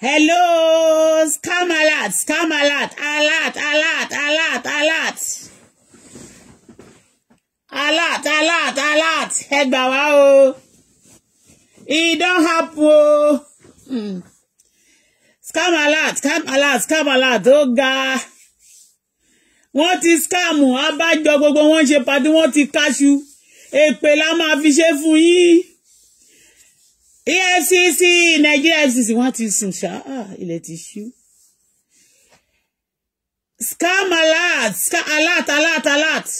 hello scam alert scam alert alert alert alert alert alert alert alert Head gbà wá don't e happen o mm. scam alert scam alert scam alert ó ga wọ́n ti scam abájọ gbogbo wọ́n ṣe pàdé wọ́n ti káṣu èpè la máa fi ṣe fún yín. EFCC Nigeria EFCC wọ́n ti sùn ṣá ah, ilẹ̀ ti ṣú scam alert scam alert alert alert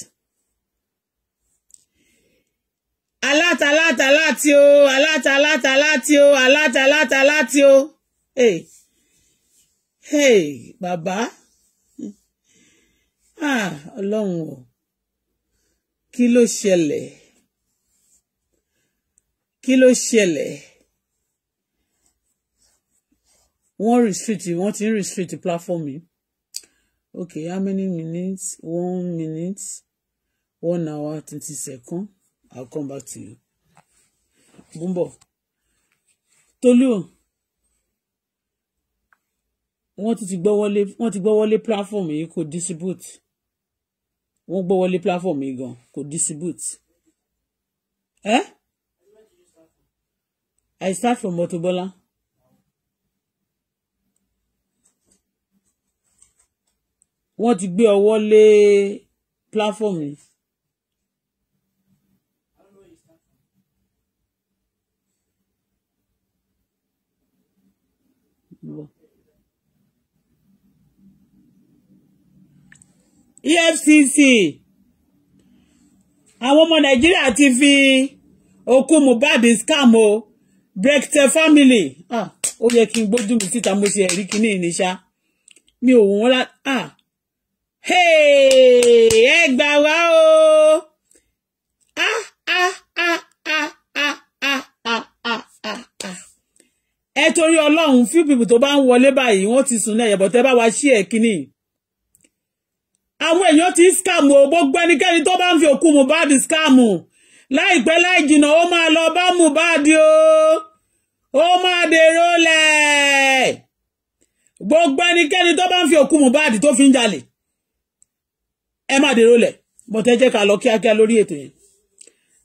alert alert alert o alert alert alert o alert alert alert o hey hey baba. ah ọlọ́run o kí ló ṣẹlẹ̀ kí ló ṣẹlẹ̀. One restrict wọ́n ti ń restrict platform yìí okay how many minutes one minute one hour twenty second i'll come back to you bumbo tolu wọ́n ti gbọ́ wọlé wọ́n ti gbọ́ wọlé platform yìí kò distribute wọ́n gbọ́ wọlé platform yìí gan kò distribute ẹ eh? i start from Auto Bola. wọ́n ti gbé ọwọ́ lé platform yìí. EFCC àwọn ọmọ Nàìjíríà ti fi òkú Mohbad scam o brekte family ah, ó yẹ kí n gbójú mi síta mo ṣe ẹ̀rí kíní ìníṣá mi ò wọ́n lá. Ah, ẹ gbà wá o ẹ torí ọlọ́run few people tó bá ń wọlé báyìí wọ́n ti sùn náà yẹ̀bọ̀ tẹ́ bá wa ṣí ẹ̀ kínní àwọn èèyàn ti scam o gbogbo ẹnikẹ́ni tó bá ń fi òkú Mohbad scam láìpẹ́ láì jìnnà ó máa lọ bá Mohbad o ó máa dèrò lẹ̀ gbogbo ẹnikẹ́ni tó bá ń fi òkú Mohbad tó fi ń jalè ẹ má dèrò lẹ̀ but ẹ jẹ́ ká lọ kíákíá lórí ètò yẹn.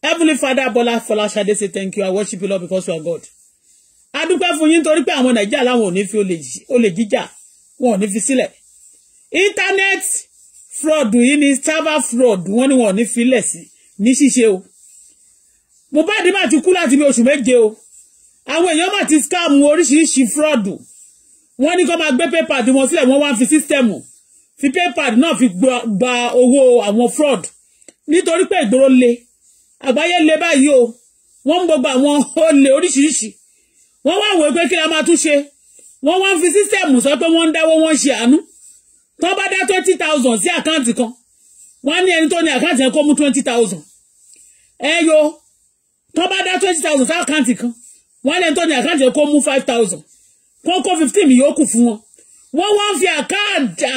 Heavenly Father Bọ́lá Fọláṣadé say thank you I worship you Lord because you are God. A dúpẹ́ fún yín torí pé àwọn Nàìjíríà láwọn ò ní fi olè jíjà wọn ò ní fi sílẹ̀. Internet fraud yìí ni server fraud wọ́n ní wọn ò ní filẹ̀ sí ní ṣíṣe o. Mohbad má ti kú láti bí oṣù méje o. Àwọn èèyàn má ti scam oríṣiríṣi fraud. Wọ́n ní kó máa gbé pépà tí wọ́n sílẹ̀ wọ́n wá fi sísítẹ́mù fi paypal náà fi gba owó àwọn fraud nítorí pé ìgboro le àgbáyé le báyìí o wọ́n ń gbogbo àwọn olè oríṣiríṣi wọ́n wá wò pé kí la máa tún ṣe wọ́n wá ń fi sísẹ́ẹ̀mù sọ pé wọ́n ń dáwọ́ wọ́n ṣe àánú tó bá dá twenty thousand sí àkáǹtì kan wọ́n á ní ẹni tó ní àkáǹtì yẹn kó mú twenty thousand ẹ yo tó bá dá twenty thousand sí àkáǹtì kan wọ́n á ní ẹni tó ní àkáǹtì yẹn kó mú five thousand kó kó fifteen yòókù fún wọn wọ́n wá ń fi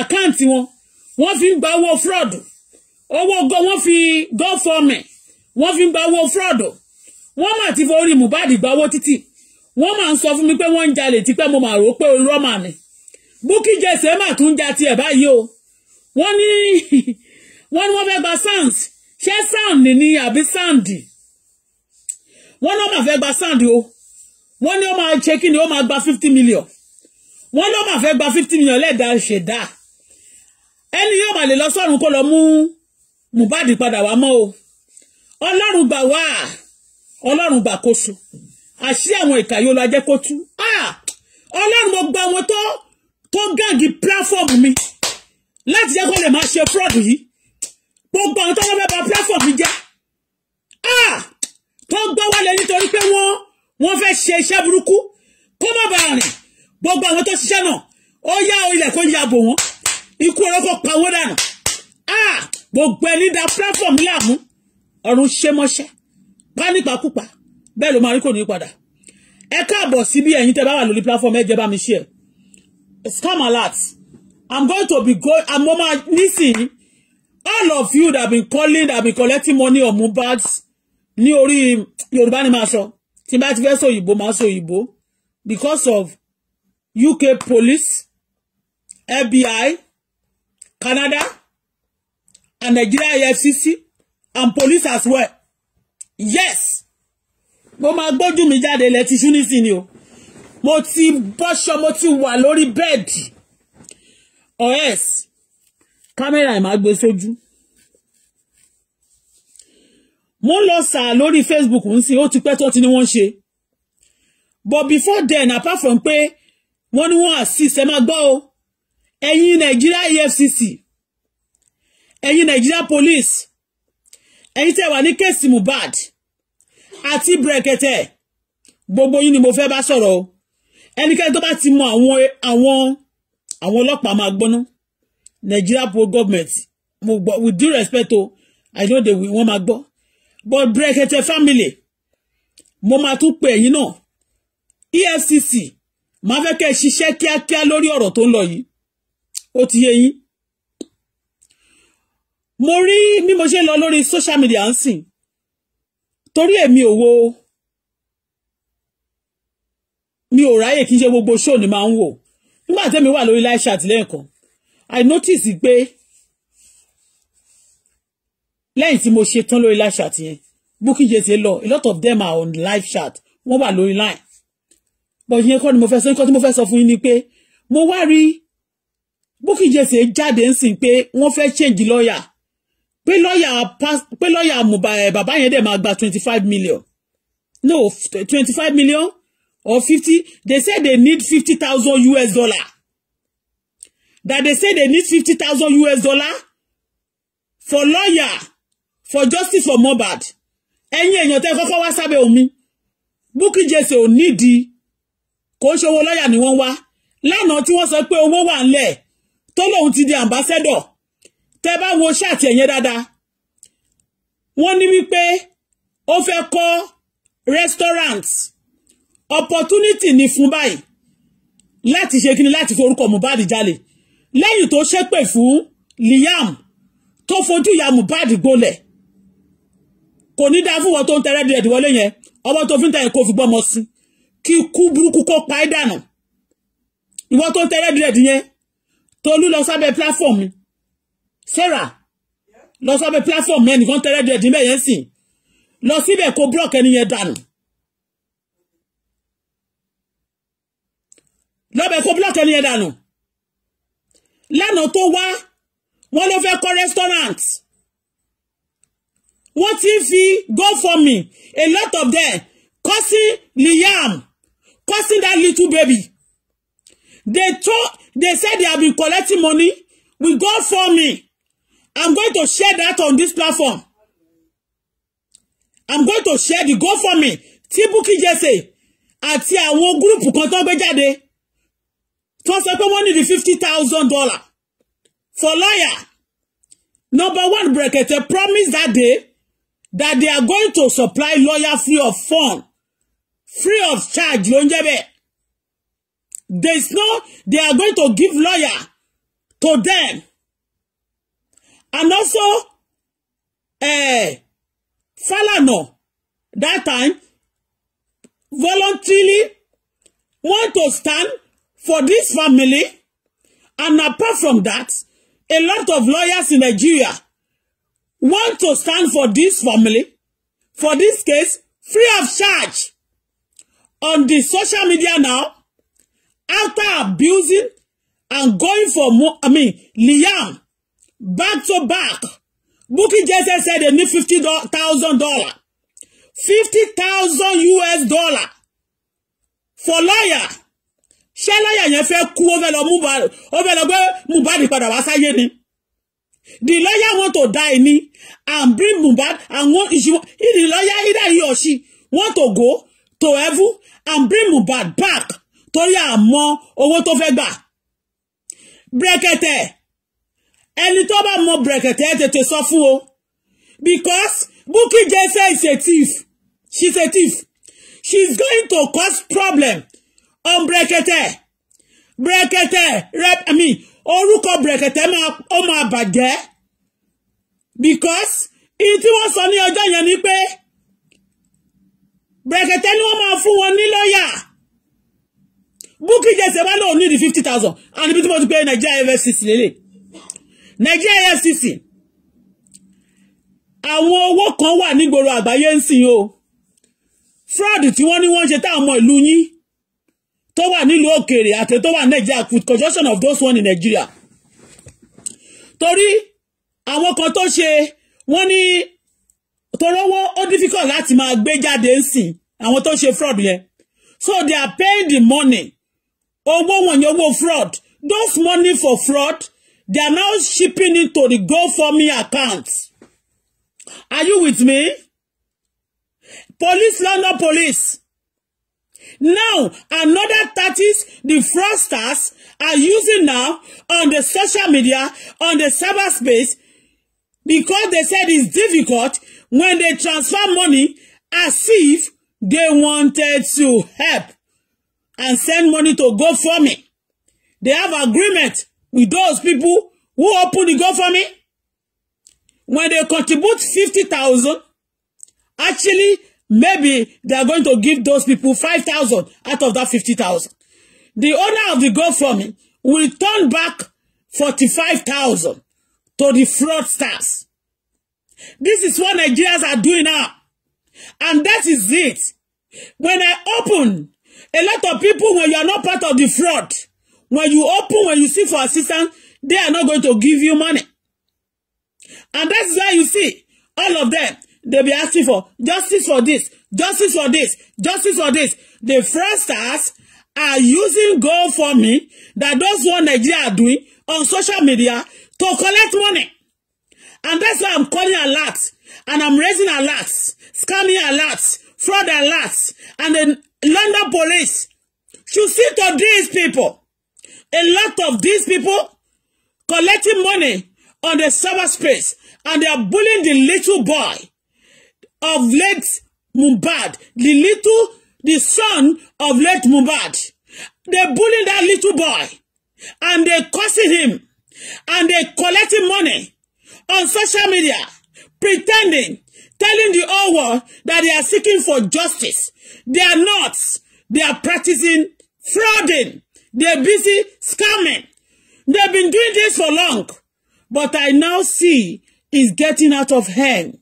àkáǹtì wọn wọ́n fi ń gba owó fraud owó gan wọ́n fi gọ́fọ̀mẹ̀ wọ́n fi ń gba owó fraud wọ́n mà ti forí Mohbad gba owó títì wọ́n mà ń sọ fún mi pé wọ́n ń jalè tipẹ́ mo mà rò pé olóró mà ní Bukky Jesse mà tún ja tiẹ̀ báyìí o wọ́n ní wọ́n ní wọ́n fẹ́ gba sans ṣé sand ni àbí sand wọ́n ní wọ́n mà fẹ́ gba sand o wọ́n ní wọ́n máa ṣe kí ni wọ́n máa gba fifty million wọ́n ló máa fẹ́ gba fifty million lẹ́ẹ̀dá ṣẹ̀dá ẹni yóò máa lè lọ sọ́run kó lọ mú Mohbad padà wá mọ́ o ọlọ́run gbà wá ọlọ́run gbà kóso àṣì àwọn ìkà yóò lọ ajẹ́ kó tú ah! ọlọ́run mo gba àwọn tó tó gáàgì platform mi láti jẹ́ kó lè máa ṣe fraud yìí gbogbo àwọn tó wọ́n fẹ́ ba platform mi jẹ́ ah! tó gbọ́ wálé nítorí pé wọ́n wọ́n fẹ́ ṣe iṣẹ́ burúkú kó má bàa rìn gbogbo àwọn tó ṣiṣẹ́ náà ó yá ilẹ̀ kó ya bò wọ́n ikú orókò pa wọ́n dànù ah! gbogbo ẹni da platform láàmú ọ̀run ṣe mọ́ṣẹ́ pa nípakúpa bẹ́ẹ̀ ló máa rí kò ní padà ẹ káàbọ̀ sí bí ẹ̀yin tẹ́ bá wà lórí platform ẹ jẹ́ bá mi share scam alert i'm going to be going àmọ́ máa nísìnyí all of you that been calling that been collecting money on Mohbad ní orí yorùbá ni máa sọ tí n bá ti fẹ́ sọ òyìnbó máa sọ òyìnbó because of UK police, FBI, Canada, and Nigeria EFCC, and police as well. Yes! Mo máa gbójú mi jáde lẹ ti shuni sí ni o. Mo ti bọ́ṣọ, mo ti wà lórí bẹ́ẹ̀dì. Or else, kámẹ́rà ẹ̀ máa Mo lo sa lórí Facebook ń sìn, ó ti pẹ́ tó ti ní wọ́n ṣe. But before then, apart from pé, wọ́n ní wọ́n assist ẹ máa gbọ́ o ẹ̀yin Nigeria EFCC ẹ̀yin Nigeria police ẹ̀yin tẹ́ wà ní kéèsì Mohbad àti brẹ̀kẹ̀tẹ̀ gbogbo yín ni mo fẹ́ bá sọ̀rọ̀ o ẹnikẹ́ni tó bá ti mọ àwọn àwọn àwọn ọlọ́pàá máa gbọ́ná Nigeria pro government mo gbọ́ with due respect o I know they wọ́n máa gbọ́ but brẹ̀kẹ̀tẹ̀ family mo máa tún pè ẹ̀yin náà EFCC máa fẹ́ kẹ́ ẹ ṣiṣẹ́ kíákíá lórí ọ̀rọ̀ tó ń lọ yìí ó ti yé yín mo rí bí mo ṣe lọ lórí social media ń sìn torí èmi ò wo mi ò ráyè kí n ṣe gbogbo show ni máa ń wò nígbà tẹ́mi wà lórí live chat lẹ́ẹ̀kan i notice pé lẹ́yìn tí mo ṣe tán lórí live chat yẹn Bukky lọ a lot of them are on live chat wọ́n wà lórí line bọ̀ yẹn kọ́ ni mo fẹ́ sọ nǹkan tí mo fẹ́ sọ fún yín ni pé mo wá rí Bukky Jesse jáde ń sìn pé wọ́n fẹ́ change lọ́ọ̀yà pé lọ́ọ̀yà pé lọ́ọ̀yà eh, bàbá yẹn dẹ̀ máa gba twenty five million no twenty five million or fifty they say they need fifty thousand US dollar that they say they need fifty thousand US dollar for lawyer for justice for Mohbad ẹ̀yin èèyàn tẹ́ kọ́kọ́ wá sábẹ́ omi Bukky Jesse ò nídìí kò ń ṣòwò lọ́yà ni wọ́n wá lánàá tí wọ́n sọ pé owó wà ńlẹ̀ tó lóun ti di àmbásẹ́dọ̀ tẹ bá wo ṣáàtì ẹ̀yẹn dáadáa wọ́n ní wípé ó fẹ́ kọ́ restaurant opportunity ni fún báyìí láti ṣe kíni láti forúkọ Mohbad jalè lẹ́yìn tó ṣépè fún Liam tó fojú ìyá Mohbad gbolẹ̀ kò ní dáa fún wọn tó ń tẹrẹ díẹ̀ díwọlé yẹn ọwọ́ tó fi ń tẹ̀yìn kó fi gbọ́mọ sí i kí ikú burúkú kó pa ẹ́ dànù ìwọ tó tẹ́lẹ̀ dúrẹ́dì yẹn Tolú lọ sábẹ́ platform mi Sarah lọ sábẹ́ platform mi ẹnìkan tẹ́lẹ̀ dúrẹ́dì bẹ́ẹ̀ yẹn sìn lọ síbẹ̀ kó block ẹni yẹn dànù lọ́bẹ̀ kó block ẹni yẹn dànù lánàá tó wá wọ́n ló fẹ́ kọ́ restaurant wọ́n ti fi go for me a lot of them kọ́sí liam causing that little baby. They told, they said they have been collecting money. We go for me. I'm going to share that on this platform. I'm going to share the go for me. Tí Bukky Jesse àti àwọn gúrùpù kan tó ń gbé jáde tó sọ pé wọ́n nídìí fifty thousand dollar for lawyer. Number one, bracket. They promise that day that they are going to supply lawyer free of fund free of charge ló ń jẹ́ bẹ́ẹ̀ there is no they are going to give lawyer to them and also uh, Falana that time voluntarily want to stand for this family and apart from that a lot of lawyers in Nigeria want to stand for this family for this case free of charge on the social media now after abusing and going for more, I mean, Liam, back to back, booking. Jesse said they need fifty thousand dollar, fifty thousand US dollar for lawyer. Ṣé lọ́yà yẹn fẹ́ kú ó fẹ́ lọ Mohbad ó fẹ́ lọ gbé Mohbad padà wá sáyé ni? The lawyer want to die ni and bring Mohbad and want issue. If the lawyer either he or she want to go to heaven and bring Mohbad back torí àmọ́ owó tó fẹ́ gbà brẹ̀kẹ̀tẹ̀ ẹni tó bá mọ brẹ̀kẹ̀tẹ̀ tètè sọ fún o because Bukky Jesse is a thief she's a thief she's going to cause problem on brẹ̀kẹ̀tẹ̀ brẹ̀kẹ̀tẹ̀ rep i mean orúkọ brẹ̀kẹ̀tẹ̀ máa ó máa bàjẹ́ because ìyí tí wọ́n sọ ní ọjọ́ yẹn ni pé. Brekete ni wọ́n máa fún wọn ní lọ́yà Bukky Jesse wá lóun ní di fifty thousand and ibi tí mo ti pé Nigeria EFCC lélẹ̀ Nigeria EFCC àwọn owó kan wà nígboro àgbáyé ń sìn o fraud tí wọ́n ní wọ́n ṣe táwọn ọmọ ìlú yín tó wà nílùú òkèèrè àti tó wà Nigeria with congestion of those one in Nigeria torí àwọn kan tó ṣe wọ́n ní torówó ó difficult láti máa gbé jáde ń sìn àwọn tó ṣe fraud yẹn so they are paying the money owó wọn yẹn owó fraud those money for fraud they are now shipping it to the GoFundMe account are you with me police London police now another tactics the fraudsters are using now on the social media on the cyber space because they said it's difficult when they transfer money as if they wanted to help and send money to go GoFundMe. They have agreement with those people who open the go GoFundMe. When they contribute 50,000, actually, maybe they are going to give those people 5,000 out of that 50,000. The owner of the go GoFundMe will turn back 45,000 to the fraudsters. This is what Nigerians are doing now. And that is it. When I open, a lot of people, when you are not part of the fraud, when you open, when you seek for assistance, they are not going to give you money. And that is why you see all of them, they be asking for justice for this, justice for this, justice for this. The fraudsters are using for me. that those one Nigeria are doing on social media to collect money. And that's why I'm calling alerts And I'm raising alerts, scamming alerts, fraud alerts. And the London police should see to these people. A lot of these people collecting money on the cyberspace. And they are bullying the little boy of late Mohbad, the little, the son of late Mohbad. They're bullying that little boy. And they're cursing him. And they're collecting money on social media pretending, telling the whole world that they are seeking for justice. They are not. They are practicing frauding. They are busy scamming. They've been doing this for long. But I now see it's getting out of hand.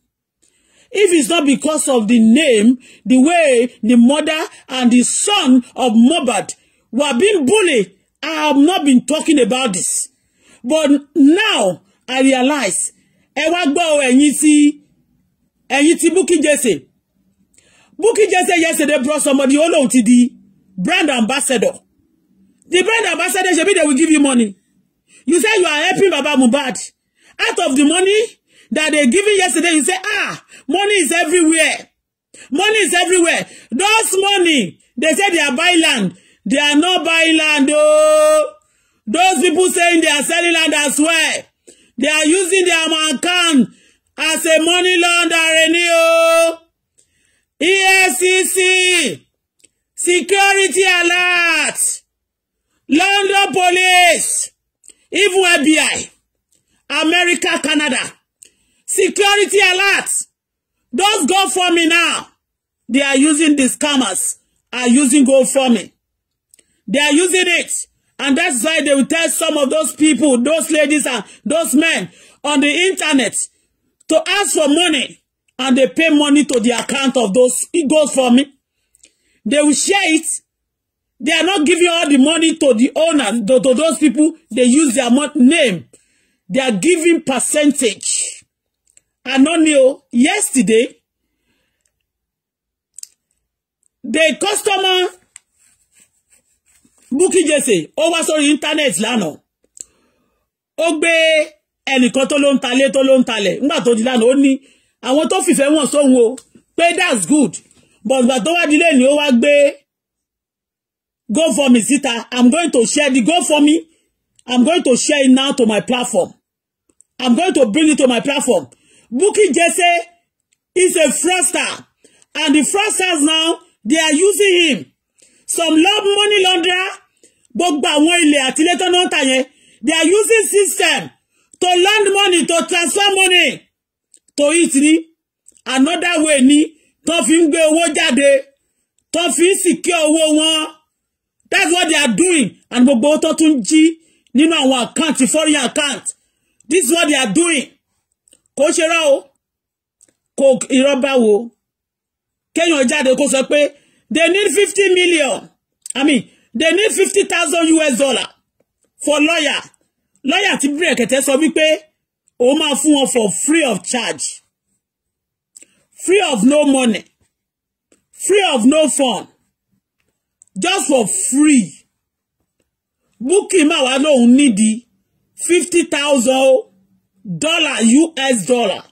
If it's not because of the name, the way the mother and the son of Mobad were being bullied, I have not been talking about this. But now I realize ẹ wá gbọ́ ẹ̀yin tí ẹ̀yin tí Bukky Jesse Bukky Jesse yesterday brought somebody ó lóun ti di brand ambassador the brand ambassador ṣe bí they will give you money you say you are helping Baba Mohbad out of the money that they giving yesterday you say ah money is everywhere money is everywhere those money they say they are buying land they are not buying land ooo oh. those people saying they are selling land as well they are using their account as a money laundering o EFCC security alert London police even FBI America Canada security alert those me now they are using the scammers are using go for me. they are using it And that's why they will tell some of those people, those ladies and those men on the internet to ask for money. And they pay money to the account of those. It goes for me. They will share it. They are not giving all the money to the owner. to, to those people. They use their name. They are giving percentage. I Anonio, yesterday, the customer Bukky Jesse ó wá sórí íńtánẹ́ẹ̀tì lánàá ó gbé ẹnìkan tó ló ń talé tó ló ń talẹ̀ nígbà tó di lánàá ó ní àwọn tó fìfẹ́ wọn sóhun o pé that's good but gbà tó wá dilé ni ó wá gbé go for me síta i'm going to share the go for me i'm going to share it now to my platform i'm going to bring it to my platform Bukky Jesse is a fraudster and the fraudsters now they are using him some love money launderer gbogbo àwọn ilẹ̀ àtilẹ̀ tó náà tà yẹn they are using system to lend money to transfer money to it ni another way ni tó fi ń gbé owó jáde tó fi ń sìkí owó wọn that's what they are doing and gbogbo owó tó tún jí nínú àwọn account foreign account this is what they are doing kò ṣe rá o kò ìrọ́bà wo kéèyàn jáde kó sọ pé they need fifty million i mean they need fifty thousand US dollar for lawyer lawyer ti bírí ẹ̀kẹ̀tẹ̀ sọ wípé òun máa fún wọn for free of charge free of no money free of no fun. just for free Booking máa wá lóun nídìí fifty thousand dollar US dollar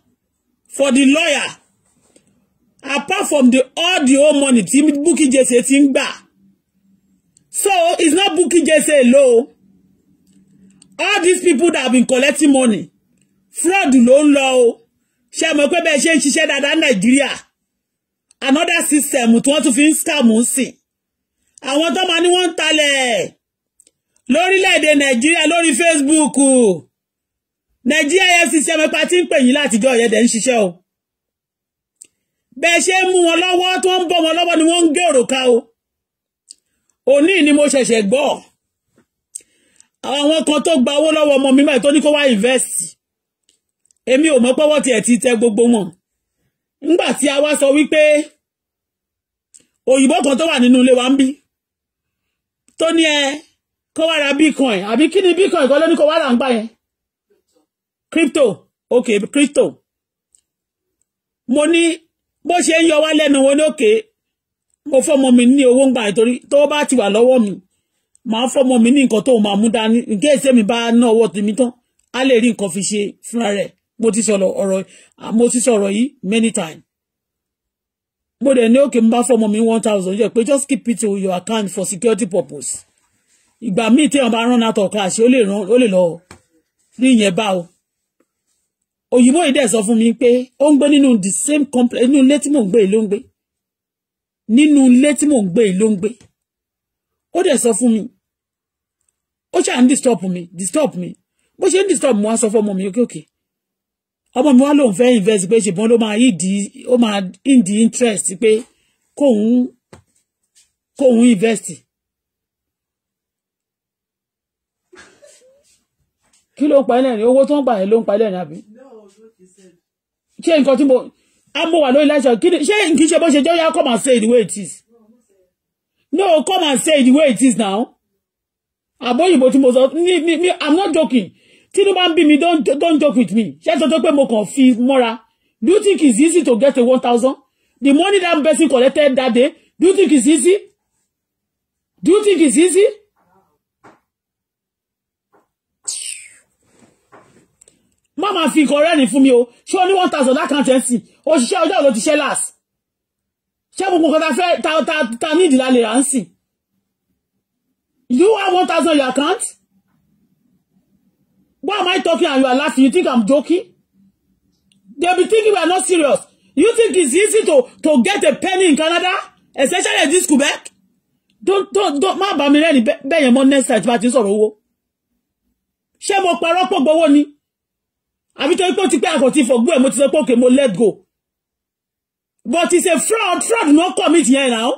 for the lawyer apart from the all the whole money tí búkì jẹ́sẹ̀ ti back. So it's not Bukky Jesse alone. All these people that have been collecting money, fraud alone. ń lọ o. Ṣé mọ̀ she bẹ́ẹ̀ that ń ṣiṣẹ́ Another system tí wọ́n tún fi ń scam ń sìn. Àwọn tó máa ní wọ́n ń talẹ̀ lórílẹ̀-èdè Facebook. Nigeria EFCC ṣe mẹ́pa tí ń pè yín látijọ́ ìyẹ́dẹ̀ ń ṣiṣẹ́ o. Bẹ́ẹ̀ ṣe ń mú wọn lọ́wọ́ tó ń bọ̀ wọn lọ́wọ́ ni wọ́n ń gé òròká o òní ni mo ṣẹ̀ṣẹ̀ gbọ́ àwọn kan tó gba owó lọ́wọ́ ọmọ mi báyìí tó ní kó wá invest èmi ò mọ̀ pọ́wọ́ tiẹ̀ ti tẹ gbogbo wọn nígbà tí a wá sọ wípé òyìnbó kan tó wà nínú ilé wa ń bí tó ní ẹ kó wá ra bitcoin àbí kí ni bitcoin kan ló ní kó wá rà ń gbà yẹn crypto ok crypto mo ní bó ṣe ń yọ wá lẹ́nu wọn ní òkè mo fọmọ mi ní owó ń gbà nítorí tó bá ti wà lọ́wọ́ mi màá fọmọ mi ní nǹkan tó máa mú dání nǹkan èsè mi bá ná owó tèmi tán á lè rí nǹkan fi ṣe fúnra rẹ̀ mo ti sọ̀rọ̀ ọ̀rọ̀ mo ti sọ̀rọ̀ yìí many times mo dẹ̀ ní òkè mo bá fọmọ mi one thousand yẹ pé just keep it to your account for security purpose ìgbà míì téèyàn bá rán nàtọ̀ káàṣì ó lè rán ó lè lọ rí ìyẹn bá o òyìnbó yìí dẹ̀ sọ fún mi pé ó ń gbé nínú the same complex nínú ilé tí mò ń gbé yìí ló ń gbé nínú ilé tí mò ń gbé yìí ló ń gbé ó dẹ̀ sọ fún mi ó ṣáà ń disturb mi disturb mi bó ṣe ń disturb mi wá sọ fún ọmọ mi òkèòkè ọmọ mi wá lòun fẹ́ invest pé ṣùgbọ́n ló máa ìdí ó máa ìdí interest pé kóun kóun invest kí ló ń pa ẹ́ lẹ́rìn owó tó ń gbà ẹ́ ló ń pa ẹ́ lẹ́rìn àbí ṣé nǹkan tí mo a mo wà lórí láṣọ kí ni ṣé kì í ṣe bó ṣe jẹ́ yá come and say the way it is no come and say the way it is now àbóyìnbó tí mo sọ mi mi mi i'm not joking tinubu ń bí mi don don joke with me ṣé tó tó pé mo kàn fi mọ́ra do you think it's easy to get a one thousand the money that person collected that day do you think it's easy do you think it's easy. Mama, máa fi nǹkan rẹ́rìn fún mi o ṣé o ní one thousand lákàntẹ́sì òṣìṣẹ́ ọjọ́ òlò ti ṣẹ́ last ṣé gbogbo nǹkan ta fẹ́ ta ta ta ní ìdílé à ń sìn you have one thousand your account why am I talking and you are laughing you think I'm joking they be thinking we are not serious you think it's easy to to get a penny in Canada especially in this Quebec don't don't don't Ma ba mi rẹ́rìn bẹ́ẹ̀ yẹn mọ́ next time tí bá ti sọ̀rọ̀ owó ṣé mo parọ́ pọ̀ gbowó ni àbí torí pé ó ti pé àkọ́tí fọ̀gbọ́ ẹ̀ mo ti sọ pé òkè mo let go but it's a fraud fraud no commit here now.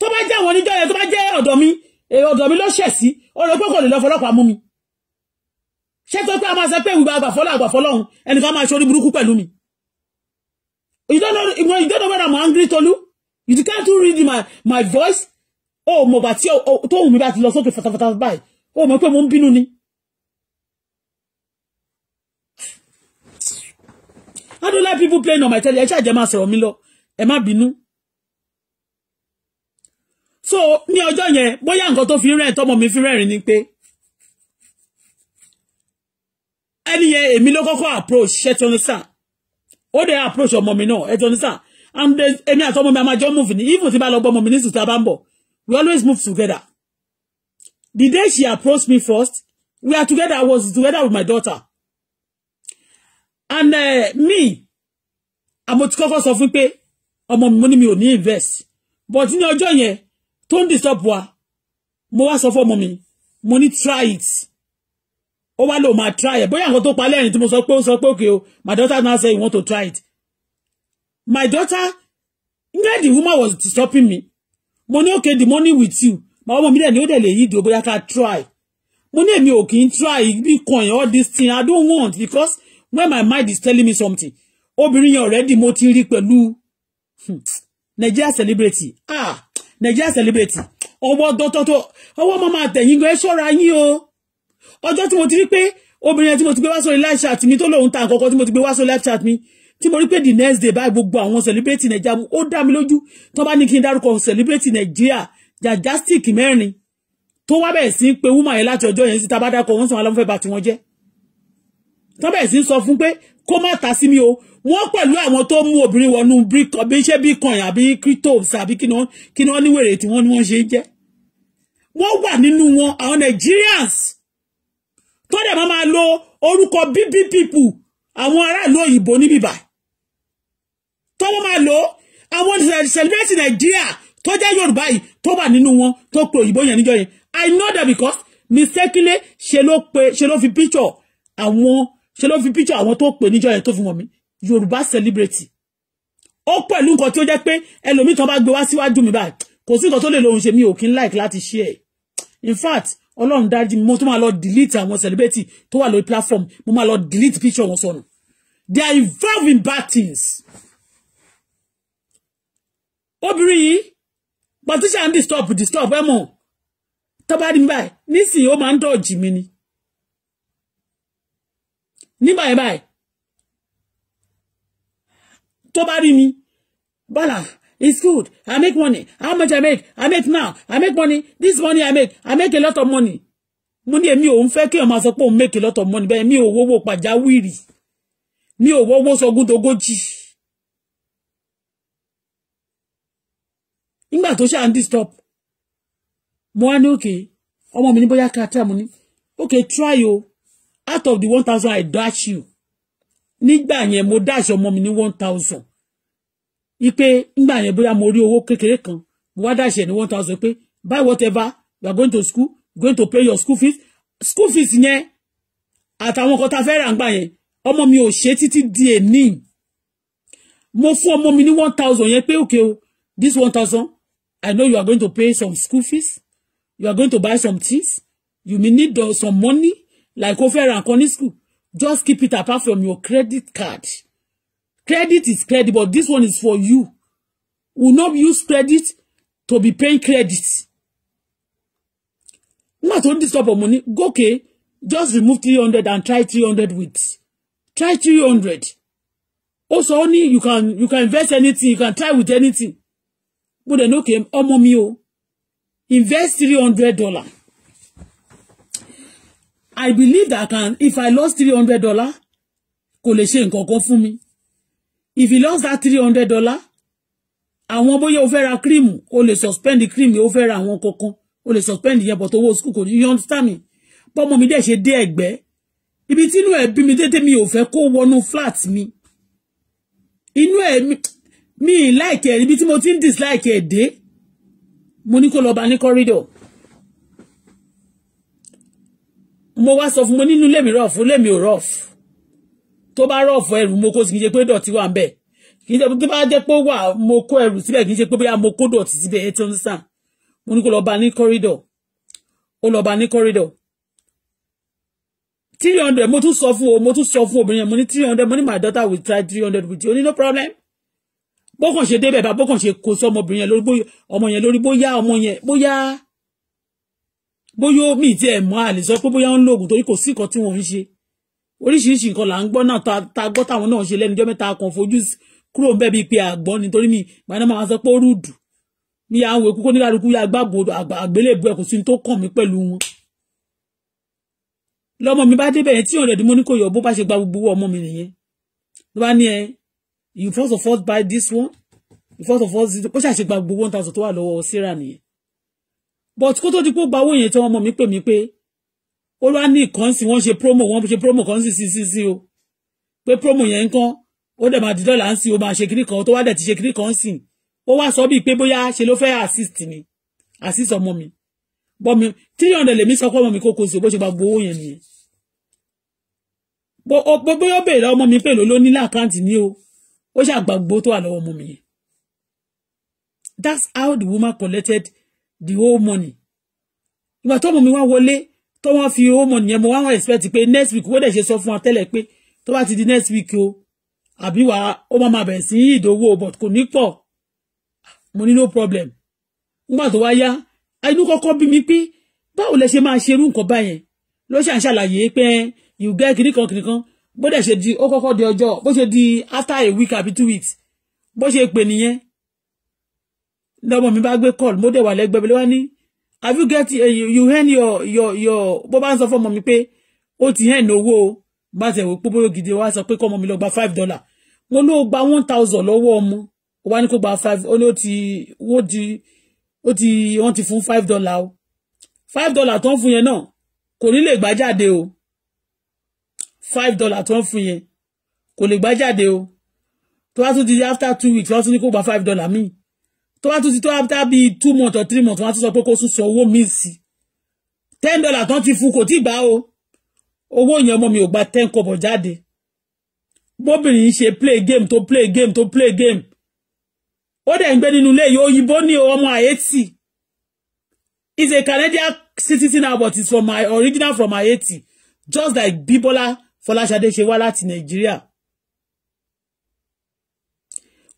tó bá jẹ́ àwọn oníjọ́ yẹn tó bá jẹ́ ọ̀dọ̀ mi eh, ọ̀dọ̀ mi ló ṣẹ̀ sí ọ̀rọ̀ pé kò lè lọ fọlọ́pàá mú mi ṣé tó pé a máa sọ pé ìgbà àgbàfọ́lọ́ àgbàfọ́lọ́hún ẹnìkan máa ṣe orí burúkú pẹ̀lú mi you don't know you don't know where I'm angry Tolu you can't read my my voice ó mọ̀ bàtí tó wù mí bá ti lọ sókè fatafata báyìí ó oh, mọ̀ pé mo ń bínú ni I don't like people playing on my television. I charge them máa sọ̀rọ̀ mi Am I má So, So ní ọjọ́ yẹn bóyá nǹkan tó fi rẹ́rìn tọ́mọ mi fi rẹ́rìn ni pé ẹni yẹn èmi ló kọ́kọ́ approach ṣẹ́tọ́nísà. Ó dẹ̀ approach ọmọ mi approach your And èmi àti ọmọ mi a máa jọ move ni even tí bá lọ gbọ́ ọmọ mi ní sùtà bá ń bọ̀. We always move together. The day she approached me first, we are together. I was together with my daughter and uh, me àmọ́ ti kọ́kọ́ sọ fún pé ọmọ mi mo ní mi ò ní invest but ní ọjọ́ yẹn tó disturb wa mo wá sọ fún ọmọ mi mo ní try it ó wá lò máa try ẹ̀ bóyá àwọn to pa lẹ́yìn tí mo sọ pé ó sọ pé okay o my daughter now say you want to try it my daughter when the woman was stopping me mo ní okay the money with you màá ọmọ mi dẹ̀ ni ó dẹ̀ lè yí ìdò bóyá ká try mo ní èmi ò kì í try bitcoin all this thing i don't want because when my mind is telling me something obìnrin yẹn already mo ti rí pẹ̀lú hmm, Nigeria celebrity ah Nigeria celebrity ọwọ́ dọ́tọ́tọ́ ọwọ́ ọmọ máa tẹ̀yìn gan ẹ ṣọ́ra yín o ọjọ́ tí mo ti rí pé obìnrin yẹn tí mo ti gbé wá sórí live chat mi tó lóun ta àkọ́kọ́ tí mo ti gbé wá sórí live chat mi tí mo rí pé the next day báyìí gbogbo àwọn celebrity Nigeria ó dá mi lójú tó bá ní kí n dárúkọ celebrity Nigeria jajastic mẹ́rin tó wá bẹ̀rẹ̀ sí pé woman yẹn láti ọjọ́ yẹn sí tabadakọ̀ wọ́n sàn án lọ́mọ́fẹ́ bá tiwọn jẹ́ tán bẹ̀rẹ̀ sí sọ fún pé kó má ta sí mi o wọ́n pẹ̀lú àwọn tó mú obìnrin wọnú bí ṣé bitcoin àbí crypto àbí kí ni wọ́n ní wèrè tí wọ́n ní wọ́n ṣe jẹ́ wọ́n wà nínú wọn àwọn Nigerians tó dẹ̀ máa lo orúkọ bb people àwọn aráàlú òyìnbó níbí bá tó wọ́n máa lo àwọn celebrity Nigeria tó jẹ́ Yorùbá yìí tó wà nínú wọn tó pe òyìnbó yẹn níjọ́ yẹn I know that because mistakenly ṣe ló pe ṣe ló fi picture àwọn ṣe ló fi picture àwọn tó pè níjọ́ yẹn tó fi wọ̀n mí yorùbá celebrity ó pẹ̀lú nǹkan tí ó jẹ́ pé ẹlòmíì tán bá gbé wá síwájú mi báyìí kò sí nǹkan tó lè lòun ṣe mi ò kí ń like láti share in fact ọlọ́run dájú mo tún máa lọ delete àwọn celebrity tó wà lórí platform mo máa lọ delete picture wọn sọnù they are involved in bad things obìnrin yìí patricia ń disturb disturb ẹ mọ̀ tọ́ba ní báyìí nísìnyí ó máa ń dọ̀jì mi ni nígbà yẹn báyìí tó bá rí mi Bala, it's good i make money how much i make i make now i make money this money i make i make a lot of money mo ní èmi ò ń fẹ́ kí ọmọ sọ pé òun make a lot of money bẹ́ẹ̀ mi ò wọ́wọ́ pàjáwìrì mi ò wọ́wọ́ sọgúndogójì. nígbà tó ṣáà ń disturb mo wá ní òkè ọmọ mi ní bóyá ká tẹ́ mo ní òkè try o out of the one thousand I dash you nígbà yẹn mo dash your mi ní one thousand ipe nígbà yẹn bóyá mo rí owó kékeré kan mo wá dash ẹ one thousand pé buy whatever you are going to school going to pay your school fees school fees yẹn àtàwọn kan tá a fẹ́ rà ńgbà yẹn ọmọ mi ò ṣe títí di èní mo fún ọmọ mi ní one thousand yẹn pé okay o this one thousand I know you are going to pay some school fees you are going to buy some things you may need some money like ó and ra school just keep it apart from your credit card credit is credit but this one is for you Will not use credit to be paying credit nígbà this type of money. Go okay. just remove three hundred and try three hundred with try three hundred ó sọ you can you can invest anything you can try with anything But then okay, òkè ọmọ mi o invest three hundred dollar I believe that I can if I lost three hundred dollar kò lè ṣe nǹkan kan fún mi if he lost that three hundred dollar àwọn bóyá o fẹ́ ra cream o lè suspend the cream o fẹ́ ra àwọn kankan o lè suspend yẹn but owó school kò ní you understand me bọ́mọ mi dẹ̀ ṣe dé ẹ̀gbẹ́ ibi tí inú ẹ̀ bí mi dédé mi ò fẹ́ kó wọnú flat mi inú ẹ̀ mi ì láìkẹ̀ ibi tí mo ti ń dislike ẹ̀ dé mo ní kó lọ bá ní corridor mo wá sọ fún mo nínú ilé mi rọ̀fù ilé mi ò rọ̀fù tó bá rọ̀fù ẹrù mo kó sí kì í ṣe pé dọ̀tí wà ń bẹ̀ kì ṣe tó bá jẹ́ pé wà mo kó ẹrù síbẹ̀ kì í ṣe pé bóyá mo kó dọ̀tí síbẹ̀ ẹ ti ń sàn mo ní kó lọ bá ní kọ́rídọ̀ ó lọ bá ní kọ́rídọ̀ three hundred mo tún sọ fún o mo tún sọ fún obìnrin yẹn mo ní three hundred mo ní my daughter will try three hundred with you ní no problem bókàn ṣe débẹ̀ bá bókàn ṣe kó sọ ọmọbìnrin yẹn lórí bóyá ọmọ yẹn lórí bóyá ọmọ yẹn bóyá bóyá mi ti ẹ̀ mọ́ àlè sọ pé bóyá ń lo oògùn torí kò sí nǹkan tí wọ́n ń ṣe oríṣiríṣi nǹkan là ń gbọ́ náà ta gbọ́ táwọn náà ń ṣe lẹ́nu jọ́ mẹ́ta kan fojú kúrò ń bẹ́ bíi pé àgbọ́n nítorí mi gbaná máa sọ pé ó rúdù mi yà ń wo kókó nílárukú yà gbàgbó àgbélébùú ẹ̀ kò sí ní tó kàn mí pẹ̀lú wọn. lọ́mọ mi bá débẹ̀ yẹn tí òun rẹ̀dí mo ní kò yọ bó bá ṣe gba gbogbo ọmọ mi nìyẹn ló bá ní ẹ you but kó tó di pé ó gba owó yẹn tí wọn mọ mi pè mí pé ó wá ní ìkànsí wọn ṣe promo wọn ṣe promo kan sí sí sí sí o pé promo yẹn ń kán ó dẹ̀ máa di dọ́là ń sìn ó máa ṣe kiri kan tó wá dẹ̀ ti ṣe kiri kan ń sìn ó wá sọ bíi pé bóyá ṣe ló fẹ́ assist mi assist ọmọ mi bọ́ mi three hundred lèmi sọ pé ọmọ mi kò kó sí bó ṣe gba gbowó yẹn nìyẹn oh, bóyá ó béèrè ọmọ mi pèlò ló ní láàkáǹtì ní o ó ṣàgbàgbó tó wà lọ́wọ́ ọmọ mi yẹn that's how the woman collected the whole money ìgbà tó mọ̀ mi wá wọlé tó wọ́n fi owó money yẹn mo wá wọ́n expect pé next week wọ́n dẹ̀ ṣe sọ fún wa tẹ́lẹ̀ pé tó bá ti di next week o àbí wà ó máa máa bẹ̀rẹ̀ sí ìdòwò but kò ní pọ̀ mo ní no problem nígbà tó wá yá inú kọ́kọ́ bí mi pé báwo lẹ ṣe máa ṣe irú nǹkan báyẹn ló ṣàn ṣàlàyé pé you get kìnìkan kìnìkan bó dẹ̀ ṣe di ó kọ́kọ́ di ọjọ́ bó ṣe di after a week àbí two weeks bó ṣe pè nìyẹn lọ́mọ mi bá gbé call mo dẹ̀ wà lẹ́gbẹ̀ẹ́ mi wá ní have you get uh, you, you hand your your your bó bá ń sọ fọmọ mi pé ó ti hand owó o bá tẹ̀ wò pópó gidi wá sọ pé kọ́mọ mi lọ gba five dollar mo ló gba one thousand lọ́wọ́ ọmọ ó wá ní kó gba five ó ní ó ti ó ti ó ti wọ́n ti fún five dollar o five dollar tó ń fún yẹn náà kò ní lè gbà jáde o five dollar tó ń fún yẹn kò lè gbà jáde o tó wá tún di after two weeks wọ́n tún ní kó gba five dollar míì tó bá tún ti tó after bíi two months or three months wọ́n á tún sọ pé kó tún san owó míì sí ten dollars, tán ti fún kò tí ì gbà o owó yẹn ọmọ mi ò gba ten kọ́bọ̀ jáde bóbìnrin ṣe play game tó play game tó play game ó dẹ̀ ń gbé nínú ilé yìí òyìnbó ní ọmọ Haiti is a Canadian citizen now but it's from my original from Haiti just like Bíbọ́lá Fọláṣadé ṣe wá láti Nàìjíríà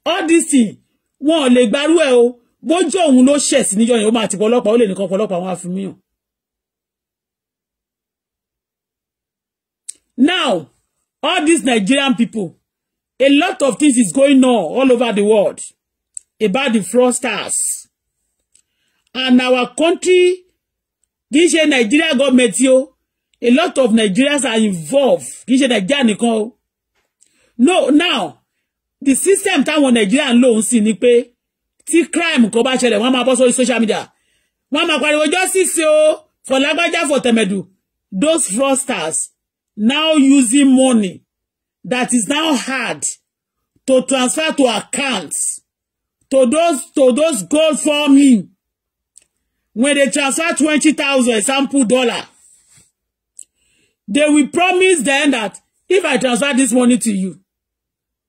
all this thing wọn ò lè gbarú ẹ o bójú òun ló ṣẹ̀ sí níjọ́ yẹn ó máa ti pọlọ́pàá ó lè nìkan pọlọ́pàá wọn á Now, all these Nigerian people, a lot of things is going on all over the world about the fraudsters. And our country, kìí ṣe Nigeria government o, a lot of Nigerians are involved. Kìí ṣe Nigeria nìkan o. No, now, the system táwọn nàìjíríà ń lòun sí ni pé tí crime kan bá ṣẹlẹ̀ wọ́n máa bọ́ sórí social media wọ́n máa pariwo justice o for lágbájá for tẹ̀mẹ̀dù those fraudsters now using money that is now hard to transfer to accounts to those to those gold farming when they transfer twenty thousand example dollar they will promise then that if I transfer this money to you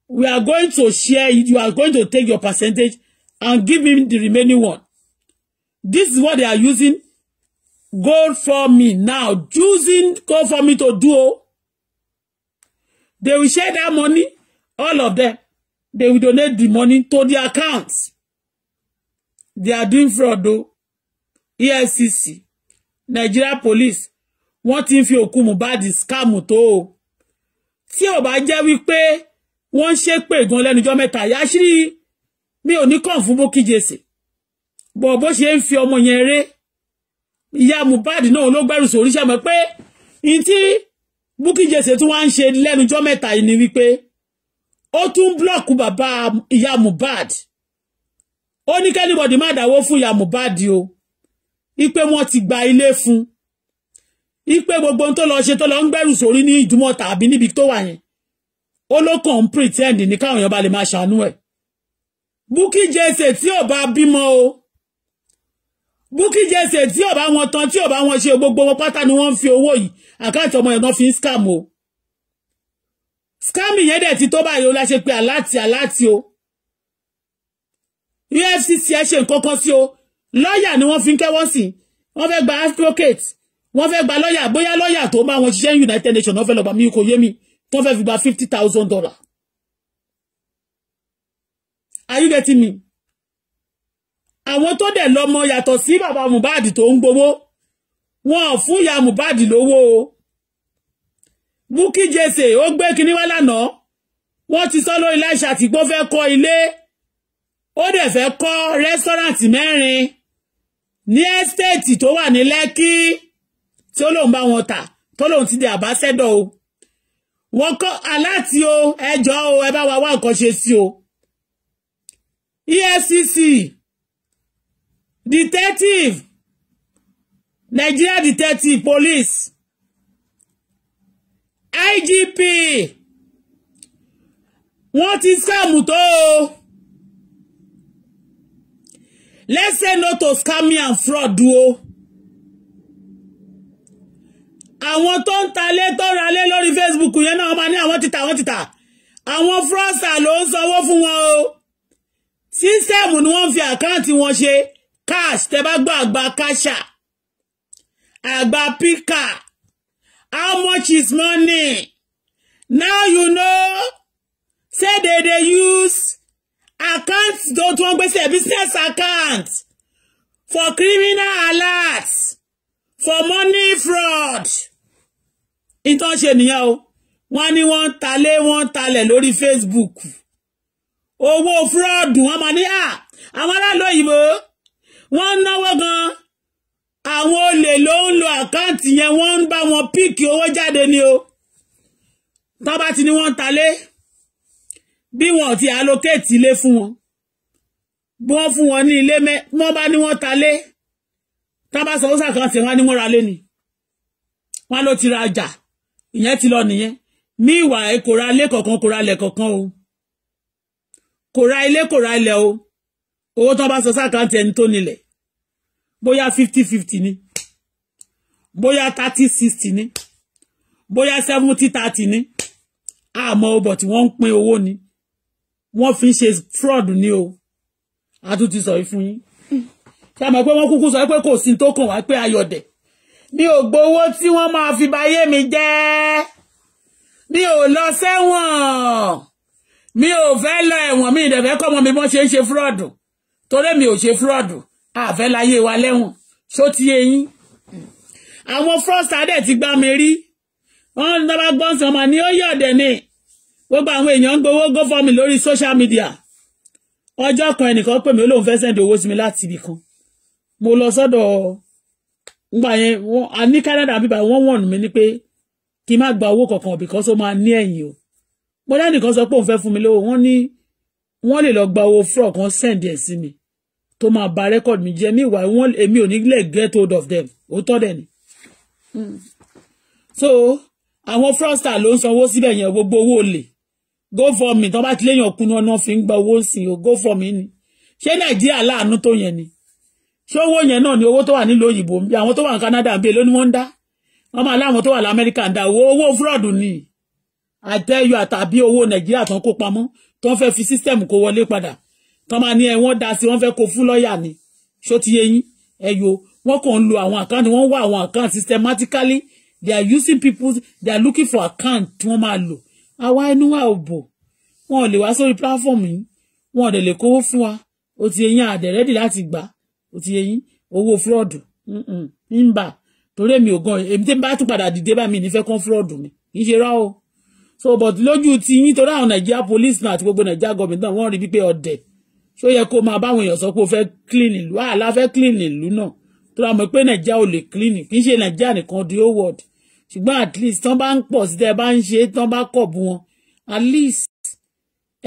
we are going to share it you are going to take your percentage and give him the remaining one this is what they are using gold for me now using gold for me to do they will share that money all of them they will donate the money to the accounts they are doing fraud o EFCC Nigeria police wọ́n ti ń fi òkú Mohbad scam tó See tí ò bá jẹ́ wípé wọ́n ṣépè gan lẹ́nujọ́ mẹ́ta yáṣírí mi ò ní kàn fún Bukky Jesse bọ̀ bó ṣe ń fi ọmọ yẹn ré ìyá Mohbad náà ló gbẹ́rù sórí ṣàmọ́ pé n tí Bukky Jesse tí wọ́n ń ṣe lẹ́nujọ́ mẹ́ta yìí ni wípé ó tún blọ́ọ̀kù bàbá ìyá Mohbad ó ní kẹ́nìbọ̀dì má dáwó fún ìyá Mohbad o ipe wọ́n ti gba ilé fún ipe gbogbo ohun tó lọ ṣe tó lọ ń gbẹ́rù sórí ní ìdúmọ̀tà àbí níbi tó wà yẹn ó ló kàn ń pretend ní káwọn èèyàn ba lè máa ṣàánú ẹ̀ Bukky Jesse tí ò bá bímọ o Bukky Jesse tí ò bá wọn tan tí ò bá wọn ṣe gbogbo wọn pátá ni wọ́n ń fi owó yìí àkáǹtì ọmọ yẹn gan fi ń scam o scam yẹn dẹ̀ ti tó báyìí o la ṣe pé aláàtì aláàtì o efcc ẹ ṣe nǹkan kan sí o lọ́ọ̀yà ni wọ́n fi ń kẹ́wọ́ sí wọ́n fẹ́ gba advocate wọ́n fẹ́ gba lọ́ọ̀yà bóyá lọ́ọ̀yà tó bá wọn ṣiṣẹ́ united nations wọ́n fẹ́ lọ gbà mí kò yé mi tó fẹ́ fi fifty thousand dollar are you getting me àwọn tó dẹ̀ lọ́mọ yàtọ̀ sí bàbá Mohbad tó ń gbowó wọn ò fún ìyá Mohbad lówó o Bukky Jesse ó gbé kinní wá lánàá wọ́n ti sọ lórí láìsà tí gbó fẹ́ kọ́ ilé ó dẹ̀ fẹ́ kọ́ rẹ́sítọ́ráǹtì mẹ́rin ní ẹ́stéètì tó wà ní Lẹ́kì tí ó lóun bá wọn tà tó lóun ti di àbáṣẹ́dọ̀ o wọ́n kọ́ aláti o ẹjọ́ o ẹ bá wa wá nǹkan ṣe sí o EFCC detective Nigeria detective police IGP wọ́n ti sáàmù tó o let's say no to scamming and fraud duo àwọn tó ń talé tó ń ralé lórí Facebook yẹn náà máa ní àwọn títà àwọn títà àwọn fúrọ́sà ló ń sanwó fún wọn o sísẹ́ẹ̀mù ni wọ́n fi àkáǹtì wọn ṣe cash tẹ́ bá gbọ́ àgbà káṣà àgbà píkà how much is money now you know say they dey use account tó tún gbèsè business account for criminal alert for money fraud ìtàn ṣe nìyẹn o wọ́n ní wọ́n ń talé wọ́n ń talẹ̀ Facebook owó fraud wọ́n máa ní à àwọn aráàlú òyìnbó wọ́n ń náwó gan àwọn olè ló ń lo àkáǹtì yẹn wọ́n ń bá wọn píìkì owó jáde ni o tọ́ bá ti ní wọ́n ń talé bí ti allocate ilé fún wọn bí wọ́n fún wọn ní ilé mẹ́ wọ́n bá ní wọ́n talé tá bá sanwó sàkáǹtì wọn á ní wọn lé ni wọn ló ti ra ọjà ìyẹn ti lọ nìyẹn ní ìwà kò ra ilé kankan kò ilẹ̀ kankan o kò ra ilé kò ilẹ̀ o owó tán bá sọ sàkáǹtì ẹni tó nílẹ̀ bóyá fifty fifty ni bóyá thirty sixty ni bóyá seventy thirty ni àmọ́ ọbọ̀ tí wọ́n ń pín owó ni wọ́n fi ń ṣe fraud ni o a tún ti sọ yìí fún yín tí a mọ̀ pé wọ́n kúkú sọ pé kò sí tó kàn wá pé ayọ̀dẹ̀ mi ò gbowó tí wọ́n máa fi ba ayé mi jẹ́ mi ò lọ sẹ́wọ̀n mi ò fẹ́ lọ ẹ̀wọ̀n mi ìdẹ̀fẹ́ kọ́mọ mi wọ́n ṣe ń ṣe fúrọ́ọ̀dù torí mi ò ṣe fúrọ́ọ̀dù àfẹ́ láyé wa lẹ́wọ̀n ṣó ti eyín àwọn frosta dẹ̀ ti gbá mi rí wọ́n ń dábàá gbọ́n sí ọmọ ní ó yọ̀dẹ̀ ni gbogbo àwọn èèyàn ń gbowó go for me lórí social media ọjọ́ kan ẹnìkan pè mí ó lóun fẹ́ sẹ́ndì owó sí mi láti ibì kan mo lọ sọ́dọ̀ ngbà yẹn wọ́n a ní Canada bíbá wọ́n wọ̀n mi ni pé kí n má gba owó kankan because ó máa ní ẹ̀yìn o mo lẹ́nìkan sọ pé òun fẹ́ fún mi lówó wọ́n ni. wọ́n lè lọ gba owó fraud kan send ẹ̀ sí mi tó máa bà record mi jẹ́ míwà wọ́n èmi ò ní lè get hold of them ó tọ́ dẹ̀ ni. Hmm. so àwọn fraudster ló ń sanwó síbẹ̀ yẹn gbogbo owó olè GoFundMe tán bá ti léèyàn kú náà fi ń gba owó sí o GoFundMe ni ṣé Nàìjíríà láàánú tó yẹn ni ṣé owó yẹn náà ni owó tó wà nílùú òyìnbó bí àwọn tó wà ní Canada bí ló ní wọ́n ń dá wọ́n máa láwọn tó wà ní Amẹ́ríkà ń dá owó owó fraud ni àtẹ́yọ àtàbí owó Nàìjíríà tán kó pamọ́ tán fẹ́ fi sísítẹ̀mù kó wọlé padà tán máa ní ẹ wọ́n dá sí wọ́n fẹ́ kó fún lọ́ọ̀yà ni ṣó ti yé yín ẹ̀yọ́ wọ́n kàn ń lo àwọn àkáǹtì wọ́n wá àwọn àkáǹtì systematically they are using people they are looking for account tí wọ́n máa lò àwa inú wa ò bò wọn ò lè wá sórí platform yìí wọn ò dẹ̀ lè kówó fún wa ó ti eyín àdẹ̀rẹ́dì láti gbà á ó ti yé yín owó fúrọ́ọ̀dù ń bà torí èmi ò gan èmi tí n bá tún padà dìde bá mi nífẹ̀ẹ́ kan fúrọ́ọ̀dù mi kì í ṣe rá o so but lójú ti yín torí àwọn nàìjíríà police náà àti gbogbo nàìjíríà gọọmenti náà wọ́n rí bíi pé ọ̀dẹ̀ ṣó yẹ kó máa báwọn èèyàn sọ pé o fẹ́ clean ìlú àlá fẹ́ clean ìlú náà tó ra mọ̀ pé nàìjíríà ò lè clean kì í ṣe nàìjíríà nìkan the whole world ṣùgbọ́n at least tán bá ń pọ̀ sí tẹ́ bá ń ṣe tán bá kọ̀ bu wọn at least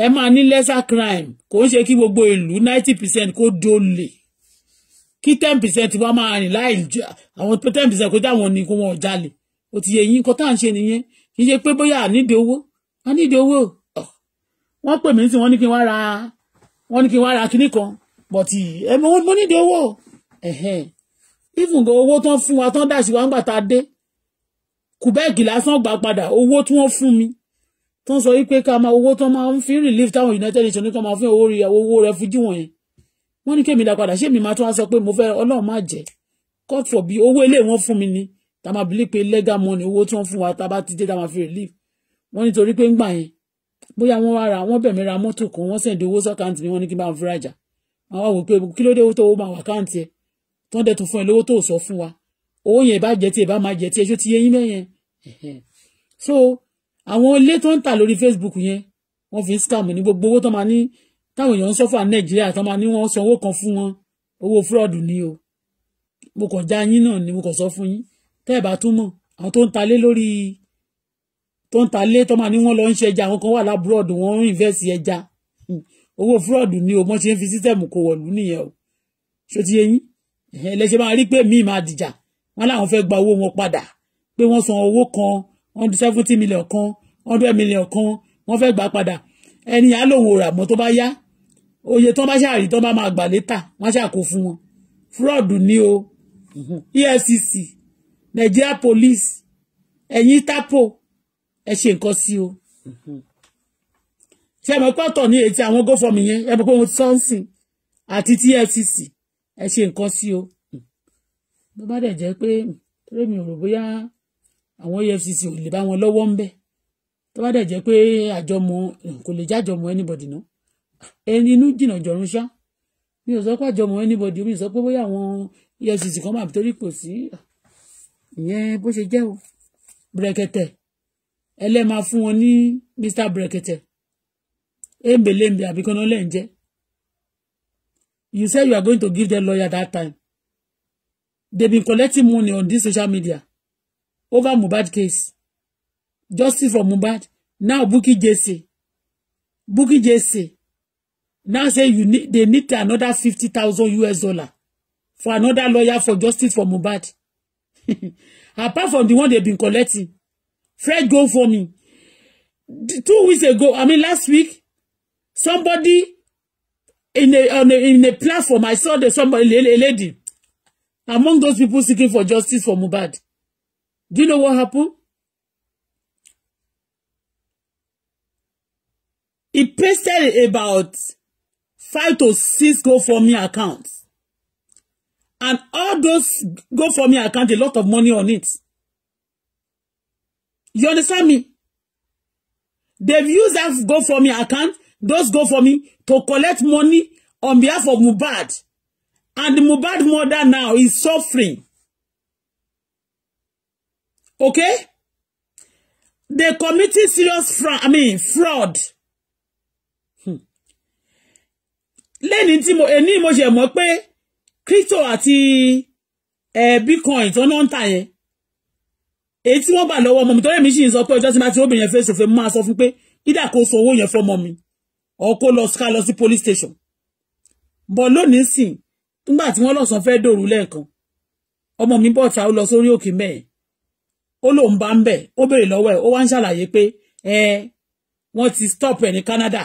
ẹ máa ní lesser crime kò ń ṣe kí gbogbo ìlú ninety percent kó dolè kí ten percent wa máa rìn láì àwọn ten percent kó dáwọn ni kó wọn jalè ó ti yẹ yín nǹkan tá à ń ṣe nìyẹn kì í ṣe pé bóyá àníde owó àníde owó wọ́n pè mí sí wọ́n ní kí n wá ra wọ́n ní kí n wá ra kinní kan but ẹ eh, mo níde owó even owó tán fún wa tán dàsí wa ńgbà tá a dé kùbẹ́ẹ̀kì lásán gbà padà owó tí wọ́n fún mi tán sọ wípé ká máa owó tán máa ń fi relief táwọn United Nations ní ká máa fi owó rí owó refugee wọ̀nyẹn wọ́n ní kémi dá padà ṣé mi máa tún wá sọ pé mo fẹ́ ọlọ́run má jẹ́ god forbid owó ilé wọn fún mi ni tá máa bìlí pé legal money owó tí wọ́n fún wa tá bá ti dé tá máa fi relief wọ́n nítorí pé ń gbà yẹn bóyá wọ́n wá ra wọ́n bẹ̀ mí ra mọ́tò kan wọ́n sẹ̀ǹdì owó sọ́kàǹtì mi wọ́n ní kí n bá wọn fúra jà àwọn wò pé kí ló dé owó tó owó máa wà káǹtì ẹ tó ń dẹ̀ tún fún ẹ lówó tó sọ fún wa owó yẹn ìbá jẹ tí ìbá máa jẹ tí ẹjọ́ ti yé yín mẹ́yẹn so àwọn ilé tó ń tà lórí Facebook yẹn wọ́n fi ń scam ní gbogbo owó tó máa ní táwọn èèyàn ń sọ́fà nàìjíríà tó máa ní wọ́n sanwó kan fún wọn owó fúrọ́ọ̀dù ni o mo kàn já yín náà ni mo kàn sọ fún yín tẹ́ ẹ̀ bá tún mọ̀ àwọn tó ń talé lórí tó ń talé tó máa ní wọ́n lọ ń ṣe ẹja àwọn kan wà lábúrọ̀dù wọ́n ń invest ẹja hmm. owó fúrọ́ọ̀dù ni o mo ṣe ń fi sísẹ̀mù kò wọ̀lú nìyẹn o ṣó ti yé yín ẹlẹ́ṣẹ̀ máa rí pé míì máa dìjà wọn láwọn fẹ́ gba owó wọn padà pé wọ́n san owó kan hundred seventy million kan hundred million kan wọ́n fẹ́ gbà padà ẹni àlòwò rà tó bá yá oyè tán bá ṣàrí tán bá máa gbà létà wọ́n ṣàkó fún wọn fraud ni o EFCC Nigeria police ẹ̀yin Interpol ẹ ṣe nǹkan sí o ṣe mọ̀ pé ọ̀tọ̀ ní etí àwọn gófọ̀mù yẹn ẹ mọ̀ pé wọ́n sọ́nsìn àti ti EFCC ẹ ṣe nǹkan sí o bó bá dẹ̀ jẹ́ pé torí mi ò rò bóyá àwọn EFCC ò lè bá wọn lọ́wọ́ ń bẹ̀ tó bá dẹ̀ jẹ́ pé àjọmọ̀ kò lè jájọmọ̀ anybody náà ẹni inú jìnnà jọ̀run ṣá mi ò sọ pé àjọmọ̀ anybody mi ò sọ pé bóyá àwọn efcc kan máa torí kò sí ìyẹn bó ṣe jẹ́ o brẹ̀kẹ̀tẹ̀ ẹlẹ́ máa fún wọn ní mr brẹ̀kẹ̀tẹ̀ èmbèlémbè àbíkaná lẹ́yìn jẹ́ you say you are going to give them lawyer that time they been collecting money on this social media over Mohbad case justice for Mohbad now Bukky Jesse Bukky Jesse now say you need they need another fifty thousand US dollar for another lawyer for justice for Mubad, apart from the one they've been collecting Fred go for me the two weeks ago I mean last week somebody in a on a in a platform I saw the somebody a lady among those people seeking for justice for Mubad. do you know what happened he posted about five to six GoFundMe accounts. And all those GoFundMe accounts, a lot of money on it. You understand me? They've used that GoFundMe account, those GoFundMe, to collect money on behalf of Mubad, And the Mubad mother now is suffering. Okay? They committed serious fraud, I mean, fraud. lẹ́ni tí mo ẹni mo ṣe mọ̀ pé crypto àti ẹ bitcoin tó náà ń tà yẹn èyí tí wọ́n bà lọ́wọ́ ọmọ mi tọ́lẹ̀ mi sì ń sọ pé ọjọ́ tí máa ti róbìnrin yẹn fèsì fẹ́ máa sọ fún pé ìdá kó so owó yẹn fọmọ mi or kó lọ ká lọ sí police station bọ̀ lónìí sìn nígbà tí wọ́n lọ́sàn fẹ́ dòrú lẹ́ẹ̀kan ọmọ mi bọ̀ ta ó lọ sórí òkè mẹ́ẹ̀ ó lóun bá ń bẹ̀ ó béèrè lọ́wọ́ ẹ̀ ó wá ń ṣàlàyé pé ẹ wọ́n ti stop ẹ̀ ní Canada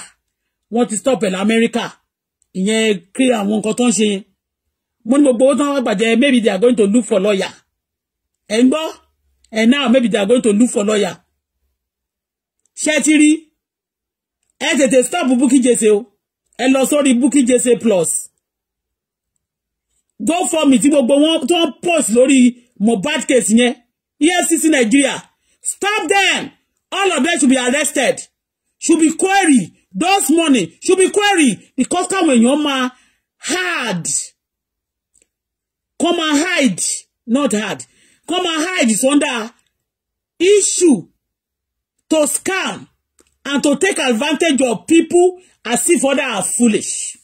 wọ́n ti stop ẹ̀ lamẹ́ríkà ìyẹn kí àwọn nǹkan tó ń ṣe yẹn mo ní gbogbo owó tó ń wá maybe they are going to look for lawyer ẹ̀ ń gbọ́ and now maybe they are going to look for lawyer ṣé ti rí ẹ tètè stop Bukky Jesse o ẹ lọ sórí Bukky Jesse plus go for me tí gbogbo wọn tó ń post lórí Mohbad case yẹn EFCC Nigeria stop them all of them should be arrested should be queried those money should be queried because come when èèyàn máa hard come and hide not hard come and hide is under issue to scam and to take advantage of people as if other are foolish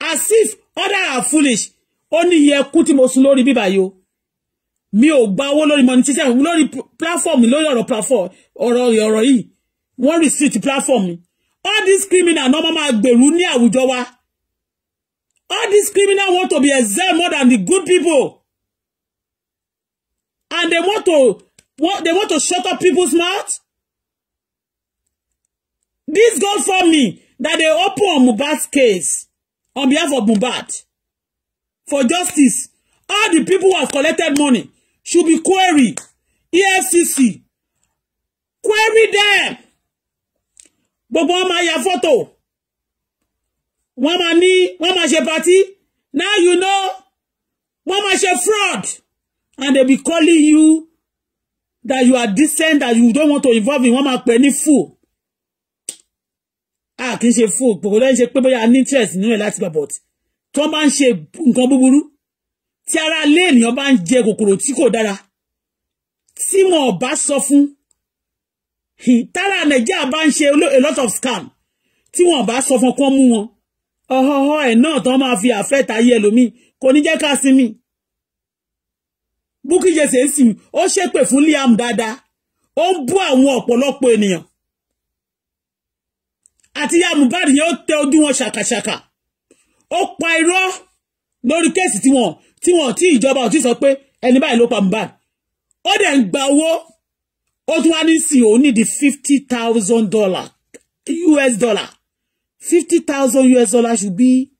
as if other are foolish Only here iye ẹkún tí mo sun lórí bíbá yìí o mi ò gba owó lórí monetization lórí platform lórí ọ̀rọ̀ platform ọ̀rọ̀ ọ̀rọ̀ yìí wọ́n restrict platform mi all these criminal no mama gbèrú ní àwùjọ wa all these criminal want to be exempt more than the good people and they want to what they want to shut up people's mouth this go for me that they open on Mohbad's case on behalf of Mubat for justice all the people who have collected money should be queried EFCC query them gbogbo wọn máa ya fọ́tò wọ́n máa ní wọ́n máa ṣe party now you know wọ́n máa ṣe fraud and they be calling you that you are decent that you don't want to involve in wọ́n máa pè ní fool a kì í ṣe fool gbogbo lẹ́yìn ṣe pé bóyá ní interest nínú ẹ̀ láti bá but tí wọ́n bá ń ṣe nǹkan búburú tí ara lé ènìyàn bá ń jẹ kòkòrò tí kò dára tí wọn ò sọ fún tára nàìjíríà bá ń ṣe a lot of scam tí wọ́n bá sọ fún kán mú wọn ọhọhọ ẹ̀ náà tán máa fi àfẹ́ta yẹ lómi kò ní jẹ́ ká sinmi Bukky Jesse ń sìn ó ṣépè fún Liam dáadáa ó ń bú àwọn ọ̀pọ̀lọpọ̀ ènìyàn àti ya Mohbad yẹn ó tẹ ojú wọn ṣàkàṣàkà ó pa irọ́ lórí kéèsì tí wọ́n tí wọ́n tí ìjọba ò ti sọ pé ẹni báyìí ló pa Mohbad ó dẹ̀ ń gba owó ó tún wá ní sí òun nídìí fifty thousand dollar US dollar fifty thousand US dollar should be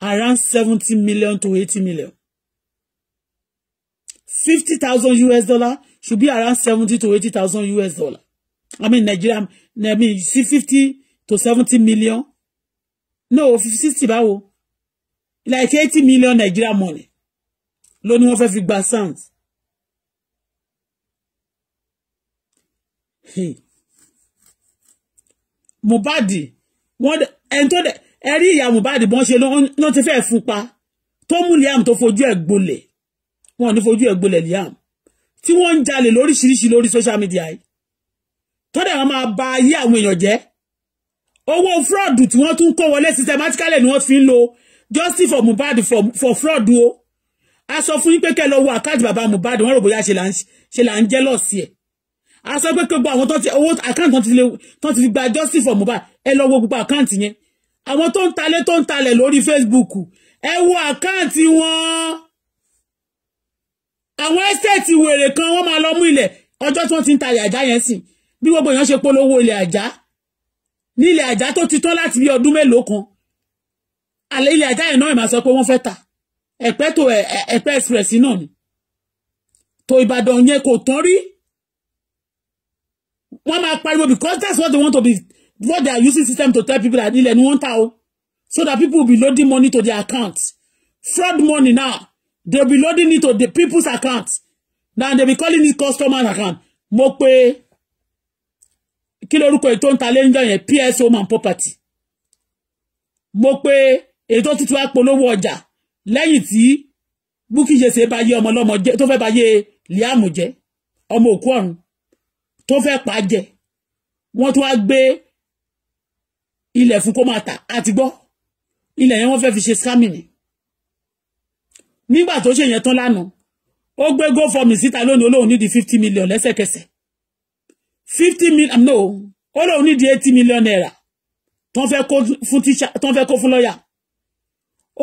around seventy million to eighty million fifty thousand US dollar should be around seventy to eighty thousand US dollar I mean Nigeria I mean you see fifty to seventy million no sixty báwo like eighty million Nigeria money ló ní wọ́n fẹ́ fi gba sands Hmm. Mohbad wọ́n ẹni tó dẹ̀ ẹ rí ìyá Mohbad bọ́n ṣe ló ti fẹ́ fún pa tó mú Liam tó fojú ẹ̀ gbolẹ̀ wọn ò ní fojú ẹ̀ gbolẹ̀ Liam tí wọ́n ń jalè lóríṣiríṣi lórí social media yìí tó dẹ̀ wọ́n máa ba ayé àwọn èèyàn jẹ́ owó fraud tí wọ́n tún kó wọlé systematically ni wọ́n fi ń lo justice for Mohbad for, for fraud o a sọ fún yín pé kẹ́ lọ wo àkáǹtì bàbá Mohbad wọ́n rò bóyá ṣe là ń jẹ́ lọ́ọ̀sì ẹ̀ a sọ pé gbogbo àwọn tó ti owó àkáǹtì tó ti fi gba justice for Mohbad ẹ lọ wo gbogbo àkáǹtì yẹn àwọn tó ń talé tó ń talẹ̀ lórí Facebook ẹ wo àkáǹtì wọn àwọn ẹ́sẹ̀tì wèrè kan wọ́n máa lọ mú ilẹ̀ ọjọ́ tí wọ́n ti ń talẹ̀ àjá yẹn sìn bí gbogbo èèyàn ṣe polówó ilẹ̀ àjá ní ilẹ̀ àjá tó ti tán láti bí ọdún mélòó kan ilẹ̀ àjá yẹn náà ìmọ̀ sọ pé wọ́n fẹ́ ta ẹ̀pẹ́ tó ẹ̀pẹ́ express náà ni tó Ìbàdàn yẹn kò tán rí One máa pariwo because that's what they want to be what they are using system to tell people that ilẹ̀ ni wọ́n ta o so that people will be loading money to their accounts fraud money now they be loading it to the people's accounts now they be calling it customer account mo pe kí lorúkọ ètò ń ta lẹ́yìn yẹn PSO man property mo pe ètò tuntun wá polówó ọjà lẹ́yìn tí Bukky Jesse bá yé ọmọ ọlọ́mọ jẹ́ tó fẹ́ bá yé Liam jẹ́ ọmọ òkú ọ̀run tó fẹ́ pa jẹ wọ́n tó wá gbé ilẹ̀ fún kó máa tà àti gbọ́ ilẹ̀ yẹn wọ́n fẹ́ fi ṣe scamming nígbà tó ṣe yẹn tán lánàá ó gbé gofọmi síta lónìí olóhùn nídìí fifty million lẹ́sẹ̀kẹsẹ̀ fifty million um, no olóhùn nídìí eighty million naira tán fẹ́ kó fún tíṣà tán fẹ́ kó fún lọ́ọ̀yà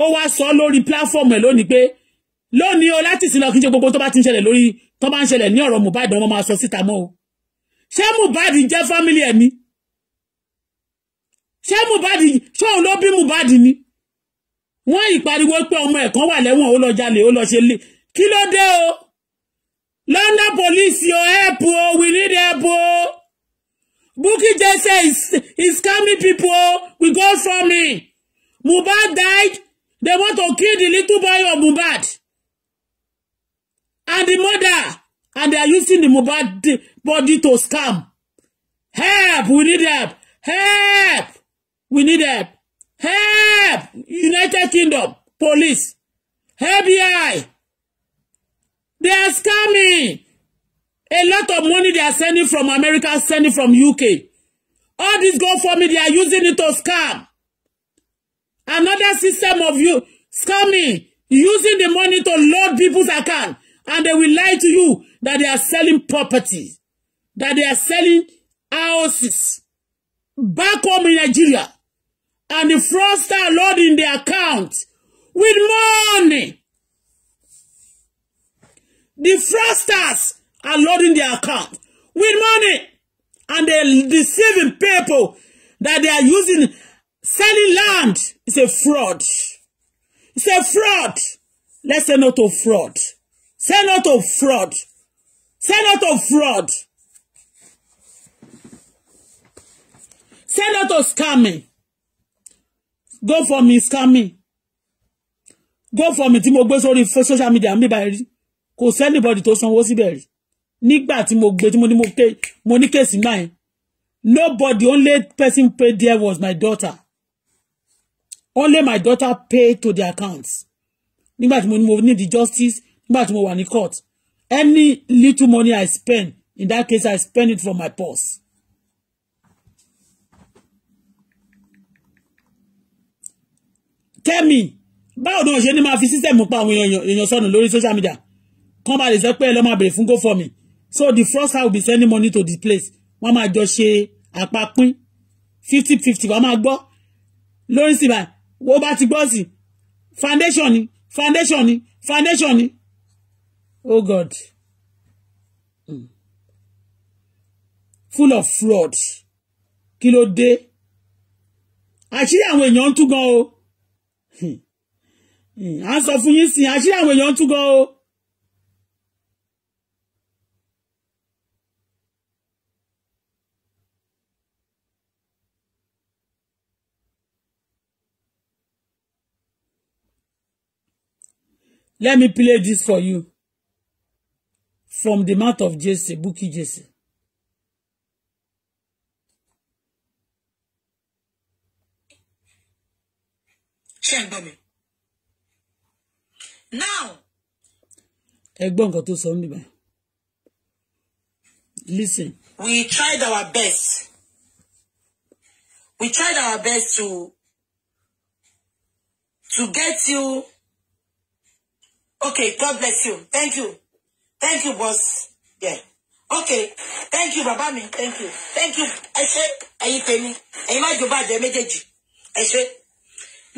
ó wá sọ lórí platform ẹ̀ lónìí pé lónìí o láti sin lọ kí n ṣe gbogbo tó bá ti ń ṣẹlẹ̀ lórí tó bá ń ṣẹlẹ̀ ní ọ̀rọ̀ Mohbad wọn máa sọ síta mọ́ o ṣé Mohbad jẹ́ fámílì ẹ̀ ni ṣé Mohbad ṣóun ló bí Mohbad ni wọ́n ìpariwo pé ọmọ ẹ̀ kan wà lẹ́wọ̀n ó lọ jalè ó lọ ṣe lé kí ló dé o London police o help o we need help o Bukky Jesse is is scamming people o we go from me Mohbad died they want to kill the little boy of Mohbad and the mother and they are using the Mohbad body to scam. Help! We need help! Help! We need help! Help! United Kingdom police FBI they are scamming a lot of money they are sending from America sending from UK all this go for me they are using it to scam another system of you scamming using the money to load people's account and they will lie to you that they are selling property that they are selling houses back home in Nigeria and the fraudster loading their account with money. The fraudsters are loading their account with money and they're deceiving people that they are using selling land. It's a fraud. It's a fraud. Let's say no to fraud. Say no to fraud. Say no to fraud. Send her to scamming. Go for me scamming. Go for me tí mo gbé sórí social media mi báyìí rí. Kò sẹ́nìbọ̀dì tó sanwó síbẹ̀ rí. Nígbà tí mo gbé tí mo ní mo ní kéèsì náà yẹn. Nobody only person paid there was my daughter. Only my daughter paid to the accounts. Nígbà tí mo ní mo need the justice nígbà tí mo wà ní court. Any little money I spend in that case I spend it from my purse. tell me báwo ni wọ́n ṣe ní máa fi sísẹ̀mù pa àwọn èèyàn sọnù lórí social media kán bá lè sọ pé ẹ lọ́ máa bèrè fún GoFundMe so the fraudster will be sending money to the place wọ́n máa jọ ṣe àpapín fifty fifty wọ́n máa gbọ́ lórí sí báyìí wọ́n bá ti gbọ́ sí foundation ni foundation ni foundation ni oh God hmm. full of fraud kí ló dé àṣírí àwọn èèyàn ń tú gan o à hmm. ń hmm. sọ fún yín sìn àṣírí àwọn èèyàn tún gan o. Let me play this for you from the mouth of Jesse, Buki Jesse. ṣé ń gbọ́ mi. now. ẹ gbọ́ nǹkan tó sọ níbẹ̀. listen. we tried our best we tried our best to to get you okay god bless you thank you thank you boss yeah okay thank you baba mi thank you thank you ẹ ṣé ẹ̀yin tèmi ẹ̀yin má jò bàjẹ́ méjèèjì ẹ ṣé.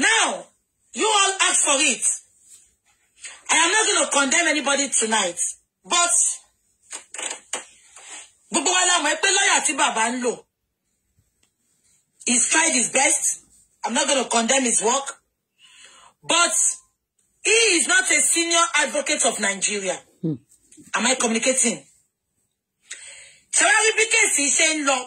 Now, you all ask for it. I am not going to condemn anybody tonight, but gbogbo wa la mọ̀ pé lọ́yà tí bàbá ń lò he's tried his best I'm not going to condemn his work but he is not a senior advocate of Nigeria hmm. Am I communicating? ṣe wá rí bí kéèsì ṣe ń lọ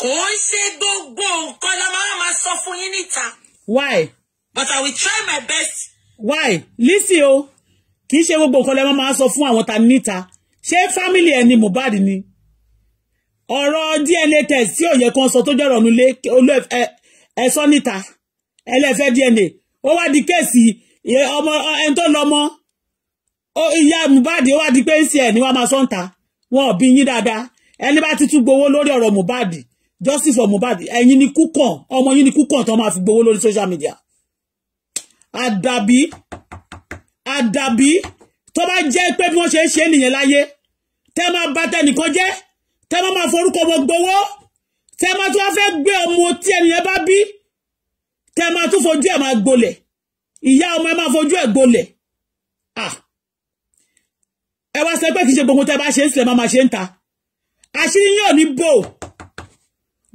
kò ń ṣe gbogbo nǹkan la máa sọ fún yín níta. why. but i will try my best. why lisi o kì í ṣe gbogbo nǹkan la máa sọ fún àwọn ta níta ṣé fámìlì ẹni Mohbad ni ọ̀rọ̀ DNA test tí òye kan sọ tó jọ̀rọ̀ nulẹ̀ olú ẹ̀sọ́ níta ẹlẹ́fẹ́ DNA ó wá di kéèsì ọmọ ẹni tó lọ́mọ ìyá Mohbad ó wá di pé ń ṣe ẹ̀ ni wàá máa sọ́ǹta wọn ò bí yín dáadáa ẹni bá ti tún gbowó lórí ọ̀rọ̀ Mohbad justice for Mohbad ẹ̀yin ni kú kàn ọmọ yín ni kú kàn tó máa fi gbowó lórí social media àdàbí àdàbí tó bá jẹ́ pé bí wọ́n ṣe ń ṣe nìyẹn láyé tẹ́ máa bà tẹnìkan jẹ́ tẹ́ máa máa forúkọ wọn gbowó tẹ́ máa tún wá fẹ́ gbé ọmọ tí ẹnìyẹn bá bí tẹ́ máa tún fojú ẹ̀ máa gbolẹ̀ ìyá ọmọ ẹ máa fojú ẹ̀ gbolẹ̀ ẹ wá sọ kì í ṣe gbogbo tẹ́ bá ṣe ń sílẹ̀ máa máa ṣe ń ta àṣírí yín ní bò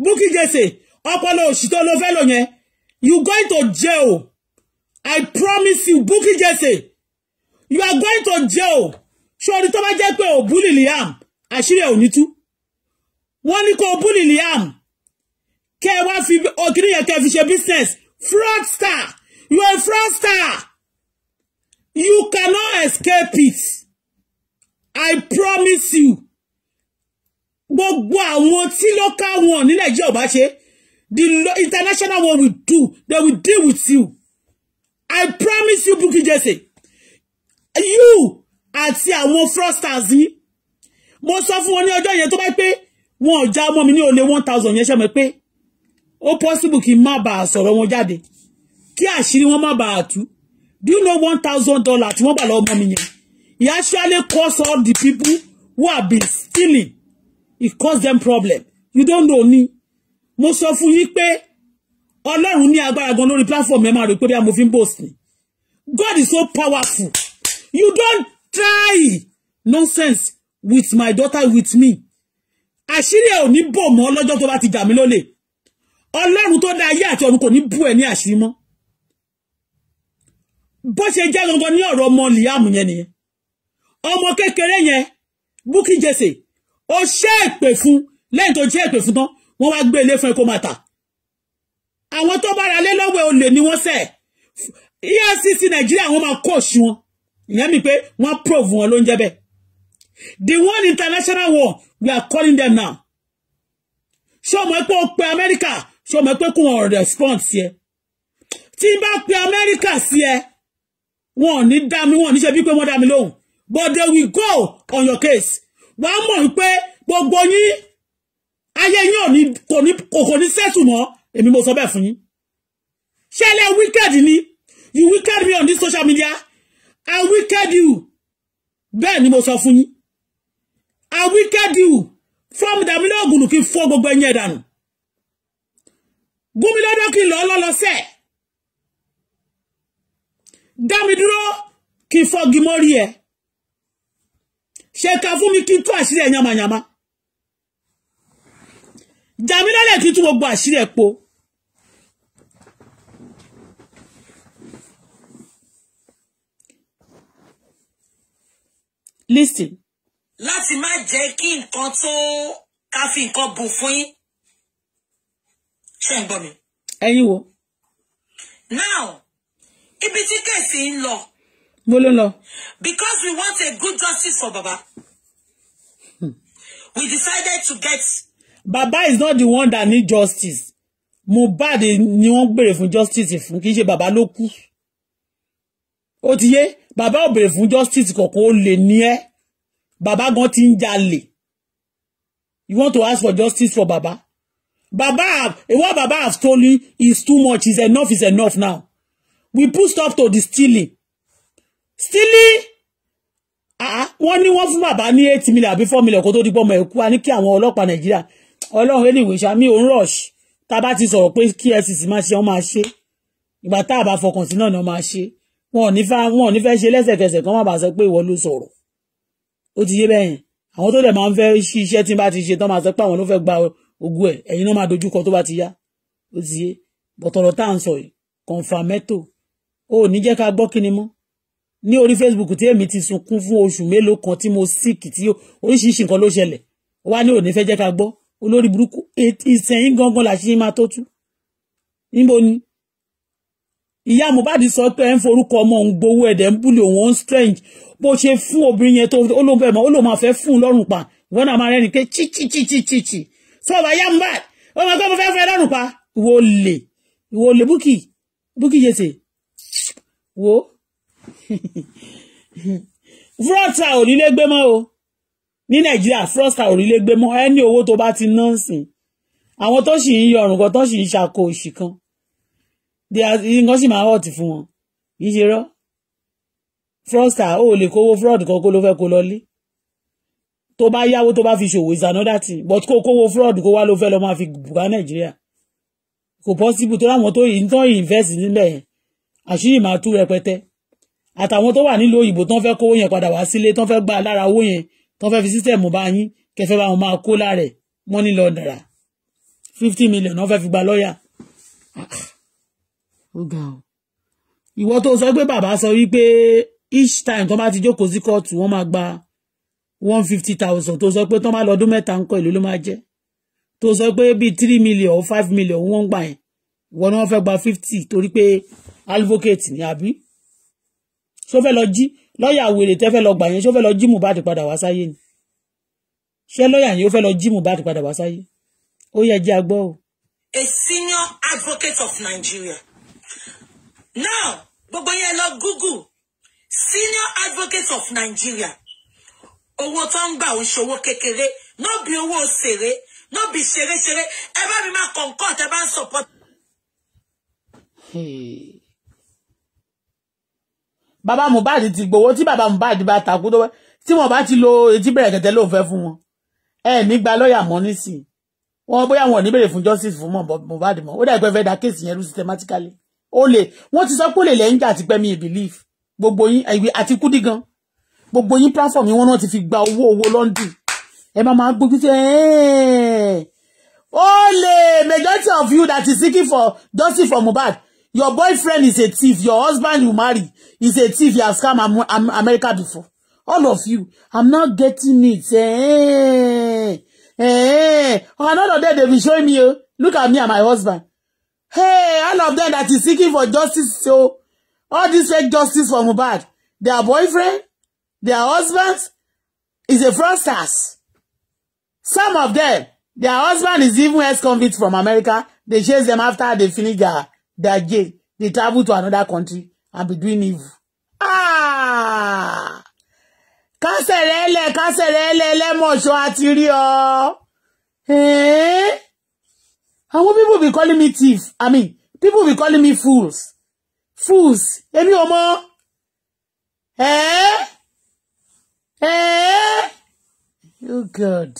Bukky Jesse ọpọlọ òṣì tó ló fẹ́ lò yẹn you going to jail I promise you Bukky Jesse you are going to jail sori tó bá jẹ́ pé ò búlì Liam àṣírí ẹ̀ ò ní tú wọ́n ní kó o búlì Liam kẹ́ ẹ wá fi òkìrí yẹn kẹ́ ẹ fi ṣe business fraudster you are a fraudster you cannot escape it I promise you gbogbo àwọn tí local one ní nàìjíríà ò bá ṣe the international one will do they will deal with you i promise you Bukky Jesse you àti àwọn fraudsters yìí mo sọ fún wọn ní ọjọ́ yẹn tó bá pé wọn ò já ọmọ mi ní olè one thousand yẹn ṣe mọ̀ pé ó possible kí n má bàa sọ̀rọ̀ wọn jáde kí àṣírí wọn má bàa tú do you know one thousand dollars? tí wọ́n gbà lọ́wọ́ ọmọ mi yẹn he actually cost all the people who have been stealing it cause them problem you don't know ni mo sọ fún yín pé ọlọ́run ní agbára gan lórí platform ẹ máa rò pé bí mo fi ń boast ni God is so powerful you don't try nonsense with my daughter with me àṣírí ẹ ò ní bò mọ́ lọ́jọ́ tó bá ti jà mí lólè ọlọ́run tó dá ayé àti ọ̀run kò ní bú ẹ ní àṣírí mọ́ bó ṣe jẹ́ gangan ní ọ̀rọ̀ ọmọ Liam yẹn nìyẹn ọmọ kékeré yẹn Bukky Jesse ó ṣe èpè fún lẹ́yìn tó ṣe èpè fún tán wọ́n wá gbé ilé fún ẹ kó máa tà àwọn tó bára lé lọ́wọ́ olè ni wọ́n sẹ̀ EFCC Nàìjíríà wọ́n máa coach wọn ìyẹn mi pé wọ́n prove wọn ló ń jẹ́ bẹ́ẹ̀ the one international war we are calling them now ṣé o mọ̀ pé o pe Amẹ́ríkà ṣé o mọ̀ pé kò wọ́n respond sí ẹ tí n bá pe Amẹ́ríkà sí ẹ wọn ò ní dá mi wọn ò ní ṣe bí pé wọ́n dá mi lóhùn but they will go on your case wà á mọ̀ wípé gbogbo yín ayé yín ò ní kò ní kò ní sẹ́tù mọ́ èmi mo sọ bẹ́ẹ̀ fún yín ṣẹlẹ̀ wicked ni you wicked me on this social media I wicked you bẹ́ẹ̀ ni mo sọ fún yín I wicked you from the middle of n fọ́ gbogbo ẹ̀yìn ẹ̀dànù gúnmi lọ́dọ̀ kí n lọ́ lọ́lọ́ sẹ́ẹ̀ dá mi dúró kí n fọ́ gimórí ẹ̀ ṣèkà fún mi kí n tú àṣírí ẹ̀ yamayama jàmí lọ́lẹ̀ kí n tú po. listen. láti má jẹ́ kí nǹkan tó ká fi nǹkan bù fún yín ṣe ń mi. ẹ̀yin wo. now ibi tí kèsì ń lọ bó ló lọ. because we want a good justice for baba we decided to get. baba is not the one that need justice Mohbad ni wọ́n gbèrè fún justice fún kì í ṣe baba ló kú ó ti yé bàbá ò bèrè fún justice kọ̀ọ̀kan ó lè ní ẹ́ bàbá gan ti ń jalè you want to ask for justice for Baba? bàbá what Baba has told you is too much is enough is enough now we put stop to the stealing stílí ah, wọ́n ní wọ́n fún bàbá ní eight million àbí four million kó tó di pọ́ ọmọ ẹ̀kú a ní kí àwọn ọlọ́pàá nàìjíríà ọlọ́run ẹni ìwé rush tá a bá ti sọ̀rọ̀ pé kí efcc máa ṣe wọ́n máa ṣe ìgbà tá a bá fọkàn sí náà ni wọ́n máa ṣe wọn ò ní fẹ́ wọn ò ní fẹ́ ṣe lẹ́sẹ̀kẹsẹ̀ kí wọ́n má bàa sọ pé ìwọ ló sọ̀rọ̀ ó ti yé bẹ́yìn àwọn tó dẹ̀ máa ń fẹ́ ṣí iṣẹ́ tí bá ti ṣe tán máa sọ pé àwọn ló fẹ́ gba ogún ẹ̀ ẹ̀yin náà máa dojúkọ tó bá ti yá ó ti yé bọ̀tọ̀rọ̀ tá à ń sọ yìí kọ̀ǹfàmẹ́tò ó ní jẹ́ ká gbọ́ kíni ní orí Facebook tí èmi ti sunkún fún oṣù mélòó kan tí mo sick tí oríṣiríṣi nǹkan ló ṣẹlẹ̀ wá ní òní fẹ́ jẹ́ ká gbọ́ olórí burúkú ìsẹ̀yìn gangan làṣírí máa tó tú níbo ni ìyá Mohbad sọ pé ẹ ń forúkọ ọmọ òun gbowó ẹ̀dẹ̀ ń búlẹ̀ òun strange bó ṣe fún obìnrin yẹn tó olóhùn bẹ́ẹ̀ mọ́ ó lóun máa fẹ́ fún un lọ́rùn pa ìwọ náà máa rẹ́ni pé chichichichichichi sọ ọba ìyá Mohbad ó máa gbọ́ mo fẹ́ fún lọ́rùn pa ìwọ lè ìwọ lè búkì búkì yẹsẹ̀ wo frosta ò nílé gbé mọ́ o ní nàìjíríà frosta ò nílé gbé mọ́ ẹni owó tó bá ti ná sìn àwọn tó sì ń yọrùn kan tó sì ń ṣàkó òṣì kan nǹkan sì máa hot fún wọn kì í ṣe rọ frosta ò lè kówó fraud kan kó ló fẹ́ kó lọlé tó bá yáwó tó bá fi ṣòwò is another thing but kó kówó fraud kó wá ló fẹ́ lọ máa fi bùkà nàìjíríà kò possible tó láwọn tó yìí ń tán invest nílẹ̀ àṣírí máa tú rẹpẹtẹ àtàwọn tó wà nílùú òyìnbó tán fẹ́ kówó yẹn padà wá sílé tán fẹ́ gbà lára owó yẹn tán fẹ́ fi sísẹ̀mù bá yín kẹfẹ́ bá wọn máa kó lára ẹ̀ money launderer fifty million wọ́n fẹ́ fi gba lọ́ọ̀yà. ó ga ọ ìwọ tó sọ pé bàbá sọ wípé each time tó bá ti jókòó sí kóòtù wọ́n máa gba one fifty thousand tó sọ pé tó máa lọ́dún mẹ́ta ń ìlú ló máa jẹ́ tó sọ pé bíi three million or five million wọ́n ń gbà yẹn ìwọ ni wọ́n fẹ́ gba fifty torí pé advocate ni àbí ṣó lọ jí lọ́ọ̀yà wèrè tẹ́ lọ gbà yẹn ṣó lọ jí Mohbad padà wá sáyé ni ṣé lọ́ọ̀yà yẹn ó fẹ́ lọ jí Mohbad padà wá sáyé ó yẹ jẹ́ agbọ́ o. a senior advocate of Nigeria now gbogbo yẹn lọ google senior advocate of Nigeria owó tó ń gbà ń ṣòwò kékeré náà bí owó ṣeré náà bí ṣeréṣeré ẹ bá mi máa kọ̀ǹkọ̀ tẹ bá ń support. Hey. Baba Mohbad ti gbowó tí bàbá Mohbad bá takú tó tí wọn bá ti lo etí bẹ̀rẹ̀ kẹ̀tẹ́ ló fẹ́ fún wọn ẹ nígbà lọ́ọ̀yà mọ́ nísìnyí wọn bóyá wọn ò ní béèrè fún justice fún Mohbad mọ́ ó dà pé fẹ́ da kéèsì yẹn systematically ó lè wọ́n ti sọ pé ó lè lẹ́yìn jà àti mi believe gbogbo yín ati kúdí gan gbogbo yín platform yín wọn náà ti fi gba owó owó London ẹ máa máa gbójú tí ó lè majority of you that is seeking for justice for Mohbad Your boyfriend is a thief. Your husband you marry is a thief. He has come am America before. All of you, I'm not getting it. Hey, eh, eh, hey. Eh. Oh, another day they be showing me. Uh, look at me and my husband. Hey, all of them that is seeking for justice. So all this fake justice for Mohbad, their boyfriend, their husband is a fraudster. Some of them, their husband is even ex-convict from America. They chase them after they finish their their jail they travel to another country and be doing evil. Ah! kásẹ̀rẹ̀ ẹlẹ̀ kásẹ̀rẹ̀ ẹlẹ̀ ẹlẹ́mọ̀ṣọ́ àti rí how àwọn people be calling me thief i mean people be calling me fools fools èmi ò mọ. oh god.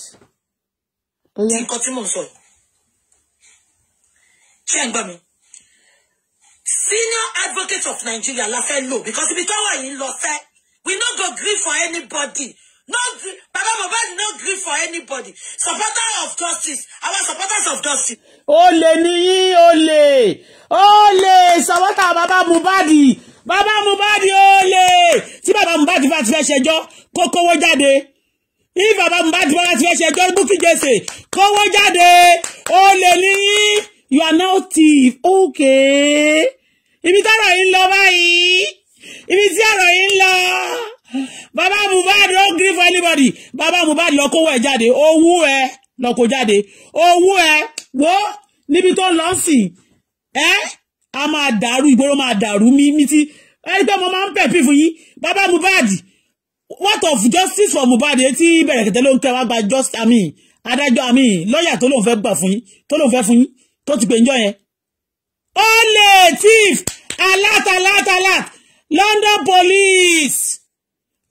nǹkan tí mò ń sọ ṣé ẹ ń gbà senior advocate of Nigeria la fẹ́ lò because ibi tọ́wọ́ yìí ń lọ fẹ́ we no go gree for anybody no gree baba Mohbad no gree for anybody supporter of justice our supporters of justice. olè ni yín olè olè supporter baba Mohbad baba Mohbad olè tí baba Mohbad bá ti fẹ́ ṣẹjọ́ kó kówó jáde ní baba Mohbad bá ti fẹ́ ṣẹjọ́ Bukky Jesse kówó jáde olè ni yín you are now thief okay ibi tọ́rọ̀ yìí ń lọ báyìí ibi tí ọ̀rọ̀ yìí ń lọ bàbá Mohbad ó gree for anybody bàbá Mohbad lọ kówó ẹ̀ jáde owó ẹ̀ lọ jáde owó ẹ̀ wo níbi tó lọ sí ẹ a máa dàrú ìgboro máa dàrú mi mi ti ẹni pé mo máa ń pẹ̀pì fún yín bàbá Mohbad what of justice for Mohbad etí bẹ̀rẹ̀kẹ̀tẹ̀ ló ń kẹ́ wá gba just àmì adájọ́ àmì lọ́ọ̀yà tó lóun fẹ́ gbà fún yín tó lóun fẹ́ fún yín tó ti pè ń jọ yẹn Only thief alert alert alert London police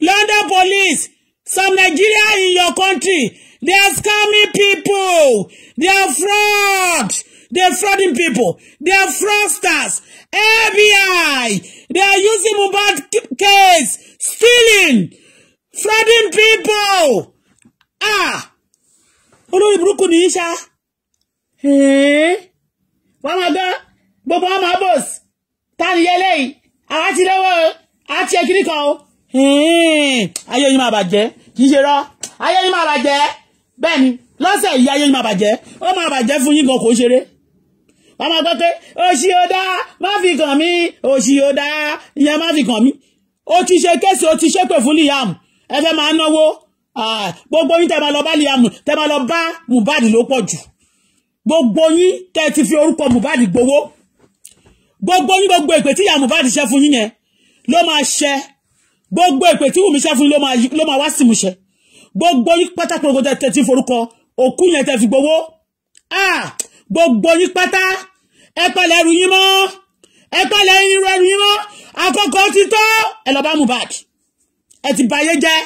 London police some Nigeria in your country they are scamming people they are fraud they are frauding people they are fraudsters FBI they are using mobile case stealing frauding people ah olórí burúkú nìyí ṣá wàá máa gbá gbogbo ọmọ abos táni yẹlẹ yìí àwa ti lọ́wọ́ a ti ẹkiri kan o ayé yín máa bàjẹ́ kì í ṣe rọ ayé yín máa bàjẹ́ bẹ́ẹ̀ ni lọ́sẹ̀ yìí ayé yín máa bàjẹ́ ó máa bàjẹ́ fún yín gan kò ń ṣeré wọ́n máa gbọ́ pé òṣì ò dáa má fi kàn mí òṣì ò dáa ìyẹn má fi kàn mí ó ti ṣe kéèsì ó ti ṣépè fún Liam ẹ fẹ́ máa náwó gbogbo yín tẹ́ máa lọ bá Liam tẹ́ máa lọ bá Mohbad ló pọ̀ jù gbogbo yín tẹ́ ti fi orúkọ Mohbad gbowó gbogbo yín gbogbo èpè tí ìyá Mohbad ṣe fún yín yẹn ló máa ṣe gbogbo èpè tí Wùmí ṣe fún yín ló máa wá sí mu ṣe gbogbo yín pátá gbogbo tẹ ti forúkọ òkú yẹn tẹ fi gbowó ah! gbogbo yín pátá ẹ pẹ̀lẹ́ ẹrù yín mọ́ ẹ pẹ̀lẹ́ irú ẹrù yín mọ́ àkókò ti tó ẹ lọ bá Mohbad ẹ ti bayé jẹ́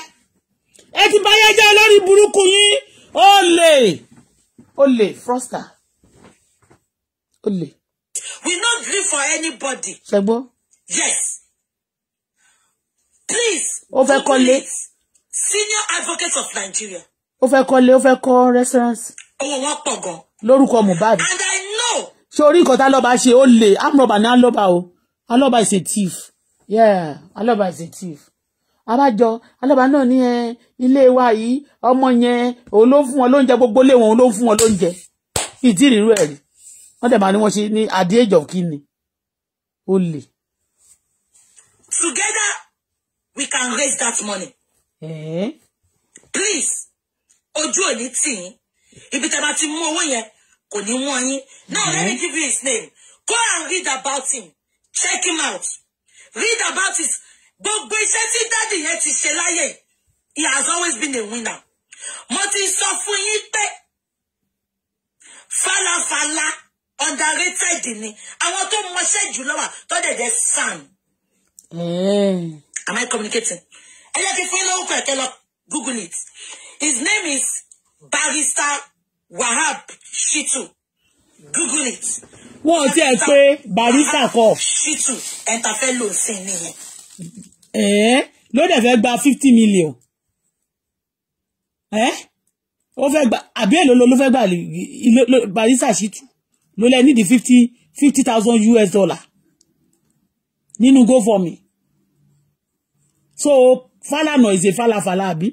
ẹ ti bayé jẹ́ lórí burúkú yín olè olè frosta olè we not grieve for anybody. Sebo. yes please. ó fẹ́ senior advocate of Nigeria. ó fẹ́ kọ́lé ó fẹ́ kọ́ restaurant. owó wọn pọ̀ gan. lórúkọ and I know. ṣé orí nǹkan tá a lọ́ba ṣe ó lè amúrọ̀bà ní alọ́ba o alọ́ba is a thief yeah A loba is a thief abájọ alábà náà ní ẹ eh, ilé wa yìí ọmọ yẹn òun ló ń fún wọn lóúnjẹ gbogbo lé wọn òun ló ń fún wọn lóúnjẹ ìdí ìrírú wọ́n dẹ̀ máa ní wọ́n ṣe ní at age of kí ni ó lè. together we can raise that money. Eh? please ojú ò ní tì yín ibi tẹ́ bá ti mú owó yẹn kò ní wọ́n yín now let me give you his name go and read about him check him out read about his gbogbo iṣẹ́ tí dáàdì yẹn ti ṣe láyé he has always been a winner mo ti sọ fún yín pé falafala. Fala, underrated ni àwọn tó mọṣẹ́ jù lọ́wọ́ tó dẹ̀dẹ̀ sàn. Mm. am I communicating? ẹ jẹ́ kí fún ilé òkú ẹ̀kẹ́ lọ google it his name is barrister Wahab Shitu google it. wọn ò tiẹ̀ pé barrister kọ. Shitu ẹ̀ta fẹ́ lò sí i nìyẹn. ẹ̀ẹ́ ló dẹ̀ fẹ́ gba fifty million. ẹ́ ó fẹ́ gba àbí èlò ló fẹ́ gba barrister Shitu ló lẹ́ nídìí fifty fifty thousand US dollar go for me. so no is a falafala àbí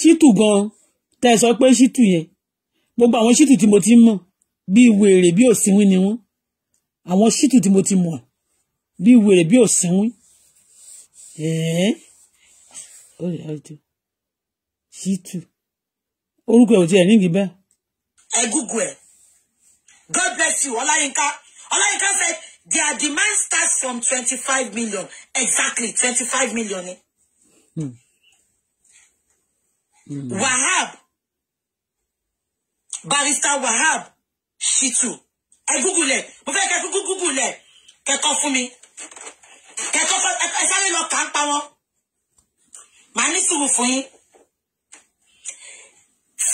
ṣítù gan tẹ́ ẹ sọ pé ṣítù yẹn gbogbo àwọn ṣítù tí mo ti mọ̀ bí wèrè bí òsínwín ni wọ́n àwọn ṣítù tí mo ti mọ̀ Eh? wèrè bí òsínwín Situ orúkọ ò tiẹ̀ nídìí bẹ́ẹ̀. ẹ ẹ god bless you ọláyínká ọláyínká said their demand starts from twenty five million exactly twenty five million hmm. Hmm. wahab barrister wahab shitu ẹ google ẹ mo fẹ́ kẹ́ kúkú google ẹ kẹ́kọ̀ọ́ fún mi kẹ́kọ̀ọ́ ẹ sáré lọ kà á pa wọn màá ní sùúrù fún yín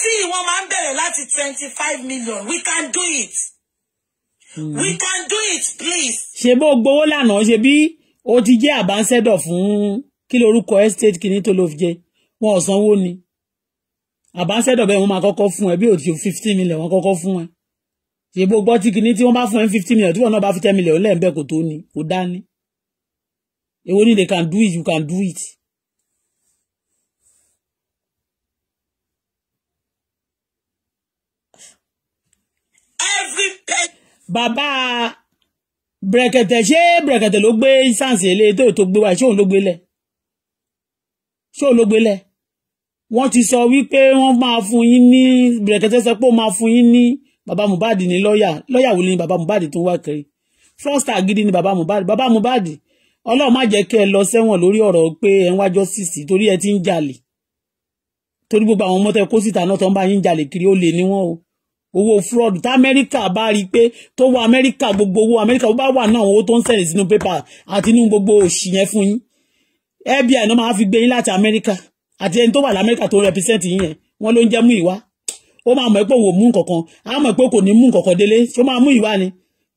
tí wọ́n máa ń bẹ̀rẹ̀ láti twenty five million we can do it. Hmm. we can do it please. ṣe bó gbowó lánàá ṣe bí ó ti jẹ́ àbánsẹ́dọ̀ fún kí lorúkọ estate kìíní tó ló fi jẹ wọn ò sanwó ni àbánsẹ́dọ̀ bẹ́ẹ̀ wọ́n máa kọ́kọ́ fún ẹ bí òtí fifteen million wọ́n kọ́kọ́ fún ẹ ṣe bó gbọ́ tí kìíní tí wọ́n bá fún ẹ fifteen million tí wọ́n náà bá fi ten million lẹ́ẹ̀mbẹ́ kò tó ni kò dá ni èwo ni they can do it you can do it. bàbá brẹ̀kẹ̀tẹ̀ ṣé brẹ̀kẹ̀tẹ̀ ló gbé sáǹsì ilé tó tó gbé wa ṣé òun ló gbélé ṣé òun ló gbélé wọ́n ti sọ wípé wọ́n máa fún yín ní brẹ̀kẹ̀tẹ̀ sọ pé ó máa fún yín ní bàbá Mohbad ní lọ́ọ̀yà lọ́ọ̀yà wo ni bàbá Mohbad tó wá kiri frosta gidi ni bàbá Mohbad bàbá Mohbad ọlọ́run má jẹ́ kí ẹ lọ sẹ́wọ̀n lórí ọ̀rọ̀ pé ẹ ń wájọ́ sísì torí ẹ ti ń jalè torí gbogbo àwọn ọmọ tẹ kó síta náà tó ń bá yín jalè kiri ó lè ní wọn o owó fraud tá amẹ́ríkà bá rí i pé tó wọ amẹ́ríkà gbogbo owó amẹ́ríkà bó bá wà náà owó tó ń sẹ̀lẹ̀ sínú pépà àti inú gbogbo òṣì yẹn fún yín fbi náà máa fi gbé yín láti amẹ́ríkà àti ẹni tó wà lamẹ́ríkà tó represent yín yẹn wọ́n ló ń jẹ́ mú ìwá ó máa mọ̀ pé òun ò mú nǹkankan á mọ̀ pé kò ní mú nǹkankan délé ṣó máa mú ìwá ni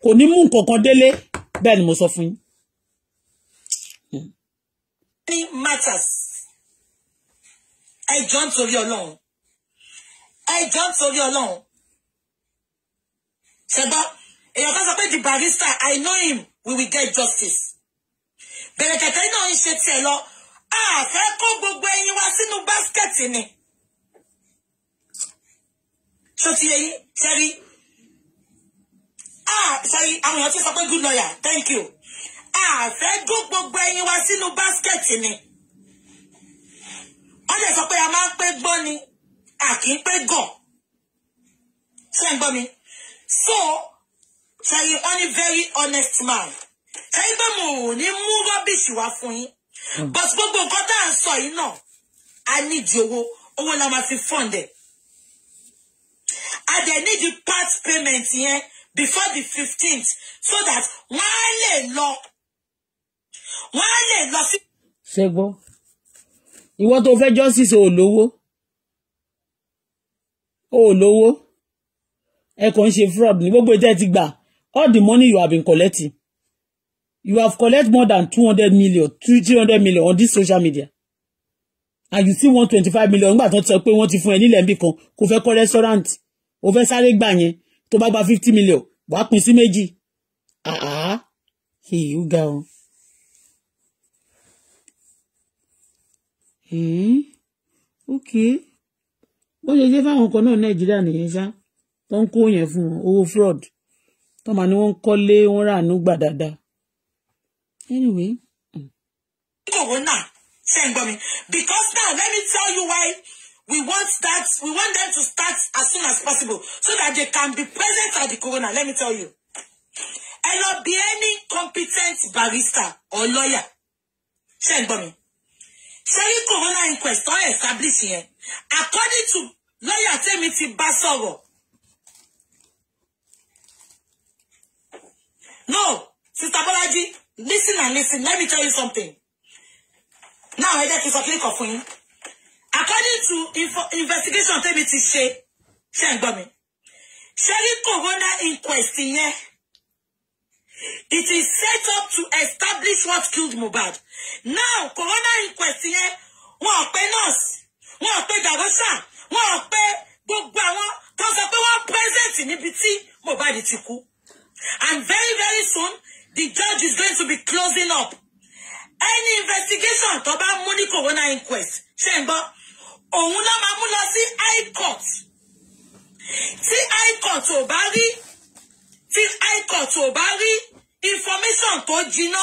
kò ní mú nǹkankan délé bẹ́ẹ̀ ni mo sọ fún yín. any ń torí Ọlọ́run ẹ ń torí Ọlọ́run ṣẹgbọ́ èèyàn kan sọ pé the barrister I know him we will get justice bẹ̀rẹ̀ kẹ̀kẹ́ náà ń ṣe tiẹ̀ lọ àfẹ́ kó gbogbo ẹyin wá sínú báskẹ̀tì ni ṣó ti yẹyin sẹ́rí sẹ́rí àwọn èèyàn ti sọ pé good lawyer thank you àfẹ́ kó gbogbo ẹyin wá sínú báskẹ̀tì ni wọ́n lè sọ pé a máa ń pé gbọ́n ni a kì í pé gọ̀ ṣé ń gbọ́ mi so say wọn only very honest man Say pé mo ò ní mú rọ́bìṣì wá fún yín hmm. but gbogbo nǹkan tá à ń sọ yìí náà a nídìí owó owó la máa fi fund ẹ a dẹ̀ nídìí part payment yẹn before the fifteenth so that wọ́n á lè lọ wọ́n á lè lọ sí. ṣe gbọ́ ìwọ tó fẹ́ justice ò lówó ò lówó ẹ kàn ń ṣe fraud ní gbogbo ìtẹ́ ti gbà all the money you have been collecting you have collected more than two hundred million two three hundred million on this social media and you see one twenty five million nígbà tó ti sọ pé wọ́n ti fún ẹ nílẹ̀ nbí kan kò fẹ́ kọ́ restaurant o fẹ́ sáré gbà yẹn tó bá gba fifty million wàá pín sí méjì àá èyí ó ga o. ok bó ṣe jẹ́ fáwọn kan náà nàìjíríà nìyẹn ṣáá tó ń kó yẹn fún wọn owó fraud tó máa ní wọ́n ń kọ́lé wọ́n rà ní gbà dáadáa. anyway. ìdòwò mm. náà ṣe ń gbọ́ mi because now let me tell you why we want that we want them to start as soon as possible so that they can be present at the corona let me tell you ẹ lọ bí any competent barrister or lawyer ṣe ń gbọ́ mi ṣe corona inquest tó establish yẹn according to lawyer tẹ́mi ti bá sọ̀rọ̀. no Sister Bolaji listen and listen let me tell you something now I jẹ́ kí n sọ according to info investigation tẹ́mi me ṣe ṣe ń gbọ́ mi ṣe ní inquest it is set up to establish what killed Mubad. now Corona inquest yẹn wọn ò pe nurse wọn ò pe garosha wọn ò pe gbogbo àwọn present níbi tí Mohbad ti kú. And very, very soon, the judge is going to be closing up. Any investigation about money corona inquest ṣe ń gbọ́, òun i court. Tí i court ò bá rí, i court ò bá information to jiná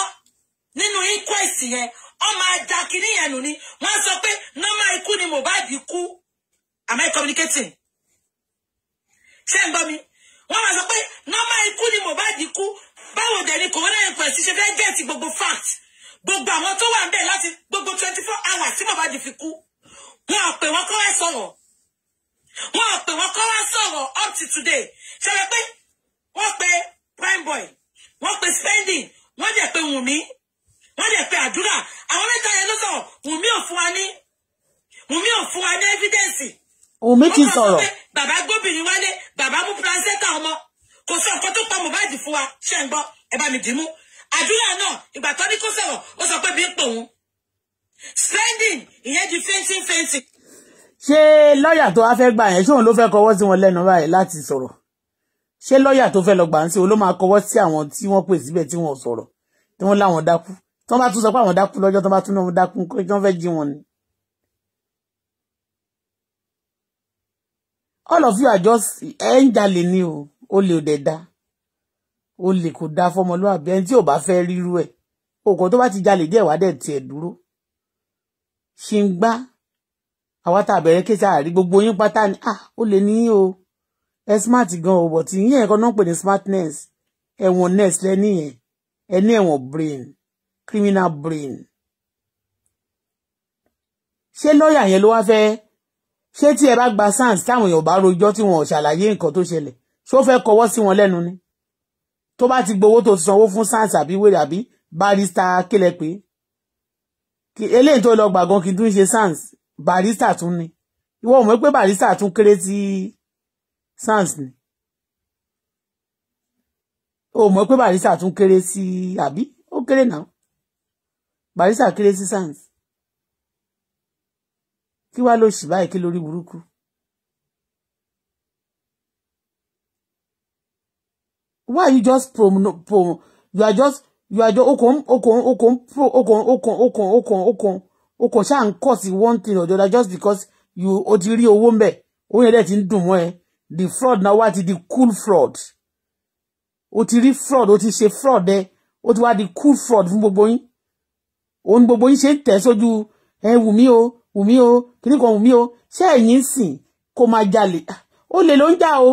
Nino inquest yẹn, wọ́n dakini da kinní yẹn nù ni. Wọ́n sọ pé ni Mohbad kú. Am I communicating? Ṣé me wọ́n máa sọ pé nọ́mà ikú ni Mohbad kú báwo dẹ̀ ni corona inquest ṣe fẹ́ gẹ̀ẹ́tì gbogbo fact gbogbo àwọn tó wà ń bẹ̀ láti gbogbo twenty four hours tí Mohbad fi kú wọn ò pè wọn kọ́ ẹ sọ̀rọ̀ wọn ò pè wọn kọ́ wá sọ̀rọ̀ up to today ṣe wẹ́ pé wọ́n pe prime boy wọ́n pe spending wọ́n dẹ̀ pe wùnmí wọ́n dẹ̀ pe àdúrà àwọn mẹ́ta yẹn ló sọ̀rọ̀ wùnmí ò fún wa ní wùnmí ò fún wa ní evidence. Wùmí ti sọ̀rọ̀. bàbá gómìnà wálé bàbá mú placenta ọmọ kò sọ nǹkan tó pa Mohbad fún wa ṣe ń gbọ́ ẹ bá mi dì í mú àdúrà náà ìgbà tó ní kó sọ̀rọ̀ ó sọ pé bí ń pò òun spending ìyẹn di fainting fainting. ṣé lọ́ọ̀yà tó wá fẹ́ gbà yẹn ṣóun ló fẹ́ kọwọ́ sí wọn lẹ́nu báyìí láti sọ̀rọ̀ ṣé lọ́ọ̀yà tó fẹ́ lọ gbà ń sí o ló máa kọwọ́ sí àwọn tí wọ́n pè síbẹ̀ tí wọ́n sọ̀rọ̀ tí wọ́n láwọn dákú tí wọ́n bá tún sọ pé àwọn dákú lọ́jọ́ tí wọ́n bá tún náà dákú kí wọ́n fẹ́ jí wọn ni. all of you are just ẹ̀ ń jalè ni o olè ò dẹ̀ da olè kò da fọmọlúwàbí ẹni tí ò bá fẹ́ ríru ẹ̀ òkò tó bá ti jalè díẹ̀ wá dẹ̀ tiẹ̀ dúró ṣì ń gbá àwa tá a bẹ̀rẹ̀ kéṣà àrí gbogbo yín pátá ni ah ó lè ní o ẹ smart gan o but ìyẹn ẹ̀kọ́ náà ń pè ní smartness ẹ̀wọ̀n ness lẹ́ni yẹn ẹ ní ẹ̀wọ̀n brain criminal brain ṣé lọ́ọ̀yà yẹn ló wá fẹ́ẹ́ ṣé tí ẹ bá gba SAN táwọn èèyàn bá rojọ́ tí wọn ò ṣàlàyé nǹkan tó ṣẹlẹ̀ ṣó fẹ́ kọwọ́ sí wọn lẹ́nu ni tó bá ti gbowó tó sanwó fún SAN àbí wèrè àbí barista kílẹ̀ pé eléyìí tó lọ gbàgán kí n tún ṣe SAN barista tún ni ìwọ ò pé barista tún kéré tí SAN ni o pé barista tún kéré sí àbí ó kéré náà barista kéré sí SAN kí wá ló sì báyìí kí lórí burúkú. why you just promo promo you are just you are just okon okon okon okon okon okon okon okon okon ṣáà ń kọ̀ sí one thing or the other just because you o ti rí owó ń bẹ̀ owó yẹn dẹ̀ ti ń dùn mọ́ ẹ the fraud náà wá ti di cool fraud o ti rí fraud o ti ṣe fraud ẹ o ti wá di cool fraud fún gbogbo yín òun gbogbo yín ṣe ń tẹ̀ sójú ẹ wù mí o wùmí o kìnnì kan wùmí o ṣé ẹ̀yin sìn kó máa jalè ó ah, lè ló ń jà o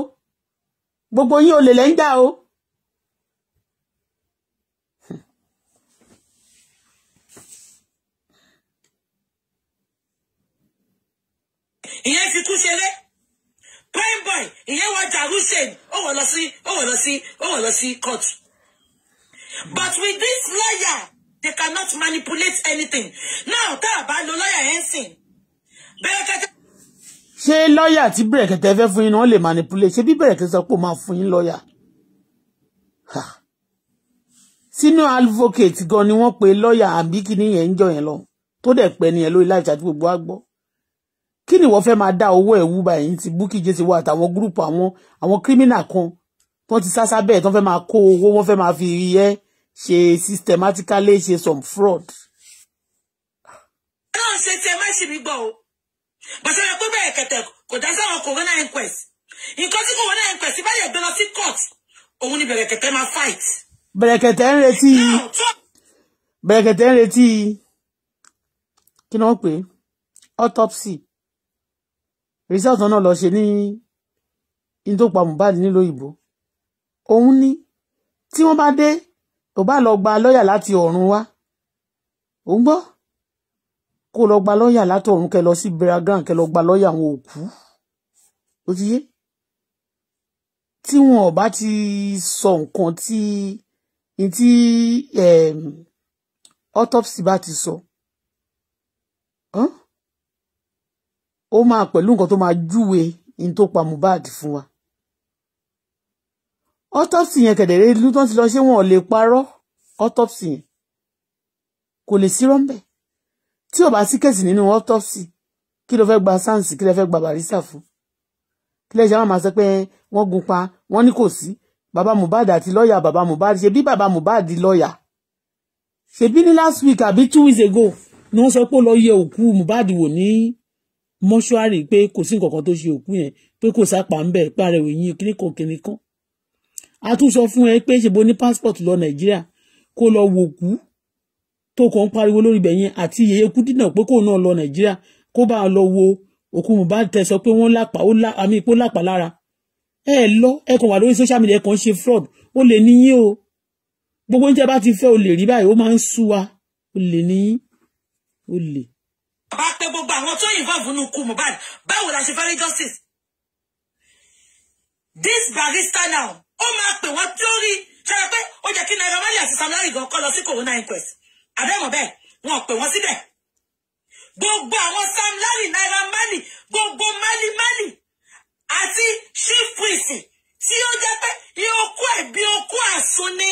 gbogbo yín ó lè lẹ́ ń jà o. ìyẹn fi kú ṣeré primeboy ìyẹn wọ jerusalem ó wọ̀ lọ sí ó wọ̀ lọ sí ó wọ̀ lọ sí court but with this lawyer they cannot manipulate anything now tá a bá lo lọ́yà yẹn sìn Brekete. ṣé lọ́yà tí Brekete fẹ́ fún yín náà manipulate ṣé bí Brekete sọ pé ó máa fún yín lọ́yà sínú advocate gan ni wọ́n pe lawyer àbí kíní yẹn ń jọ yẹn lọ tó dẹ̀ pẹ́ ni ẹ̀ lórí láì ṣàtúgbò gbọ́ àgbọ́ kí ni wọ́n fẹ́ máa dá owó ẹ̀wú báyìí ti Bukky Jesse wà àtàwọn group àwọn àwọn kírímìnà kan tó ti sásá bẹ́ẹ̀ tó fẹ́ máa kó owó wọ́n fẹ́ máa fi yẹ́ ṣe systematically ṣe some fraud. ọlọ́run ṣe tiẹ̀ má ṣì mí gbọ́ o bàtà yẹ kó bẹ́ẹ̀ kẹ̀tẹ̀ kò dá sáwọn corona inquest nǹkan tí corona inquest bá yẹ gbé lọ sí court òun ni bẹ̀rẹ̀kẹ̀tẹ̀ máa fight. bẹ̀rẹ̀kẹ̀tẹ̀ ń retí bẹ̀rẹ̀kẹ̀tẹ̀ ń retí kí ni wọ́n pè é autopsy result náà lọ ṣe ní ní tó pa Mohbad nílò ìbò òun ni tí wọ́n bá dé tó bá lọ gba lọ́yà láti ọ̀run wá ò ń gbọ́ kó lọ gba lọ́yà láti ọ̀run kẹ lọ sí burial ground kẹ lọ gba lọ́yà àwọn òkú ó ti yé tí wọn ò bá ti sọ nǹkan tí n tí autopsy bá ti sọ ó máa pẹ̀lú nǹkan tó máa júwe n tó pa Mohbad fún wa autopsy yẹn kẹ̀dẹ̀rẹ́ ìlú tó ti lọ ṣé wọn ò lè parọ́ autopsy yẹn kò lè sí rọ́ńbẹ̀ tí ò bá sí kẹ̀sì nínú autopsy kí ló fẹ́ gba sáǹsì kí ló fẹ́ gba barista fún kí lẹ́sẹ̀ máa sọ pé wọ́n gun pa wọ́n ní kò sí bàbá Mohbad àti lọ́ọ̀yà bàbá Mohbad ṣe bí bàbá Mohbad lọ́ọ̀yà ṣe bí ní last week àbí two weeks ago ni wọ́n sọ pé ó lọ yẹ òkú Mohbad wò ní mọ́ṣúárì pé kò sí nǹkan kan tó ṣe òkú yẹn pé kò sápá ń bẹ̀ pé yín kíní kan a tún sọ fún ẹ pé ṣèbó ní passport lọ nàìjíríà kó lọ wò kú tó kàn ń pariwo lórí ibẹ̀ yẹn àti yèyé kú dínà pé kóun náà lọ nàìjíríà kó bá a lọ wo òkú Mohbad tẹ sọ pé wọ́n lápá ó lá àmì ipò lápá lára ẹ lọ ẹ kàn wà lórí social media ẹ kàn ṣe fraud ó lè níyìn o gbogbo oúnjẹ bá ti fẹ́ o lè rí báyìí ó máa ń sú wa ó lè níyìn ó lè. bàbá pé gbogbo àwọn tó involve nínú ikú Mohbad báwo la ṣe fẹ́ rí justice this barrister now ó máa pè wọ́n lórí ṣẹlẹ̀ pé ó jẹ́ kí Naira Marley àti Sam Larry gan lọ sí corona inquest àbẹ́mọ̀ bẹ́ẹ̀ wọn pè wọ́n síbẹ̀ gbogbo àwọn Sam Larry Naira Marley gbogbo Marley Marley àti chief prince tí ó jẹ́ pé ìyókù ẹ̀bí okú àsun ni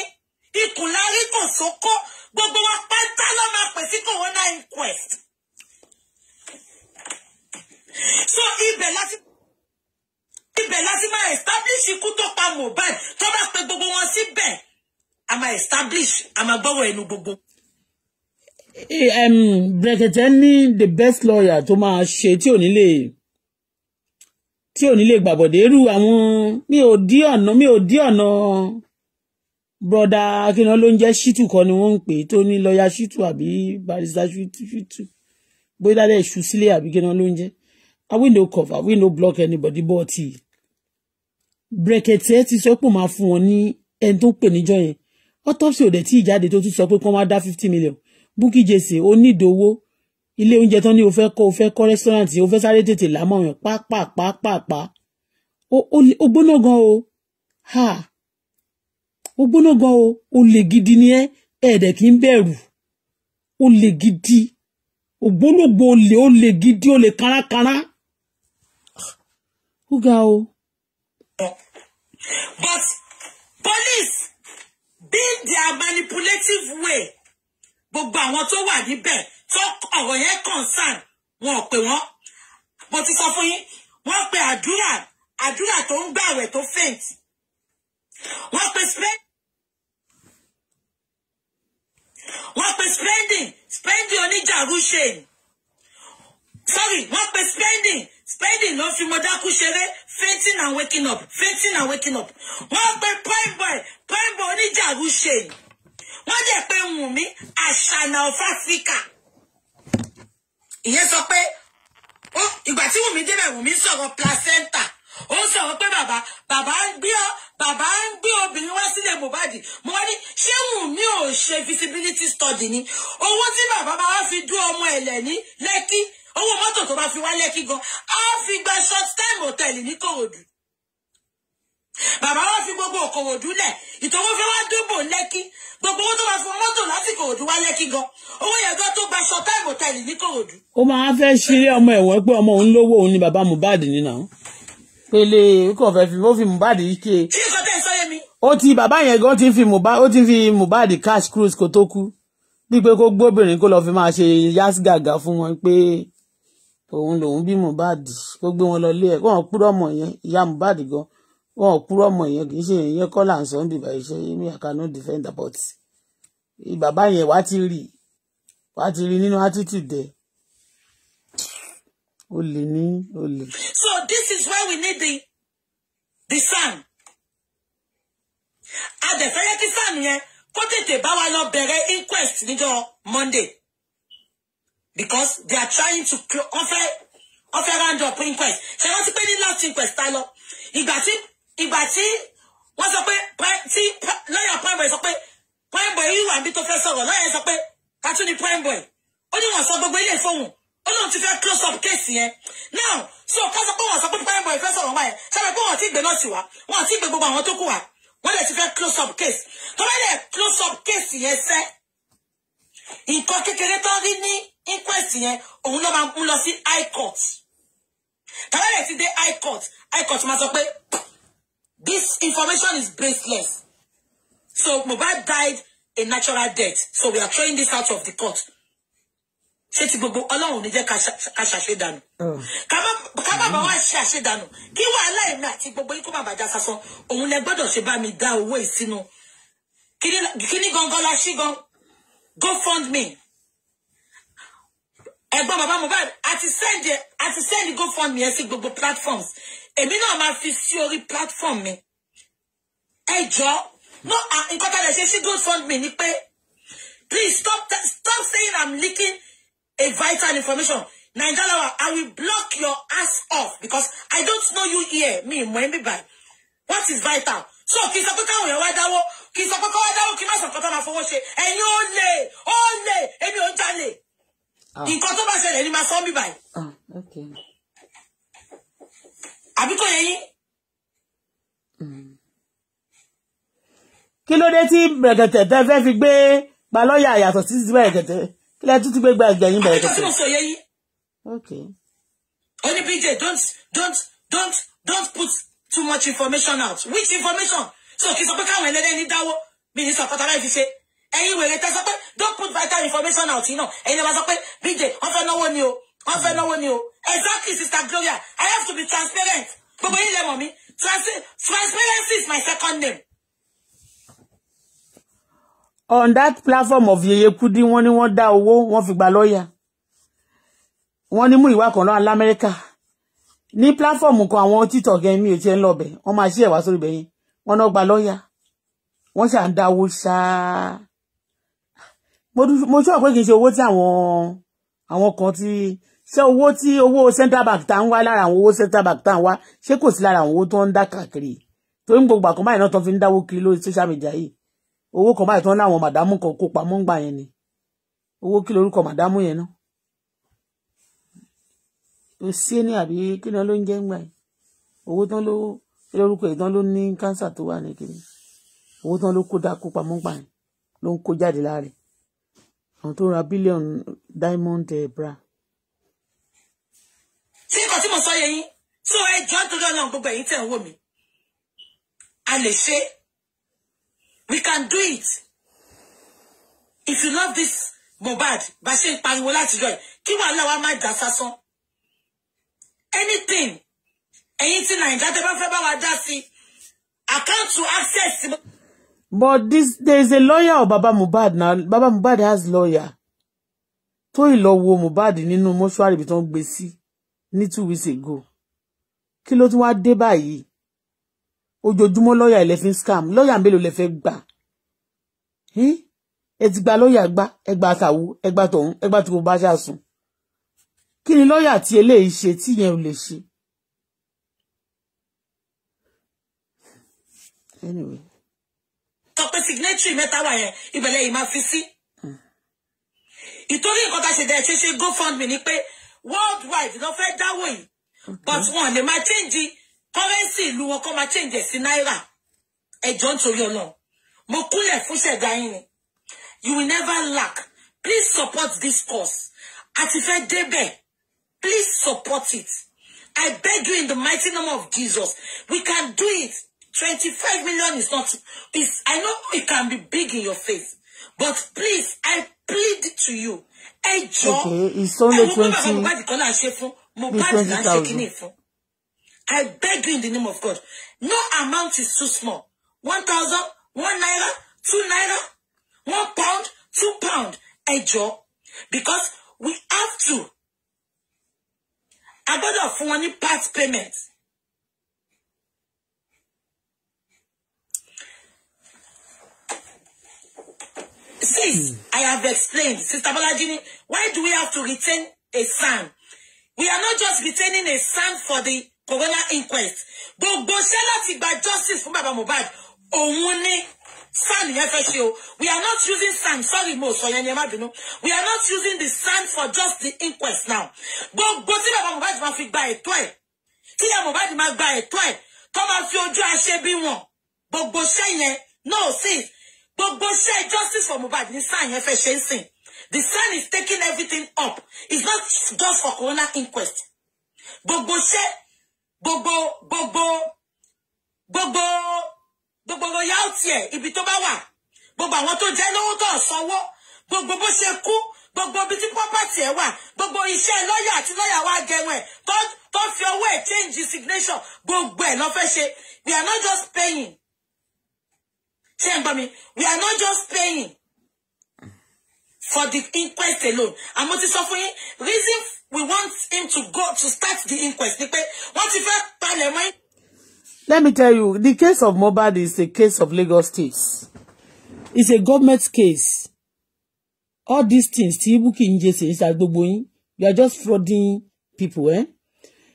ikùn lárí kò sóko gbogbo wa pátá ló máa pè sí corona inquest so ibẹ̀ láti ibẹ̀ láti máa establish ikú tó pa Mohbad tó bá pe gbogbo wọn síbẹ̀ a máa establish a máa gbọ́wọ́ ẹnu gbogbo. Brekete ní the best lawyer tó máa ṣe tí ò ní lè tí ò ní lè gbàbọ̀dé irú àwọn mi ò dí ọ̀nà mi ò dí ọ̀nà broda akínà ló ń jẹ́ ṣítù kan ni wọ́n ń pè tó ní lọ́ọ̀yà ṣítù àbí barista ṣítù bóyá dálẹ̀ ṣù sílé àbí kínà ló ń jẹ́ I will no cover, We no block anybody but he. Brekete ti sọ pé máa fún wọn ní ẹni tó ń pè níjọ yẹn. Autopsy ò dẹ̀ tí ìjáde tó tún sọ pé kán wá dá fifty million. Bukky Jesse ó ní ìdòwó. Ilé oúnjẹ tán ní o fẹ́ kọ́ o fẹ́ kọ́ rẹ́sítọ́rántì o fẹ́ sáré tètè lámọ̀ yẹn pápápápápá. O gbóná gan o. Ha! O gbóná gan o. O le gidi ni e ẹ́ ẹ̀ẹ́dẹ̀ kì í bẹ̀rù. O lè gidi. le o le gidi o le olè kárakára ó ga but police being their manipulative way gbogbo àwọn tó wà níbẹ̀ tó ọ̀rọ̀ yẹn concern wọn ò pè wọ́n mo ti sọ fún yín wọ́n pe àdúrà àdúrà tó ń gbààwẹ̀ tó faint wọ́n pe spend wọ́n pe spending spending oníjàrú ṣe sorry wọ́n pe spending spending ló fi Mọdákú ṣeré fainting and waking up fainting and waking up wọ́n pe prime boy prime boy oníjàrú ṣèyí wọ́n dẹ̀ pé Wùnmí àṣànà of Africa ìyẹn sọ pé ìgbà tí Wùnmí débẹ̀ Wùnmí sọ̀rọ̀ placenta ó sọ̀rọ̀ pé bàbá bàbá ń gbé ọ bàbá ń gbé obìnrin wá sílẹ̀ Mohbad mo wá ní ṣé Wùnmí ò ṣe visibility study ni owó tí bàbá bá wá fi dú ọmọ ẹ̀lẹ̀ ní Lẹ́kí owó mọ́tò tó bá fi wá lẹ́kí gan á fi gba short time hotel ní kòròdú bàbá wa fi gbogbo òkòròdú lẹ̀ ìtọ́wó fẹ́ wá dúbò lẹ́kí gbogbo owó tó bá fi mọ́tò láti kòròdú wá lẹ́kí gan owó yẹn gan tó gba short time hotel ní kòròdú. ó máa fẹ́ ṣeré ọmọ ẹ̀wọ̀n pé ọmọ òun lówó òun ni bàbá Mohbad nínú àwọn pele kò fẹ́ fi ó fi Mohbad ike. ṣé ìkọ́ tẹ̀ sọ́yẹ́ mi. ó ti bàbá yẹn gan ti fi Mohbad ó cash cruise kó tó kú bíi pé kó gbóbìnrin kó lọ fi máa ṣe yásgàgà fún wọn pé òun lòun bí Mohbad ó gbé wọn lọ ilé ẹ wọn kúrò ọmọ yẹn ìyá Mohbad gan wọn kúrò ọmọ yẹn kì í ṣe ìyẹn kọ́ ń sọ ń bìbà iṣẹ́ èmi I cannot defend bàbá yẹn wàá ti rí wàá ti rí nínú attitude ẹ ó lè ní ó lè. So this is where we need the the sun adẹ̀fẹ́rẹ́ kí sàn yẹn kó tètè bá wa lọ bẹ̀rẹ̀ inquest níjọ́ Monday because they are trying to offer, offer wọ́n fẹ́ round up inquest ṣe wọ́n ti pé ní last inquest ta lọ ìgbà tí ìgbà tí wọ́n sọ pé tí lọ́yà prime boy sọ pé prime boy yìí wà níbi tó fẹ́ sọ̀rọ̀ lọ́yà sọ pé kátó ni prime boy ó ní wọ́n sọ gbogbo ilé ìfọ̀hún ó lóun ti fẹ́ close up case yẹn now so ká sọ pé wọ́n sọ pé prime boy fẹ́ sọ̀rọ̀ wáyé sábà pé wọ́n ti gbé náà sí wa wọ́n ti gbé gbogbo àwọn tó kù wá wọ́n lè ti fẹ́ close up case tó bá close up case yẹn sẹ́ nǹkan kékeré tó rí ní inquest yẹn òun ló máa ń lọ sí high court tàbálẹ̀ ti dé high court high court máa sọ pé this information is baseless so Mohbad died a natural death so we are throwing this out of the court ṣé ti gbogbo ọlọ́run ní jẹ́ ká ṣàṣedànù ká oh. bàbá wa ṣe àṣedànù kí wàhálà èmi àti gbogbo yín kó bàbá já sásán òun lẹ gbọ́dọ̀ ṣe bá mi dá owó ìsínú kíní gangan la ṣí gan go fund me ẹ̀gbọ́n bàbá Mohbad àti send àti e, send GoFundMe ẹ sí gbogbo platforms èmi náà máa fi sí orí platform mi ẹ jọ no nǹkan tá a lè ṣe sí GoFundMe ni pé please stop stop saying I'm leaking a vital information naija lawa I will block your ass off because I don't know you here me ìmọ̀ ẹ́ mi báyìí what is vital so kì í sọ pé káwọn èèyàn wá dáwọ́ kì í sọ pé káwọn dáwọ́ kì í má sọ pé káwọn máa fowó ṣe ẹ̀yin ó lè ó lè èmi ò jalè. Ah. nǹkan tó bá ṣẹlẹ̀ ni máa sọ mí báyìí. Ah, àbí kò yẹ yín. Hmm. kí ló dé tí bẹ̀rẹ̀kẹ̀tẹ̀ tẹ́ fẹ́ fi gbé pa lọ́ọ̀yà yàtọ̀ sí ti bẹ̀rẹ̀kẹ̀tẹ̀ kí lẹ́ẹ̀ tún ti gbé gba ẹgbẹ̀yìn bẹ̀rẹ̀kẹ̀tẹ̀. àbí kò sí mo sọ yẹ yín. ó ní don't don't don't don't put too much information out which information so kì í sọ pé káwọn ẹlẹ́dẹ́ ní dáwọ́ mi ní sọ kọ́tà láì fi ṣe ẹ̀yin wèrè tẹ́ sọ pé don't put vital information out yìí náà ẹ̀yin lè máa sọ pé bj wọ́n fẹ́ náwó ni o wọ́n fẹ́ náwó ni o exactly sister gloria i have to be transparent gbogbo yín lẹ mọ̀ mi transparency is my second name. on that platform of yeye kudi wọ́n ní wọ́n dá owó wọ́n fi gba lọ́ọ̀yà wọ́n ní mú ìwà kan náà lamẹ́ríkà ní platform kan àwọn títọ̀ gẹ́gẹ́ mi ò tiẹ̀ ń lọ bẹ̀ wọ́n máa ṣí ẹ̀wá sórí bẹ̀yìn wọ́n náà gba lọ́ọ̀yà wọ́n ṣà ń dáwó ṣáá mo sọ pé kì í ṣe owó tí àwọn àwọn kan ti ṣé owó tí owó central bank tá ń wá lára àwọn owó central bank tá ń wá ṣé kò sí lára àwọn owó tó ń dá káàkiri torí gbogbo àkọ́ báyìí náà tó fi ń dáwó kiri lórí social media yìí owó kan báyìí tó ń láwọn màdámù kan kó pamọ́ ń gbà yẹn ni owó kí lorúkọ màdámù yẹn náà tó sí ní àbí kí ni ló ń jẹ́ ń gbà yìí owó tán ló lórúkọ ìtàn ló ní kánsà tó wà ní kiri owó tán ló kó dá kó pamọ́ ń gbà yẹn ló ń kó jáde láàrin àwọn tó ra bílíọ̀nù diamond eh, bra. tí nǹkan tí mo sọ yẹ yín tí ó ẹjọ́ nítorí ọlọ́run gbogbo ẹ̀yin tẹ̀ ń wò mí a lè ṣe we can do it if you love this Mohbad bá ṣe ń pariwo látijọ́ ẹ̀ kí wàhálà wa má dà sásán anything ẹ̀yin tí nàìjíríà tẹ́ bá fẹ́ bá wa dá sí àkáǹtù access. But this there is a lawyer of Baba Mubad now. Baba Mubad has lawyer. Tó ìlọ wo Mohbad nínú mọ́ṣúárì ibi tó ń gbé sí ní two weeks ago. Kí ló tún wá dé Ojo Ojoojúmọ́ lawyer ilẹ̀ scam. Lawyer mélòó lẹ fẹ́ gbà? Ẹ ti gba lọ́ọ̀yà gbá, ẹ gba àtàwọ̀, ẹ gba tọ̀hún, ẹ gba tí kò bá ṣàsùn. Kí ni lọ́ọ̀yà tí eléyìí ṣe tí ìyẹn ò Anyway sọ signature signatory mẹ́ta wà yẹn ìbẹ̀lẹ̀ yìí máa fi sí. ìtorí nǹkan tá a ṣe dẹ̀ ṣe ṣe GoFundMe ni pé worldwide ló fẹ́ dáwọ́ yìí but wọn lè máa change currency ìlú wọn kọ́ máa change ẹ̀ sí náírà ẹ̀jọ̀ nítorí ọlọ́run mo kúnlẹ̀ fún ṣẹ̀dá yín ni you will never lack please support this cause àti fẹ́ débẹ̀ please support it I beg you in the mighty name of Jesus we can do it. 25 million is not, is, I know it can be big in your face, but please, I plead to you. Ẹ jọ̀ọ́, okay, it's only 20. I beg you in the name of God. No amount is too small. One thousand, one naira, two naira, one pound, two pound. Ẹ jọ̀ọ́, because we have to. A gbọ́dọ̀ fún wọn part payment. Sis, I have explained. Sister Balajini, why do we have to retain a son? We are not just retaining a son for the coroner inquest. Gbogbo ṣẹ́ láti gba justice fún bàbá Mohbad. Òun ni sand yẹn fẹ́ ṣe o. We are not using sand. Sorry mo sọ yẹn ni ẹ má We are not using the sand for just the inquest now. Gbogbo tí bàbá Mohbad máa fi gba ẹ̀tọ́ ẹ̀. Tí ìyá Mohbad máa gba ẹ̀tọ́ ẹ̀. Tó máa fi ojú aṣẹ́ bí wọn. Gbogbo ṣẹ́ yẹn. No sis gbogbo ṣe justice for Mohbad ní sáà yẹn fẹ́ ṣe ń sìn the sun is taking everything up it's not just for corona inquest gbogbo ṣe gbogbo gbogbo gbogbo gbogbo royalty ẹ ibi tó bá wà gbogbo àwọn tó jẹ lówó tó sanwó gbogbo bó ṣe kú gbogbo ibi tí property ẹ wà gbogbo iṣẹ́ lọ́yà àti lọ́yà wa gẹrun ẹ tó fi owó ẹ change the signature gbogbo ẹ lọ fẹ́ ṣe we are not just paying ṣé ẹ we are not just paying for the inquest alone àmọ́ ti sọ fún reason we want him to go to start the inquest ni pé wọ́n ti fẹ́ palẹ̀ mọ́. Let me tell you, the case of Mohbad is a case of Lagos State. It's a government case. All these things, tí Bukky ń you are just frauding people. Eh?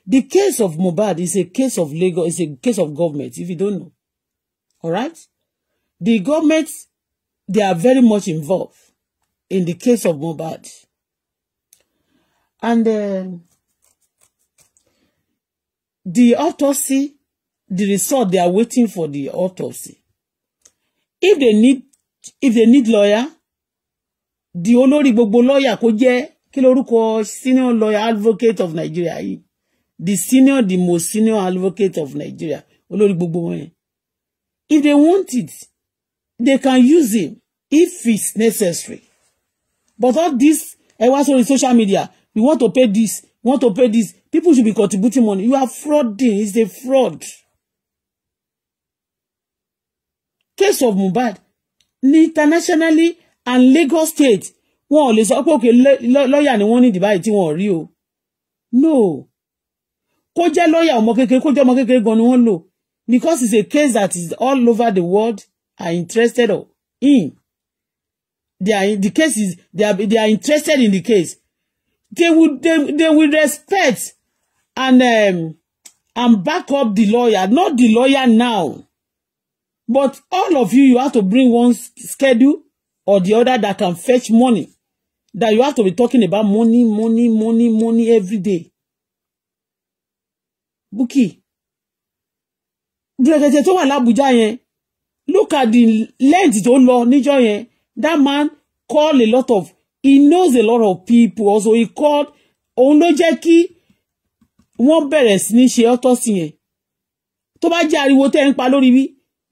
The case of Mohbad is a case of Lagos, it's a case of government, if you don't know. All right? The government, they are very much involved in the case of Mohbad. And uh, the autopsy, the result, they are waiting for the autopsy. If they need, if they need lawyer, the olórí gbogbo lawyer kó kiloruko senior lawyer advocate of Nigeria the senior the most senior advocate of Nigeria olórí gbogbo if they want it they can use him if it's necessary but all this ẹ on sórí social media we want to pay this we want to pay this people should be contributing money you are frauding it's a fraud case of Mohbad internationally and Lagos state One ò lè sọ pé òkè lọ́ọ̀yà ni wọ́n ní ìdìbà yìí no kó jẹ́ lọ́ọ̀yà ọmọ kékeré kó jẹ́ because it's a case that is all over the world are interested in. They are in the cases. They are they are interested in the case. They would they, they will respect and um, and back up the lawyer, not the lawyer now. But all of you, you have to bring one schedule or the other that can fetch money. That you have to be talking about money, money, money, money every day. Bukky, bùrẹ̀kẹ̀tẹ̀ tó wà lábújá yẹn look at the length tó lọ níjọ́ yẹn that man call a lot of he knows a lot of people also he called òun ló jẹ́ kí wọ́n bẹ̀rẹ̀ sí ní ṣe autopsy yẹn tó bá jẹ́ ariwo tẹ́ ń pa lórí bí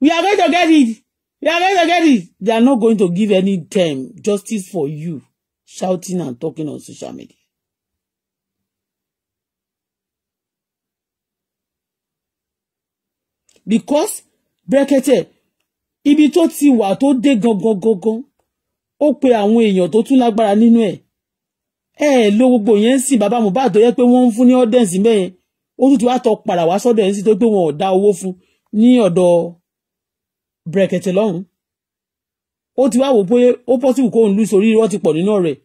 we are going to get it we are going to get it they are not going to give any time justice for you shouting and talking on social media. because Brekete ibi tó ti wà tó dé gangan gangan ó pe àwọn èèyàn tó tún lágbára nínú ẹ̀ ẹ ẹ lo gbogbo yẹn sì bàbá Mohbad tó yẹ pé wọ́n ń fún ní ọdẹǹsì mẹyẹn ó tún ti wá tọ padà wá sọ́dọ̀ ẹ ń sì tó pé wọn ò dá owó fún ní ọ̀dọ̀ brẹkẹtẹ lọ́hùnún ó ti wá wò pé ó pọ́sibù kóun lù sórí irọ́ ti pọ̀ nínú ọ̀rẹ́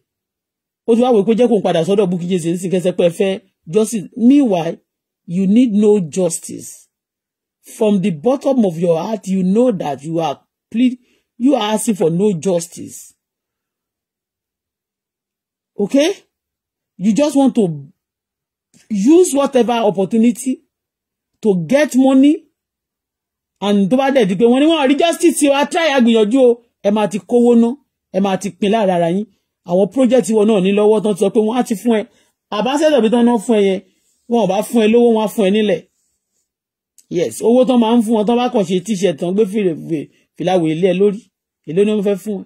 ó ti wá wò pé jẹ́ kóun padà sọ́dọ̀ Bukky ń sì kẹsẹ́ pé ẹ fẹ́ justice meanwhile you need no justice from the bottom of your heart you know that you are plead you are asking for no justice okay you just want to use whatever opportunity to get money and tó bá dẹ̀ di pé wọ́n ní wọ́n rí justice wa try agbìyànjú o ẹ máa ti kówó ná ẹ máa ti pin lára ara yín àwọn project wọn náà ní lọ́wọ́ tán ti sọ pé wọ́n á ti fún ẹ àbáṣẹ́dọ̀ bí tán náà fún ẹ yẹn wọn ò bá fún ẹ lówó wọn á fún ẹ yes owó tán máa ń fún wọn tán bá kàn ṣe tíṣẹ tán gbé fìlàwé ilé ẹ lórí èló ni wọn fẹ́ fún ẹ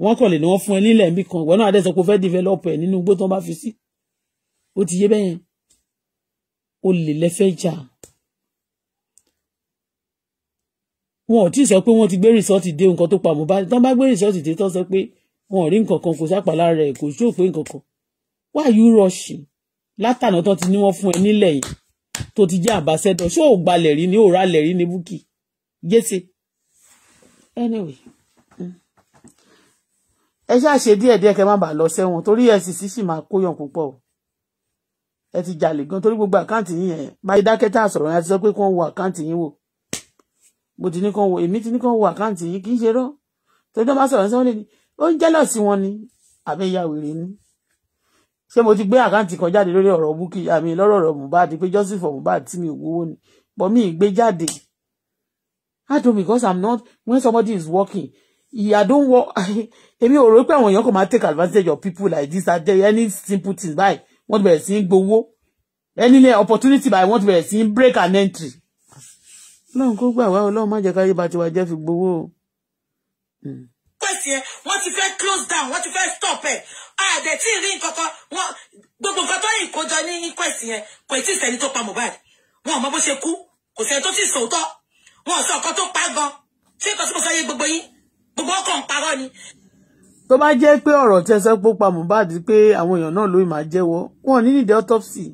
wọn kàn lè ní wọn fún ẹ nílẹ̀ níbi kan ìwọ náà adẹsọ pé o fẹ́ develop ẹ nínú igbó tán bá fi sí ó ti yé bẹyẹn o lè lẹfẹ jà wọn ò tí ì sọ pé wọn ti gbé rìsọ́ọ̀tì dé nǹkan tó pa Mohbad tán bá gbé rìsọ́ọ̀tì dé tán sọ pé wọn ò rí nǹkan kan kò sápà lára kò ṣó nǹkan kan why you rushing látànà tán ti ní wọn fún ẹ nílẹ̀ yìí tó ti jẹ́ àbáṣẹ́dọ̀ ṣó ò gbalẹ̀ rí ni ò rálẹ̀ rí ni Bukky jẹ́sẹ̀ anyway mm. ẹ ṣáà ṣe díẹ̀díẹ̀ kẹ́ má bàa lọ sẹ́wọ̀n torí EFCC sì máa kóyàn púpọ̀ o ẹ ti jalè gan torí gbogbo àkáǹtì yín yẹn báyìí dákẹ́tà sọ̀rọ̀ yẹn a ti sọ pé kí wọ́n wo àkáǹtì yín wò mo ti ní kí wọ́n wo èmi ti ní kí wọ́n wo àkáǹtì yín kì í ṣe rọ́ torí bá sọ̀rọ̀ sẹ́wọ́n lè ní ó ń jẹ́lọ̀sì wọn ni àbẹ́yà wèrè ni ṣé mo ti gbé àkáǹtì kan jáde lórí ọ̀rọ̀ Bukky àmì lọ́rọ̀ ọ̀rọ̀ Mohbad pé justice for Mohbad tí mi wúwo ni but me gbé jáde I don't because I'm not when somebody is working I don't work èmi ò rò pé àwọn èèyàn kò máa take advantage of people like this at any simple thing By wọ́n ti bẹ̀rẹ̀ sí í gbowó any opportunity by wọ́n ti bẹ̀rẹ̀ sí break and entry ọlọ́run kó gbà wá ọlọ́run má jẹ́ ká yé ba tiwa jẹ́ fi gbowó o. Hmm pèsè ẹ wọ́n ti fẹ́ close down wọ́n ti fẹ́ stop ẹ̀ àdẹ tí ì rí nǹkankan wọ́n gbogbo nǹkan tó yìn kójọ ní inquest yẹn kò tí ì sẹ́ni tó pa Mohbad wọn ò mọ bó ṣe kú kò sẹ́ni tó ti sòótọ́ wọn ò sọ ọ̀kan tó pa gan ṣé nǹkan tí mo sọ yé gbogbo yín gbogbo ọkàn parọ́ ni. tó bá jẹ́ pé ọ̀rọ̀ tí ẹ sọ pé ó pa Mohbad pé àwọn èèyàn náà lóyún máa jẹ́wọ́ wọn ò ní nídìí autopsy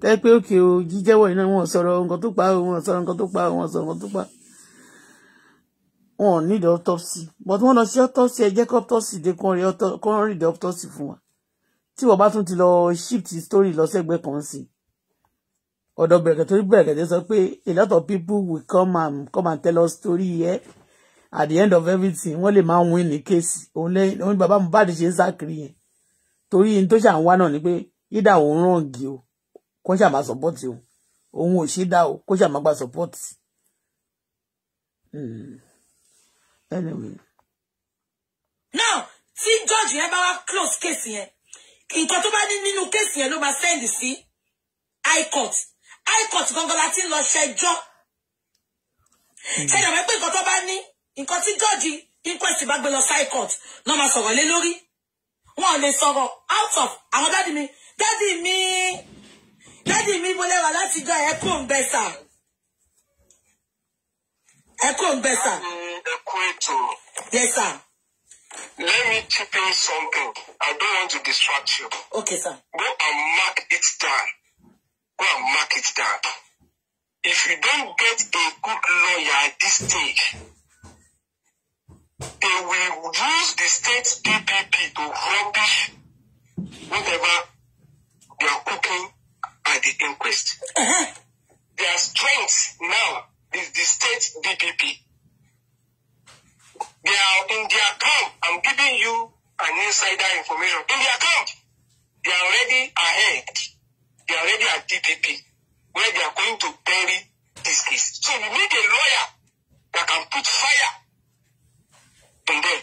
tẹ́ pé òkè o jíjẹ́wọ́ iná wọn sọ̀rọ̀ nǹkan tó pa wọn sọ̀rọ̀ nǹkan tó pa wọn sọ̀rọ̀ nǹkan tó pa wọn ò nídìí autopsy but wọn lọ sí autopsy ẹ jẹ́ kí autopsy dé kán rí kán rí autopsy fún wa tí wọn bá tún ti lọ shift story lọ sẹ́gbẹ̀ẹ́ kan sí ọ̀dọ̀ bẹ̀rẹ̀kẹ̀ torí bẹ̀rẹ̀kẹ̀ sọ pé a lot of people will come and come and tell us story yẹ at the end of everything wọn lè máa win ní kéèsì òun lẹ́yìn òun bàbá Mohbad ṣe ń sákiri yẹn torí n tó ṣà ń wá náà ni pé yídà òun ràn gì o kó ṣà máa sọpọ́tì o òun ò ṣe dá o kó ṣà máa gba sọpọ́tì. Mm anyway. now see, george you have wá close case here. In tó bá ní case here, no máa send sí high I caught. court gangan la ti ń lọ ṣẹjọ́ ṣẹjọ́ pé nǹkan tó bá ní nǹkan tí george inquest bá gbé lọ sí high court ló máa sọ̀rọ̀ lé lórí wọn ò lè out of àwọn dádì mi dádì mi dádì mi mo lẹ́wà láti jọ ẹ̀ kó ń ẹ kúrò ń yes sir. let me chip in something i don't want to distract you. okay sir. go and mark it down go and mark it down if you don't get a good lawyer at this stage they will use the state DPP to rubbish whatever they are cooking at the inquest. Uh-huh. Their strength now the, the state DPP. They are in their camp. I'm giving you an insider information. In their camp, they are already ahead. They are already at DPP, where they are going to bury this case. So we need a lawyer that can put fire in them.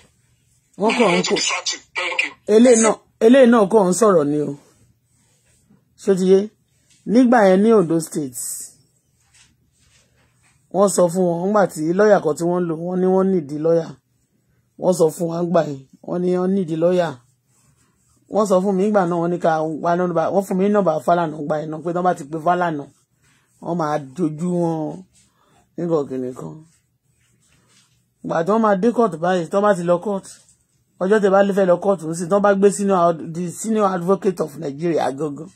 wọ́n kàn ń kò eléyìí náà kàn ń sọ̀rọ̀ ni o ṣó ti yé nígbà yẹn ní Ondo State wọ́n sọ fún wọn nígbà tí lọ́ọ̀yà kan tí wọ́n lò wọ́n ní wọ́n nídìí lọ́ọ̀yà wọ́n sọ fún wa gbà yìí wọ́n ní wọ́n nídìí lọ́ọ̀yà wọ́n sọ fún mi nígbà náà wọ́n ní ká wá nọ́mbà wọ́n fún mi ní nọ́mbà Fálànà gbà yìí náà pé tí wọ́n bá ti pe Fálànà wọ́n máa dojú wọn nígbà òkèlè kan gbà tí wọ́n máa dé kóòtù báyìí tí wọ́n bá ti lọ kóòtù ọjọ́ tẹ́ bá lè fẹ́ lọ kóòtù sí tí wọ́n bá gbé senior advocate of Nigeria gangan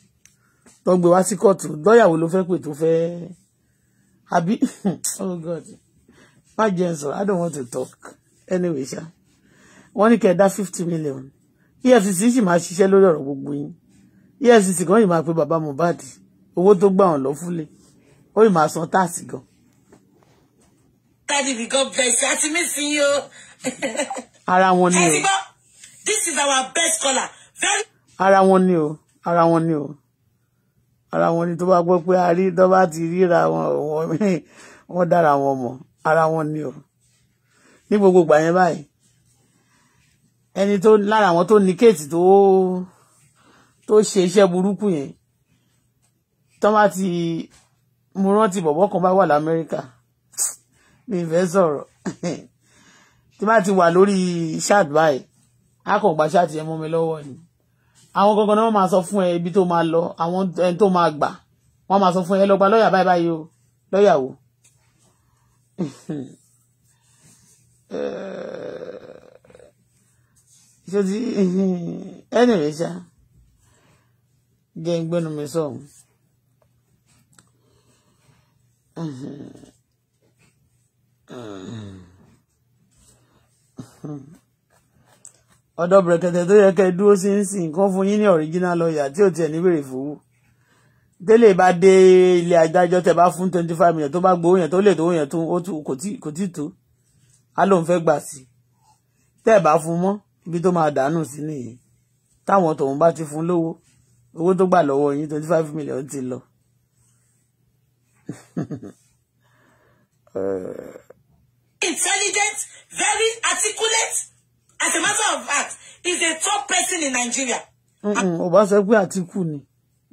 tó gbé wá sí kóòtù lọ́ọ̀yà wo ló fẹ́ pè tó fẹ́ẹ́ àbí oh god my jẹ́ i don't want to talk anyway sir. When you get that dá fifty million efcc sì máa ṣiṣẹ́ lórí ọ̀rọ̀ gbogbo yín efcc going to my pe bàbá mohbad owó tó gbà wọ́n lọ fúnlé ó yìí máa san táàsì gan. dadi we got blessed. àti mi sí yín o. ara wọn ni this is our best caller. I don't want you. I don't want you ara wọn ni tó bá gbọ́ pé a rí tó bá ti ríra wọn wọn dára wọn mọ̀ ara wọn ni o ní gbogbo ìgbà yẹn báyìí ẹni tó lára àwọn tó ní kéètì tó tó ṣe iṣẹ́ burúkú yẹn tó bá ti mo rántí bọ̀bọ́ kan bá wà lamẹ́ríkà mi fẹ́ sọ̀rọ̀ tí bá ti wà lórí ṣáàtì báyìí a kàn gba ṣáàtì yẹn mọ́ mi lọ́wọ́ ni àwọn gangan náà máa sọ fún ẹ ibi tó máa lọ àwọn ẹni tó máa gbà wọ́n máa sọ fún ẹ lọ gba lọ́ọ̀yà báyìí báyìí o lọ́ọ̀yà wo. ṣé ti ẹni rẹ̀ ṣá jẹ́ ń gbẹ́nu mi sọ̀hún. Mm-hmm ọ̀dọ̀ bẹ̀rẹ̀kẹ̀tẹ̀ tó yẹ kẹ́ dúró sí ń sìn kán fún yín ní original lawyer tí ò tiẹ̀ ní wèrè délé bá dé ilé adájọ́ tẹ bá fún twenty five million tó bá gbowó yẹn tó lè tó yẹn tó kò tí tó á lóun fẹ́ gbà sí tẹ́ bá fún mọ́ ibi tó máa dànù sí nìyẹn táwọn tòun bá ti fún lówó owó tó gbà lọ́wọ́ yín twenty five million ti lọ. Eh. intelligent very articulate as a matter of fact is a top person in Nigeria. ọba sọ pé Àtìkù ni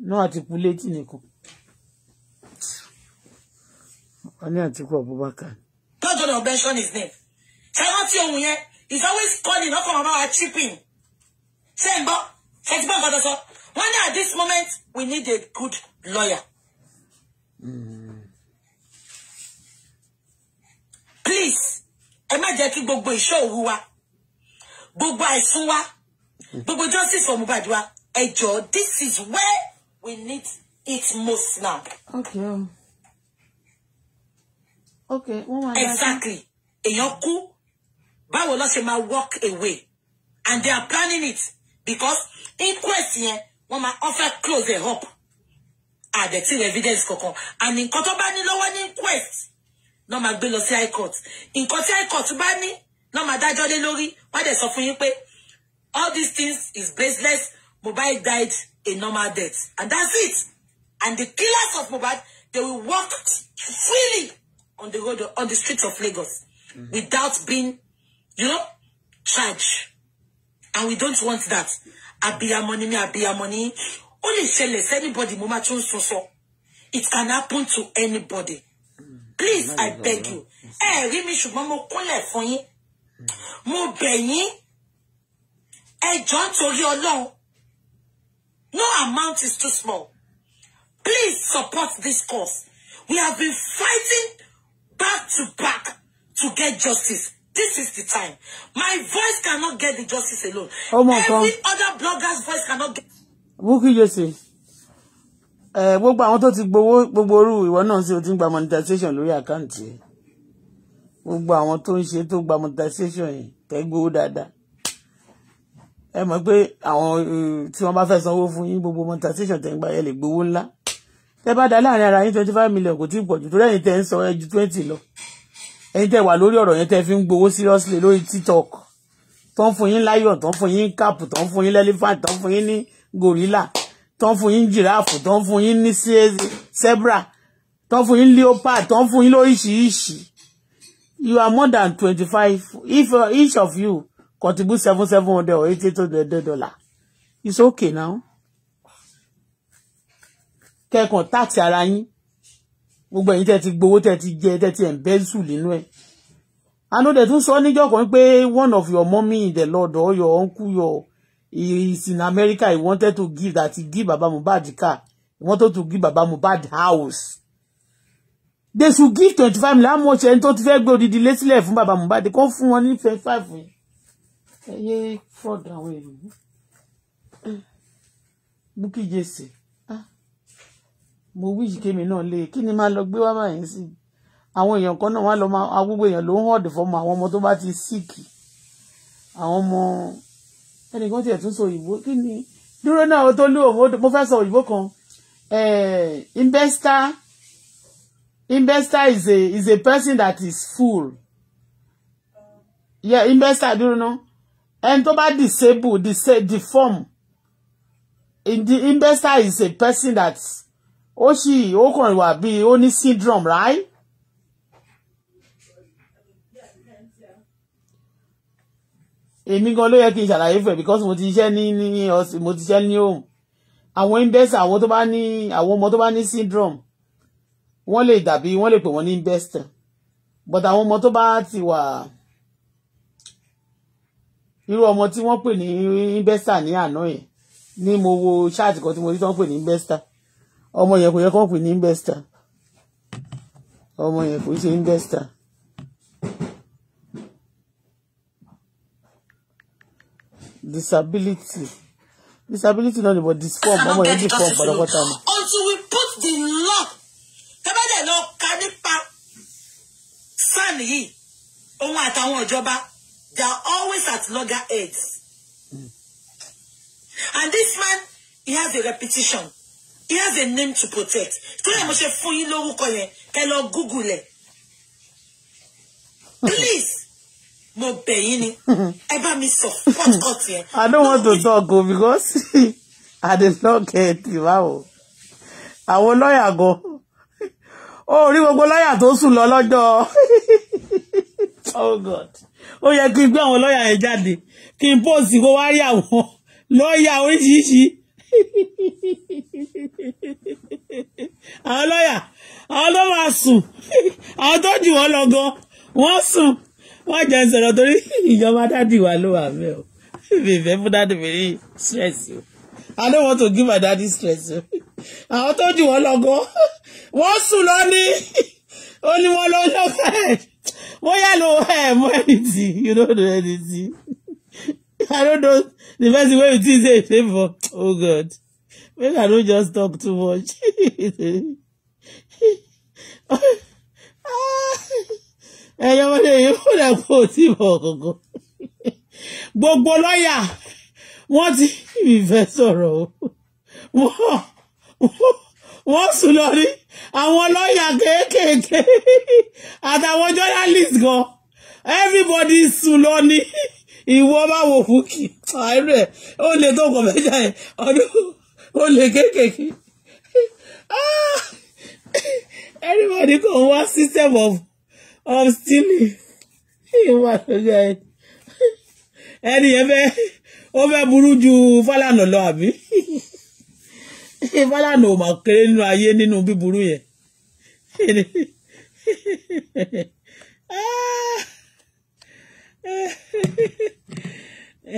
náà Àtìkù létí nìkan wọn ní Àtìkù Abubakar. God don't mention his name ṣé rántí ohun yẹn he's always calling ọkàn ọmọ wa chipping ṣé ń gbọ́ ṣe ti gbọ́ nǹkan sọ wọ́n ní at this moment we need a good lawyer. Mm. please ẹ má jẹ́ kí gbogbo ìṣòro wa gbogbo àìsùn wa gbogbo justice for Mohbad wa ẹ this is where we need it most now. okay o um. okay wọ́n máa dá sí. exactly èèyàn kú báwo ló ṣe máa walk away and they are planning it because inquest yẹn wọ́n máa offer close it up àdẹ̀tí evidence kankan and nǹkan tó bá ní lọ́wọ́ ní inquest náà máa gbé lọ sí high court nǹkan tí high court bá ní náà máa dájọ́ lé lórí wọ́n dẹ̀ sọ fún yín pé all these things is baseless Mohbad died a normal death and that's it and the killers of Mohbad they will walk freely on the road on the streets of Lagos mm. without being you know charged and we don't want that abiyamọ ni mi abiyamọ ni ó lè sí anybody mo máa tún sọ sọ it can happen to anybody mm. please i beg you ẹ rí mi ṣùgbọ́n mo kúnlẹ̀ fún yín mo bẹ̀ yín ẹ jọ̀ọ́ nítorí ọlọ́run no amount is too small please support this cause we have been fighting back to back to get justice This is the time. My voice cannot get the justice alone. Oh Every God. other blogger's voice cannot get. Bukky Jesse. Ẹ gbogbo àwọn tó ti gbowó gbogbo orú ìwọ náà sí o ti ń gba monetization lórí àkáǹtì ẹ̀ gbogbo àwọn tó ń ṣe tó gba monetization yìí kẹ́ gbowó dáadáa ẹ mọ̀ pé àwọn eh, tí wọ́n bá fẹ́ sanwó fún yín gbogbo monetization tẹ̀ ń gbà ẹ lè gbowó ńlá tẹ́ bá dá láàrin ara yín twenty five million kò tí ì pọ̀ jù torí ẹ̀yin tẹ́ ń sọ ẹ ju twenty lọ ẹ̀yin tẹ́ wà lórí ọ̀rọ̀ yẹn tẹ́ fi ń gbowó seriously lórí tiktok tó ń fún yín lion tó ń fún yín cap tó ń fún yín elephant tó ń fún yín ní gorilla tó ń fún yín giraffe tó ń fún yín ní zebra tó ń fún yín leopard tó ń fún yín lóríṣiríṣi you are more than twenty-five if uh, each of you contribute seven seven hundred or eighty eight hundred dollar it's okay now kẹkàn táàtì ara yín gbogbo ẹ̀yin tẹ́ ti gbowó tẹ́ ti jẹ tẹ́ ti ẹ ń bẹnsù nínú ẹ anode tún sọ níjọ́ kan pé one of your mummy in the lord or your uncle your is in America he wanted to give that he give Baba Mohbad car he wanted to give Baba Mohbad house they should give twenty five million how much ẹni tó ti fẹ́ gbé odidi lé sílẹ̀ fún bàbá Mohbad kó fún wọn ní twenty five fraud àwọn èèyàn Jesse ah. mo wí yìí kémi náà lé kí ni máa lọ gbé wá báyìí sí àwọn èèyàn kan náà wá lọ máa gbogbo èèyàn ló ń hàn dìfọ́ mọ àwọn ọmọ tó bá ti síìkì àwọn ọmọ ẹnìkan tiẹ̀ tún sọ òyìnbó kí ni dúró náà ó tó lé òun mo fẹ́ sọ òyìnbó kan investor investor is a is a person that is full yeah investor do you know And tó bá disabled, disa deform in the investor is a person that ó sì ó kàn wà bí syndrome right. èmi gan ló yẹ kí n ṣàlàyé because mo ti ṣiṣẹ́ ni ní ọsìn mo ti ṣiṣẹ́ ní home àwọn investor àwọn tó bá ní àwọn ọmọ tó bá ní syndrome wọ́n lè dàbí wọ́n lè pè wọ́n ní investor but àwọn ọmọ tó bá ti wà irú ọmọ tí wọ́n pè ní investor ní àná yẹn ní mo wo ṣáàtì kan tí mo rí tí wọ́n pè ní investor ọmọ yẹn kò yẹ kó pè ní investor ọmọ yẹn kò ṣe investor. disability disability náà ni but disform ọmọ yẹn disform pátápátá. until we put the lock dẹ̀ lọ ka nípa fan yìí òun àtàwọn ìjọba they are always at loggerheads mm. and this man he has a repetition he has a name to protect torí mo ṣe fún yín lórúkọ yẹn ẹ lọ google ẹ̀ please mo bẹ̀ yín ni ẹ bá mi sọ podcast yẹn. I don't want to talk o because I dey not get you wow àwọn lọ́ọ̀yà gan ó rí gbogbo lọ́yà tó sùn lọ lọ́jọ́ oh god ó yẹ kí n gbé àwọn lọ́yà yẹn jáde kí n póòsì kó wá rí àwọn lọ́yà oríṣiríṣi àwọn lọ́yà àwọn tó máa sùn àwọn tó jù wọ́n lọ gan wọ́n sùn wọ́n jẹ́ ń sọ̀rọ̀ torí ìjọba dádì wà ló wà bẹ́ẹ̀ o bèbè fún dádì mi ní stress o. I don't want to give my daddy stress. I told you wọ́n lọ́gọ́, wọ́n sùn lọ ní, ó ní wọ́n lọ lọ́gọ́ ẹ̀, bóyá ló ẹ̀ anything, you don't know anything. I don't know the best way you think say favour, oh God, make I no just talk too much. Hey, you're yìí kúrẹ̀ kó tí ì bọ̀ kọ̀ọ̀kan. Gbogbo lọ́yà wọ́n ti mi fẹ́ sọ̀rọ̀ o wọ́n sùn lọ rí àwọn lọ́ọ̀yà kéékèèké àtàwọn journalist gan everybody sùn lọ ní ìwọ bá wò fún kì àìrò ẹ ó lè tó kọ mẹ́ta ẹ ọdún ó lè kéékèèké ah! everybody kan wá system of of stealing ìwà lójú ẹ ẹni yẹn bẹ́ẹ̀ ó fẹ́ burú ju Fálànà lọ àbí Fálànà ò mà kéré nínú ayé nínú bíburú yẹn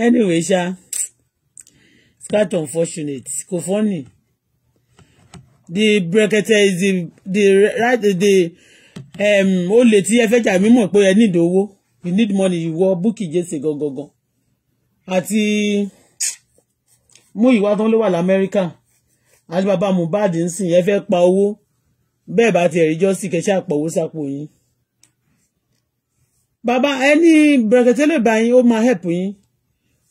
anyway ṣá it's quite unfortunate kò fọ́nì the brekete is the the right the um, olè tí ẹ fẹ́ jà mí mọ̀ pé ẹ need owó you need money ìwọ búkì jẹ́sẹ̀ gangan àti Múyìwá tán ló wà l'Amẹ́ríkà àti bàbá Mohbad ń sìn ẹ fẹ́ pa owó bẹ́ẹ̀ bá tiẹ̀ rí jọ́sì kẹ́sẹ́ àpọ̀wó sápò yín bàbá ẹni bẹ̀rẹ̀kẹ̀tẹ́lẹ̀ báyìí ó máa help yín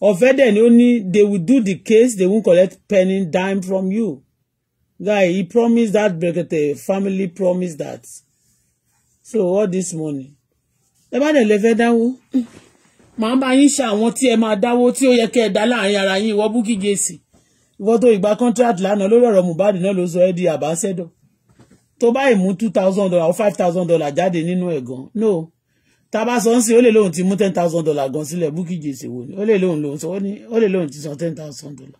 ọ̀fẹ́ dẹ̀ ni ó ní they will do the case they won't collect penny dime from you guy he promised that bẹ̀rẹ̀kẹ̀tẹ̀ family promised that so all this money ẹ bá dẹ̀ lè fẹ́ dáwó màá bá yín ṣe àwọn tí ẹ máa dáwó tí ó yẹ kẹ́ ẹ dá láàrin ara yín ìwọ Bukky Jesse ìwọ tó ìgbà contract lánàá lórí ọ̀rọ̀ Mohbad náà ló sọ ẹ́ di àbáṣẹ́dọ̀ tó báyìí mú two thousand dollar or five thousand dollar jáde nínú ẹ̀ gan no tá a bá sọ ń sìn ó lè lóun ti mú ten thousand dollar gan sílẹ̀ Bukky Jesse wò ni ó lè lóun lòun sọ ó lè lóun ti sọ ten thousand dollar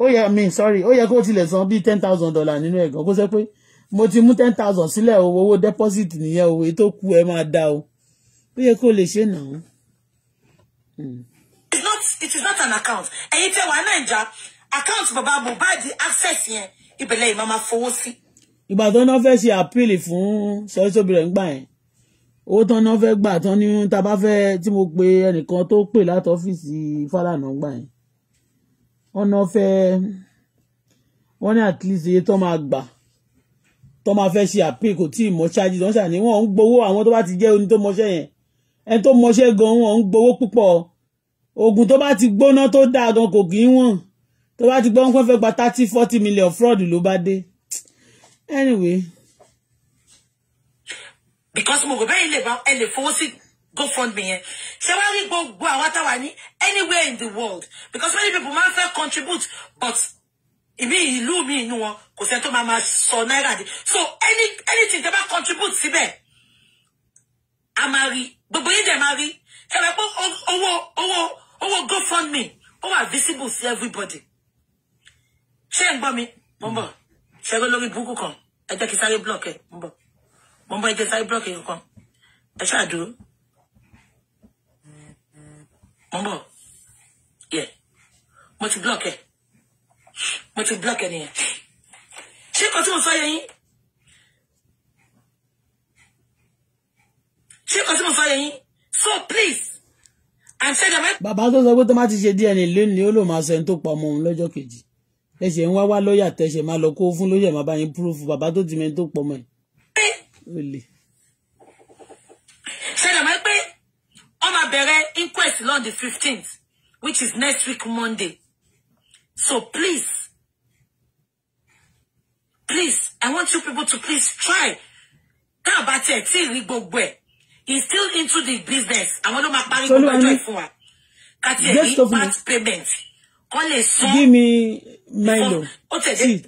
ó yẹ mi sorry ó yẹ kó tilẹ̀ san bíi ten thousand dollar nínú ẹ̀ gan kó sẹ́ pé mo ti mú ten thousand sílẹ̀ owó deposit nìyẹn owó tó kù ẹ máa dá o ó yẹ kó lè ṣe náà. Mm. It's not it is not an account. And Ẹ̀yin tẹ́ wà Naija account baba the access here. yẹn believe mama fowó sí. Ìgbà tó náà fẹ́ ṣe àpìlì fún sọ́sọ́bìrẹ̀ ńgbà yẹn. Owó tán náà fẹ́ gbà tán ní ta bá fẹ́ tí mo pe ẹnìkan tó pè láti ọ́fíìsì Fálànà ńgbà yẹn. Wọ́n náà fẹ́ wọ́n ní at least iye tán máa gbà tán máa fẹ́ ṣe àpìlì kò tí ì mọ́ ṣáájú tán ṣàní wọ́n ń gbowó àwọn tó bá ti jẹ́ oní tó mọṣẹ́ yẹn ẹ tó mọṣẹ́ gan wọn ń gbowó púpọ̀ oògùn tó bá ti gbóná tó dáa gan kò kì í wọ̀n tó bá ti gbọ́ ń fẹ́ gba thirty forty million fraud ló bá dé anyway. because mo kò bẹ́ẹ̀ lè bá ẹ lè fowó sí GoFundMe yẹn ṣé wàá rí gbogbo àwa táwa ní anywhere in the world because many people máa ń fẹ́ contribute but ìmí ìlú mi inú wọn kò sẹ́ni tó máa máa sọ náírà dé so any anything tẹ́ bá contribute síbẹ̀ a máa rí gbogbo yín dẹ̀ máa rí ẹ rẹ pé owó owó owó GoFundMe ó wà visible sí everybody ṣé ń gbọ́ mi mo ń bọ̀ ṣe eré lórí burúkú kan ẹ jẹ́ kí sáré block ẹ mo ń bọ̀ mo ń bọ̀ ẹ jẹ́ sáré block ẹ kan ẹ ṣáà dúró mo ń bọ̀ yẹ mo ti block mo ti block nìyẹn ṣé kò tí mo sọ yẹ yín. so please i'm saying that. bàbá tó sọ pé tó má ti ṣe DNA lónìí ó lò máa sọ ẹni tó pa ọmọ òun lọ́jọ́ kejì ẹsẹ̀ ń wá wá lọ́ọ̀yà tẹ̀sẹ̀ máa lọ kó fún lọ́ọ̀yà máa bá yín púrúfù bàbá tó ti mẹ́ni tó pọ̀ mọ́ ẹ̀. ṣẹlẹ̀ pé wọ́n bẹ̀rẹ̀ inquest lọ́n the fifteenth which is next week monday so please please i want you people to please try ká bá tiẹ̀ tí ì rí gbogbo ẹ̀ he's still into the business àwọn ló máa parí gbogbo for. ìfún wa kàtí ẹ̀ ní part payment Give me my fún ó tẹ̀lé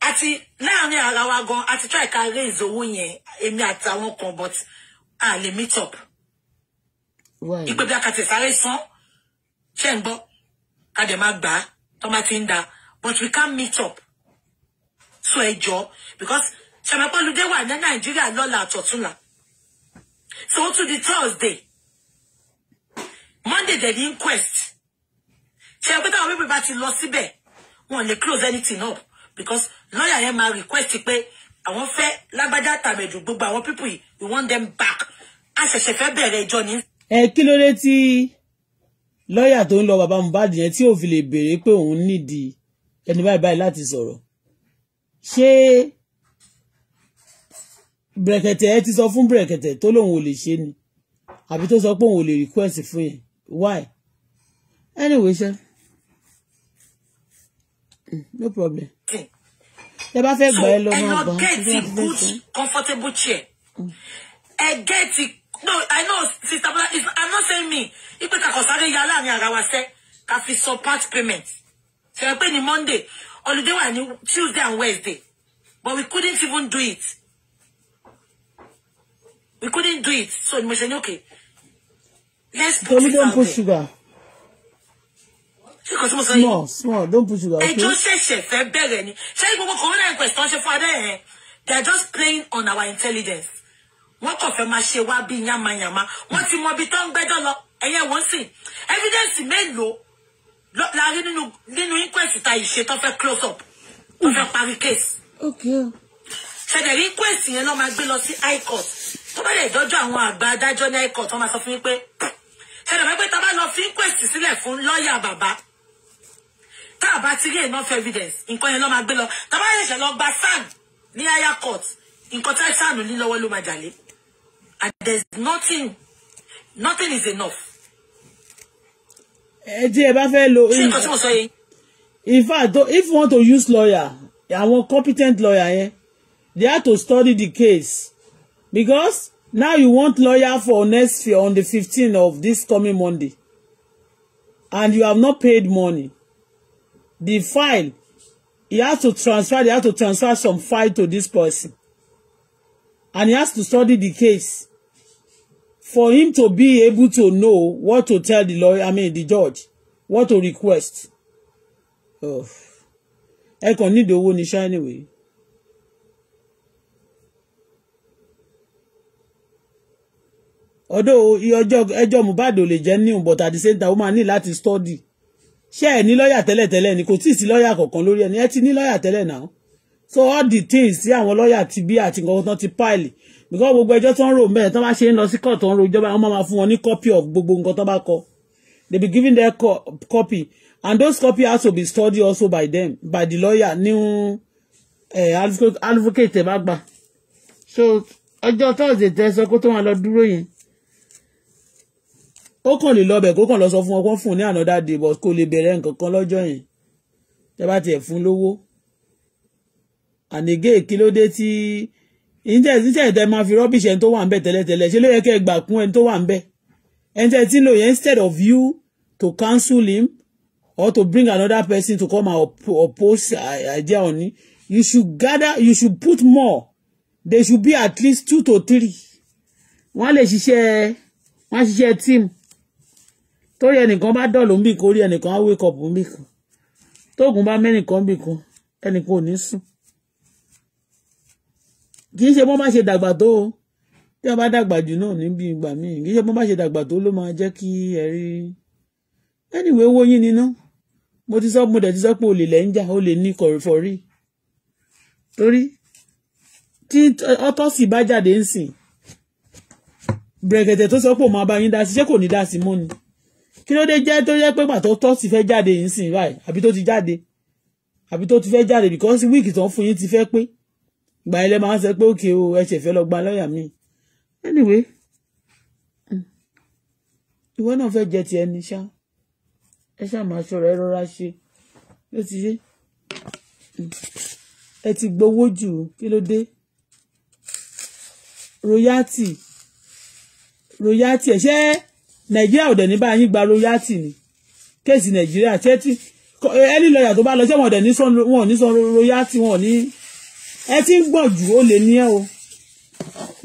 àti láàrin ara wa gan Ati try ka raise owó yẹn èmi àtàwọn kan but ah lè meet up Why? bí a kàtí sáré san ṣe ń gbọ́ ká dẹ̀ máa but we can't meet up so ẹ jọ because ṣàmẹ́pọ̀lùdé wà ní nàìjíríà lọ́la àtọ̀túnla. So to the thursday monday dẹ̀ ní inquest ṣe pé táwọn pípẹ́ bá ti lọ síbẹ̀ wọn lè close anything up because lawyer yẹn máa request want fair. Labada lágbájá tàbẹ̀dù gbogbo àwọn people we want them back a ṣẹ̀ṣẹ̀ fẹ́ bẹ̀rẹ̀ ẹjọ́ ni. ẹ kí ló dé tí lọ́ọ̀yà tó ń lọ bàbá Mohbad yẹn tí òfin lè béèrè pé òun nídìí ẹni báyìí báyìí láti sọ̀rọ̀ brẹ̀kẹ̀tẹ̀ ẹ ti sọ fún brẹ̀kẹ̀tẹ̀ tó lòun ò lè ṣe ni àbí tó sọ pé òun ò lè request fún yẹn why anyway ṣe no problem tẹ bá fẹ́ gbà ẹ lọ máa gbà ẹ lọ get good comfortable chair ẹ get no i know sister bola i'm not saying me ipe kakọsáré ya láàrin ara wa sẹ ká fi sọ part payment ṣe pé ní monday holiday wà ní tuesday and wednesday but we couldn't even do it we couldn't do it so mo ṣe ní okay let's put Tommy, it don't out there. sugar. ṣé kò small small don't put sugar. ẹjọ́ ṣẹ̀ṣẹ̀ fẹ́ bẹ̀rẹ̀ ni ṣé gbogbo corona inquest tán ṣe fún adé yẹn they are just playing on our intelligence wọ́n kàn fẹ́ máa ṣe wá bí yamayama wọ́n ti mọ ibi tó ń gbẹ́jọ́ And ẹ̀yẹ one thing: evidence made mélòó la rí nínú nínú inquest ta ìṣe off a close up of a parry case. ṣẹ̀dẹ̀ rí inquest yẹn lọ́ máa gbé lọ sí high court tó bá lè dọ́jọ́ àwọn àgbà adájọ́ ní ẹ̀kọ́ tó máa sọ fún yín pé ṣẹlẹ̀ wípé tá a bá lọ fi ń pèsè sílẹ̀ fún lọ́ọ̀yà bàbá tá a bá ti rí enough evidence nǹkan yẹn lọ́ máa gbé lọ tá a bá lọ gba sàn ní higher court nǹkan tá sàn ní lọ́wọ́ ló máa jàlé and there is nothing nothing is enough. ẹ tí ẹ bá fẹ́ lo in fact if you want to use lawyer àwọn competent lawyer yẹn eh? they have to study the case because now you want lawyer for next on the 15th of this coming Monday and you have not paid money the file he has to transfer He has to transfer some file to this person and he has to study the case for him to be able to know what to tell the lawyer I mean the judge what to request. Oh. I kàn need the ní anyway. Although ọjọ́ ẹjọ́ Mohbad ò lè jẹ́ new but at the same time ó máa ní láti study ṣé ẹ ní lọ́ọ̀yà tẹ́lẹ̀tẹ́lẹ̀ ni kò tíì sí lọ́ọ̀yà kankan lórí ẹni ẹ ti ní lọ́ọ̀yà tẹ́lẹ̀ náà so all the things tí àwọn lọ́ọ̀yà ti bí àti nǹkan tán ti pile because gbogbo ẹjọ́ tó ń rò mẹ́ẹ̀ tán bá ṣe ń lọ sí court tó ń rojọ́ bá wọn máa fún wọn ní copy of gbogbo nǹkan tán bá kọ they be giving their co copy and those copy has to be studied also by them by the lawyer new uh, advocate ẹ bá gbà so ọjọ́ thursday tẹ sọ pé tó máa lọ dúró yẹn ó kàn lè lọ bẹ̀ kó kàn lọ sọ fún ọkọ fún ní another day but kó lè bẹ̀rẹ̀ nǹkan kan lọ́jọ́ yẹn tẹ́ bá tiẹ̀ fún lówó ànégé kí ló dé tí ìjẹ́ ìjẹ́ ìtẹ́ máa fi rọ́bìṣì ẹni tó wà ń bẹ̀ tẹ́lẹ̀tẹ́lẹ̀ ṣé ló yẹ kẹ́ ẹ gbà kún ẹni tó wà ń bẹ̀ ẹni tẹ́ tí ń lò yẹn instead of you to cancel him or to bring another person to come and oppose uh, ajá òní you should gather you should put more there should be at least two to three wọ́n lè ṣiṣẹ́ wọ́n á ṣiṣẹ́ team torí ẹnìkan bá dọ̀lù nbì kórí ẹnìkan á wake up nbì kan tóògùn bá mẹ́nìkan nbì kan ẹnìkan ò ní sùn kì í ṣe bọ́n bá ṣe dàgbà tó o tí a bá dàgbà jù náà níbi ìgbà míì kì í ṣe bọ́n bá ṣe dàgbà tó ló máa jẹ́ kí ẹ rí anyway owó yín níná mo ti sọ mo dẹ̀ ti sọ pé olè lẹ́ńjà olè ní kọ̀rọ̀fọ̀rí torí tí ọtọ́sì bá jáde ń sìn brẹ̀kẹ̀tẹ̀ tó sọ pé òun máa bá yín dá sí ṣé kò ní dá sí mọ́ ni kí ló dé jẹ́ tó yẹ pé pàtó tó ti fẹ́ jáde yìí sìn báyìí àbí tó ti jáde àbí tó ti fẹ́ jáde because wíìkì tó ń fún yín ti fẹ́ pé ìgbà ilẹ̀ máa ń sọ pé òkè o ẹ ṣẹ̀fẹ́ lọ gba lọ́ọ̀yà mi anyway ìwọ náà fẹ́ jẹ ti ẹni ṣá ẹ ṣáà máa ṣọ́ra ẹ rọra ṣe ló ti yé ẹ ti gbowó jù kí ló dé royalty royalty ẹ ṣe nàìjíríà ò dẹ̀ ní báyìí gba royalty ni kéèsì nàìjíríà tẹ́tí ẹni lọ́yà tó bá lọ sẹ́wọ̀n ọ̀dẹ̀ wọn ò ní san royalty wọn ò ní ẹ ti ń gbọ̀n jù ó lè ní ẹ o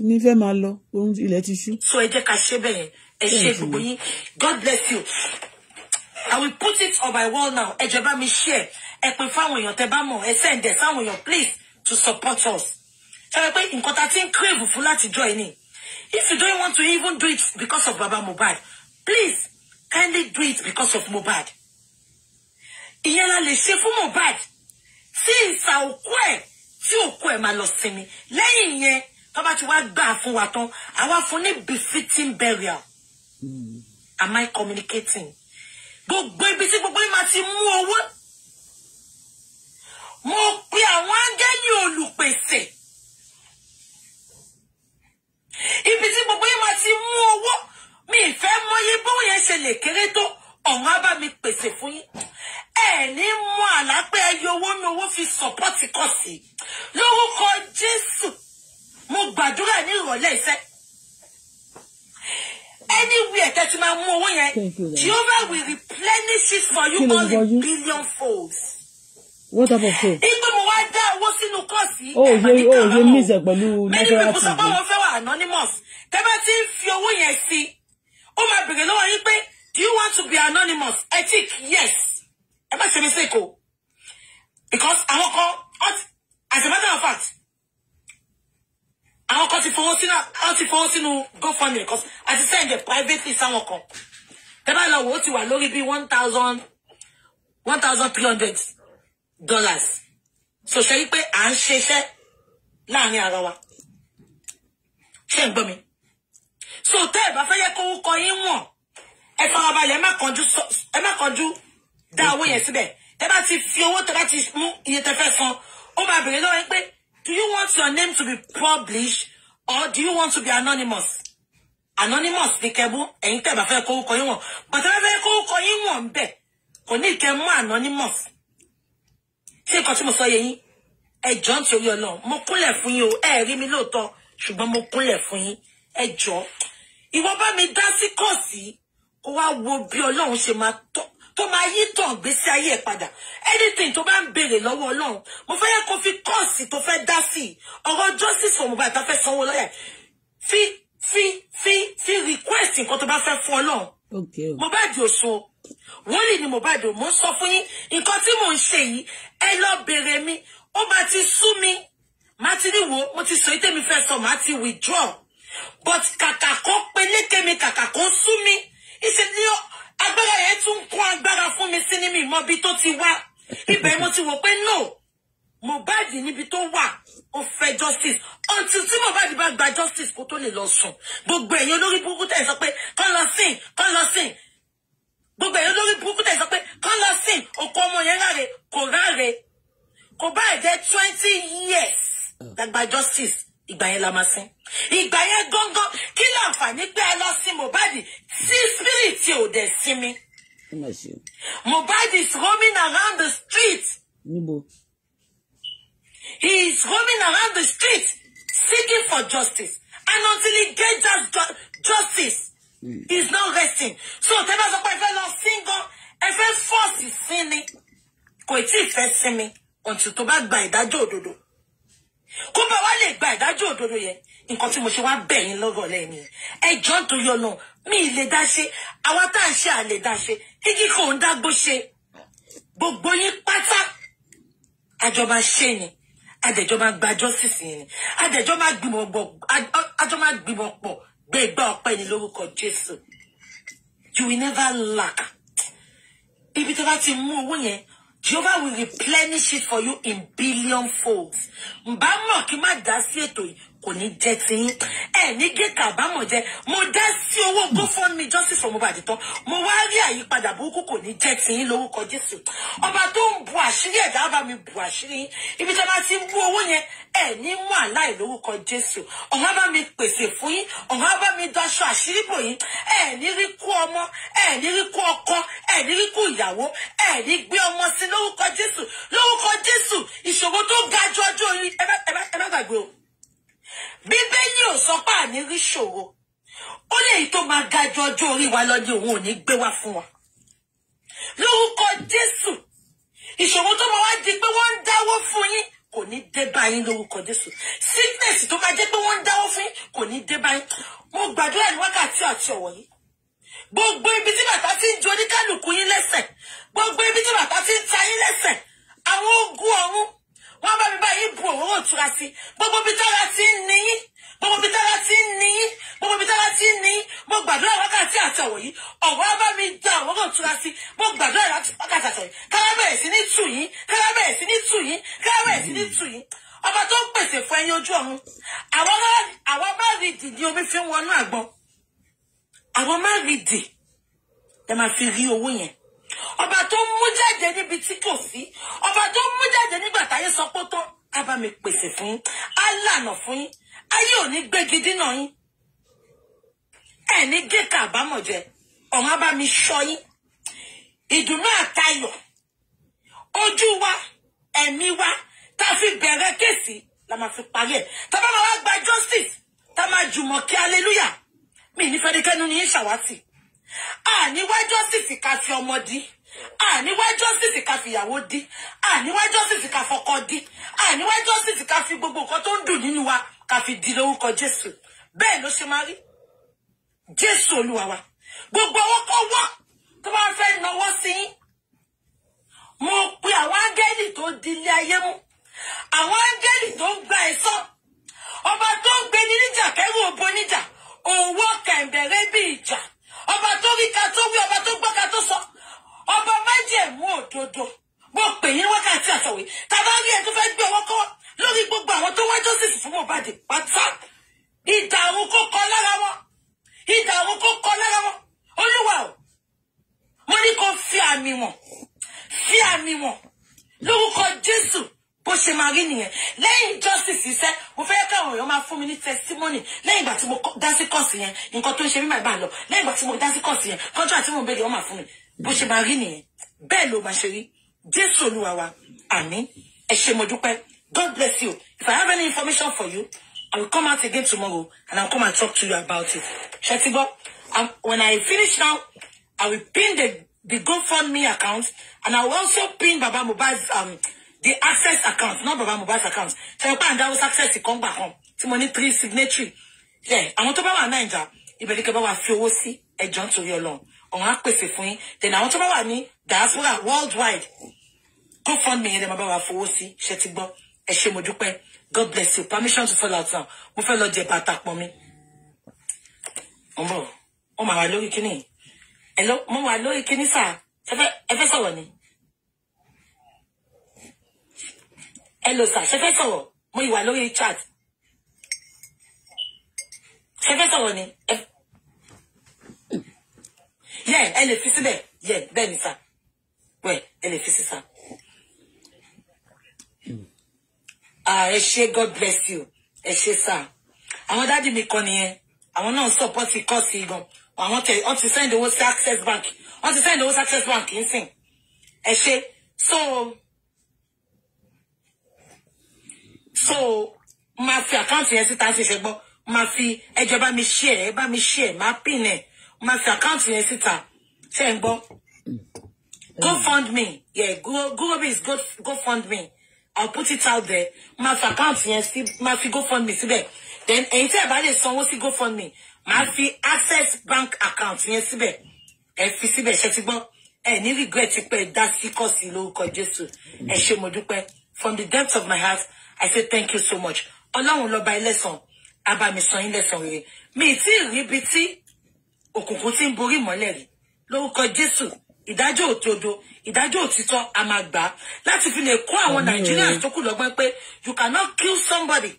ní fẹ́ máa lọ ohun ilẹ̀ ti ṣú. so ẹ jẹ́ ká ṣe bẹ́ẹ̀ ẹ ṣe gbogbo yín god bless you i will put it on my wall now ẹ jẹ́ bá mi share ẹ pín fáwọn èèyàn tẹ́ bá mọ̀ ẹ send fáwọn èèyàn please to support us. ṣe wípé nǹkan tá a ti ń crave fún látijọ́ yìí ni If you don't want to even do it because of Baba Mohbad, please kindly do it because of Mohbad. Ìyẹn la lè ṣe fún Mohbad tí ìsà òkú ẹ̀ tí òkú ẹ̀ máa lọ sinmi. Lẹ́yìn yẹn, ti wá gbà fún wa tán, àwa fún ní befitting burial. Hmm. Am I communicating? Gbogbo ibi tí gbogbo yìí máa ti mú owó. Mo pe àwọn áńgẹ́lì olùpèsè ibi tí gbogbo yìí máa ti mú owó mi ìfẹ́ mọ́yé bóun ṣe lè kéré tó ọ̀hún á bá mi pèsè fún yín ẹ ní mọ àlápẹ́ ẹyọ owó ní owó fi sọ̀pọ́tì kọ̀ sí lórúkọ Jésù mo gbàdúrà ní ìrọ̀lẹ́ ìfẹ́ anywhere that you might move, Jehovah will replenish it for you all in billion folds what about so. ipe mo wá dá owó sínú kọ́ọ̀sì. ó yẹ ó yẹ mísẹ̀ pẹ̀lú natural tv. many people sọ pé wọ́n fẹ́ wà anonymous tẹ́ bá ti fi owó yẹn sí ó máa bèrè lọ́wọ́ yín pé do you want to be anonymous Ethic, yes. yes ẹ má ṣe mistake o because àwọn kan as a matter of fact àwọn kan ti fowó sínú àwọn ti fowó sínú GoFundMe because a ti send it privately sáwọn kan tẹ́ bá lọ wò ó ti wà lórí bíi one thousand dollars so ṣe wípé à ń ṣiṣẹ́ láàrin ara wa ṣé ń gbọ́ mi so tẹ́ ẹ̀ bá fẹ́ yẹ kó kọ yín wọ̀n ẹ farabalẹ̀ ẹ má kánjú dá owó yẹn síbẹ̀ tẹ́ bá ti fi owó tẹ́ bá ti mú iye tẹ́ fẹ́ san ó máa bèrè lọ́wọ́ pé do you want your name to be published or do you want to be anonymous anonymous ni kẹ́bú ẹ̀yin tẹ́ bá fẹ́ kó kọ yín wọ̀n pàtàkì fẹ́ kó kọ yín wọ̀n bẹ́ẹ̀ kò ní ìkẹ́ mú anonymous ṣé nǹkan tí mo sọ yẹ yín ẹjọ́ ń torí ọ̀nà mo kúnlẹ̀ fún yín o ẹ rí mi lóòótọ́ ṣùgbọ́n mo kúnlẹ̀ fún yín ẹjọ́ ìwọ bá mi dá sí kọ̀ọ̀sì kó wá wo bí ọlọ́run ṣe máa tọ́ tó máa yí tàn gbèsè ayé ẹ̀ padà anything tó bá ń béèrè lọ́wọ́ ọlọ́run mo fẹ́ yẹ kó fi kọ̀ọ̀sì tó fẹ́ dá sí ọ̀rọ̀ justice for Mohbad tá fẹ́ sanwó lọ́yà fi fi fi fi request nǹkan tó bá fẹ́ fún ọlọ́run Mohbad òṣùwọ̀n wọ́ọ̀lì ni Mohbad ò mọ́ sọ fún yín nǹkan tí mò ń ṣe yìí ẹ lọ bèrè mi ó máa ti sú mi má ti ní wo mo ti sọ yìí tèmi fẹ́ sọ má ti withdraw but kàkà kó peléke mi kàkà kó sú mi ìṣe ni agbára yẹn tún kún agbára fún mi sí ní mi ìmọ̀bi tó ti wá ibẹ̀ mo ti wò pé no Mohbad níbi tó wà ó fẹ́ justice until tí Mohbad bá gba justice kó tó lè lọ sùn gbogbo ẹ̀yin olórí burúkú tẹ̀ sọ pé kọ́ lọ sìn kọ́ lọ sìn gbogbo èèyàn lórí burúkú tẹ̀ sọ pé kán lọ sí òkú ọmọ yẹn ráre kò ráre kò bá ẹ̀jẹ̀ twenty years dàgbà justice ìgbà yẹn la máa sin ìgbà yẹn gángan kí ló àǹfààní pé ẹ lọ sí Mohbad sí spirit ò dẹ̀ sí mi Mohbad is roaming around the street. Níbo? He is roaming around the street seeking for justice and until he get that ju justice is hmm. not resting so tẹ́ us sọ pé ẹ fẹ́ lọ sin gan ẹ fẹ́ fọ́ọ̀sì sin ni me until ì fẹ́ sinmi ọ̀tún tó bá gba ìdájọ́ òdodo kó bá wá lè gba ìdájọ́ òdodo yẹn nǹkan tí mo ṣe wá bẹ̀ yín lọ́rọ̀ lẹ́yìn yẹn ẹjọ́ tó yọnu mi ì our dá ṣe àwa tá à ń ṣe à lè dá ṣe kíkí kò ń dágbó ṣe gbogbo yín pátá àjọba ṣe ni àdẹ̀jọba gba justice yẹn ni àdẹ̀jọba gbìmọ̀ pọ̀ gbégbá ọpẹ́ ní lórúkọ Jésù you will never lack ibi tó bá ti mú owó yẹn Jehovah will replenish it for you in billion folds. Mbà mọ̀ kí má dá sí ètò yìí kò ní jẹ́ tiyín ẹ ní gé kàbámọ̀ jẹ mo dá sí owó GoFundMe justice for Mohbad tán mo wá rí àyípadà burúkú kò ní jẹ́ tiyín lórúkọ Jésù ọba tó ń bu àṣírí ẹ̀dá bá mi bu àṣírí ibi tí a bá ti ń bú owó yẹn ẹ ní mú àláì lórúkọ Jésù ọ̀hún bá mi pèsè fún yín ọ̀hún bá mi daṣọ àṣírí bò yín ẹ ní rí kú ọmọ ẹ ní rí kú ọkọ ẹ ní rí kú ìyàwó ẹ ní gbé ọmọ sí lórúkọ Jésù lórúkọ Jésù ìṣòro tó ga ju ọjọ́ orí ẹ má gbàgbé o bíbélì ò sọ pé àní rí ṣòro ó lè yí tó máa ga ju ọjọ́ orí wa lọ òun ò ní gbé wá fún wa lórúkọ jésù ìṣòro tó máa wá di pé wọ́n ń dáwó fún yín kò ní dé bá lórúkọ jésù sickness tó máa jẹ́ pé wọ́n ń dáwó fún yín kò ní dé bá yín mo gbàdúrà ní wákàtí àti ọ̀wọ̀ yìí gbogbo ibi tí bàtà ti ń ju oníkálukú yín lẹ́sẹ̀ gbogbo ibi tí bàtà ti ń ta yín lẹ́sẹ̀ àwọn ogun ọ̀run wọ́n bá mi báyìí bu òróró ìtura sí gbogbo bí tọ́lá ti ń níyín gbogbo bí tọ́lá ti ń níyín gbogbo bí tọ́lá ti ń níyín mo gbàdúrà wákàtí àtọ̀wọ̀ yìí ọ̀wọ́ bá mi da òróró ìtura sí mo gbàdúrà wákàtì àtọ̀wọ̀ yìí kára bẹ̀rẹ̀ sí ní tù yín kára bẹ̀rẹ̀ sí ní tù yín kára bẹ̀rẹ̀ sí ní tù yín ọba tó ń pèsè fún ẹyin ojú ọ̀run àwọn má rí omi fi ń wọnú àgbọn àwọn má ẹ máa fi rí owó yẹn ọba tó mú jáde níbi tí kò sí ọba tó mú jáde nígbà táyé sọ pé tán á bá mi pèsè fún yín á lànà fún yín ayé ò ní gbégi dínà yín ẹ ní géka àbámọ̀jẹ ọ̀hún á bá mi ṣọ́ yín ìdùnnú àtayọ̀ ojú wa ẹ̀mí wa tá a fi bẹ̀rẹ̀ kéèsì la máa fi parí ẹ̀ tá a bá máa wá gba justice tá a máa jùmọ̀ kí hallelujah mi nífẹ̀ẹ́ ní kẹ́nu ní í ṣàwátì àníwá justice ká fi ọmọ dí àníwá justice ká fi ìyàwó dí àníwá justice ká fọkọ dí àníwá justice ká fi gbogbo nǹkan tó ń dùn nínú wa ká fi di lórúkọ Jésù bẹ́ẹ̀ ló ṣe máa rí Jésù Olúwa wa gbogbo owó kó wá tó bá fẹ́ náwó sí yín mo pe àwọn áńgẹ́lì tó di ilé ayé mú àwọn áńgẹ́lì tó ń gba ẹ̀san ọba tó ń gbé ní níjà kẹ́rù òbó níjà òwò kẹ̀ǹbẹ̀rẹ̀ bí ìjà ọba tó rí ká tó wí ọba tó gbọ́ ká tó sọ ọba májẹ̀mú òdodo mo pè yín wákàtí àtọ̀wé tàbá rí ẹ tó fẹ́ gbé ọwọ́ kọ́ lórí gbogbo àwọn tó wá joseph fún Mohbad pátá ìdà àwọn kọ lára wọn ìdà àwọn kọ lára wọn olúwa o mo ní kó fi àmì wọn fi àmì wọn lórúkọ jésù bó ṣe máa rí nìyẹn lẹ́yìn justice iṣẹ́ mo fẹ́ káwọn èèyàn máa fún mi ní testimony lẹ́yìn ìgbà tí mo dá sí kọ́ọ̀sì yẹn nǹkan tó ń ṣe mí máa bá lọ lẹ́yìn ìgbà tí mo dá sí kọ́ọ̀sì yẹn contract tí mo béèrè wọ́n máa fún mi bó ṣe máa rí nìyẹn bẹ́ẹ̀ ló máa ṣe rí jésù olúwa wa àmín ẹ ṣé mo dúpẹ́ god bless you if i have any information for you i will come out again tomorrow and i will come and talk to you about it ṣẹtigbo when i finish now i will pin the the gofundme account and i will also pin baba mohbad's um, the access account not baba mobile account So pa àǹdá house access kan gbà kan tí mo ní three signatory yẹ àwọn tó bá wà naija ìbẹ̀lẹ̀kẹ́ bá wà fi owó sí ẹ̀jọ̀ nítorí ọlọ́run ọ̀hún á pèsè for you. then àwọn tó bá wà ní diaspora worldwide Go yẹn me. Then my brother fowó sí ṣe ti gbọ́ you. God bless you permission to fall out now mo fẹ́ lọ jẹ bàtà pọ̀ Oh my. ọ máa wà lórí kínní ẹ lọ mo wà lórí kínní sáà ẹ fẹ́ sọ̀rọ̀ ni. ẹ lọ sà ṣe fẹ́ sọ̀rọ̀ mo ìwà lórí chat ṣe fẹ́ sọ̀rọ̀ ni yẹ ẹ lè fi síbẹ̀ yẹ bẹ́ẹ̀ ni sà wẹ ẹ lè fi sí sà. ẹ ṣé God bless you ẹ ṣé sà àwọn dáàdì mi kan nìyẹn àwọn náà support kọ́ọ̀sì gan àwọn tẹ ọ ti send owó sí access bank ọ ti send owó sí access bank yìí sìn ẹ ṣé so. so máa fi àkáǹtì yẹn síta ṣe ṣe gbọ́ máa fi ẹjọ́ bá mi ṣe ẹ̀ bá mi ṣe ẹ̀ máa pin ẹ̀ máa fi àkáǹtì yẹn síta ṣe ń gbọ́. GoFundMe yeah go GoFundMe is go go fund me. I'll put it out there máa fi àkáǹtì yẹn sí máa fi me, síbẹ̀ then èyí tí ẹ bá lè sanwó sí me. máa fi access bank account yẹn síbẹ̀ ẹ fi síbẹ̀ ṣe ti gbọ́ ẹ ní regret pé dá sí kọ́ọ̀sì lórúkọ Jésù ẹ ṣé mo dúpẹ́ from the depth of my heart. I say thank you so much ọlọ́run lọ́ba ẹlẹ́sàn abamisan ẹlẹ́sàn rere mi tí ì rí ibi tí òkùnkùn ti ń borí ìmọ́lẹ̀ rí lórúkọ Jésù ìdájọ́ òtòdó ìdájọ́ òtítọ́ a máa gbà á láti fi lè kó àwọn Nàìjíríà tó kù lọ́gbọ́n pé you cannot kill somebody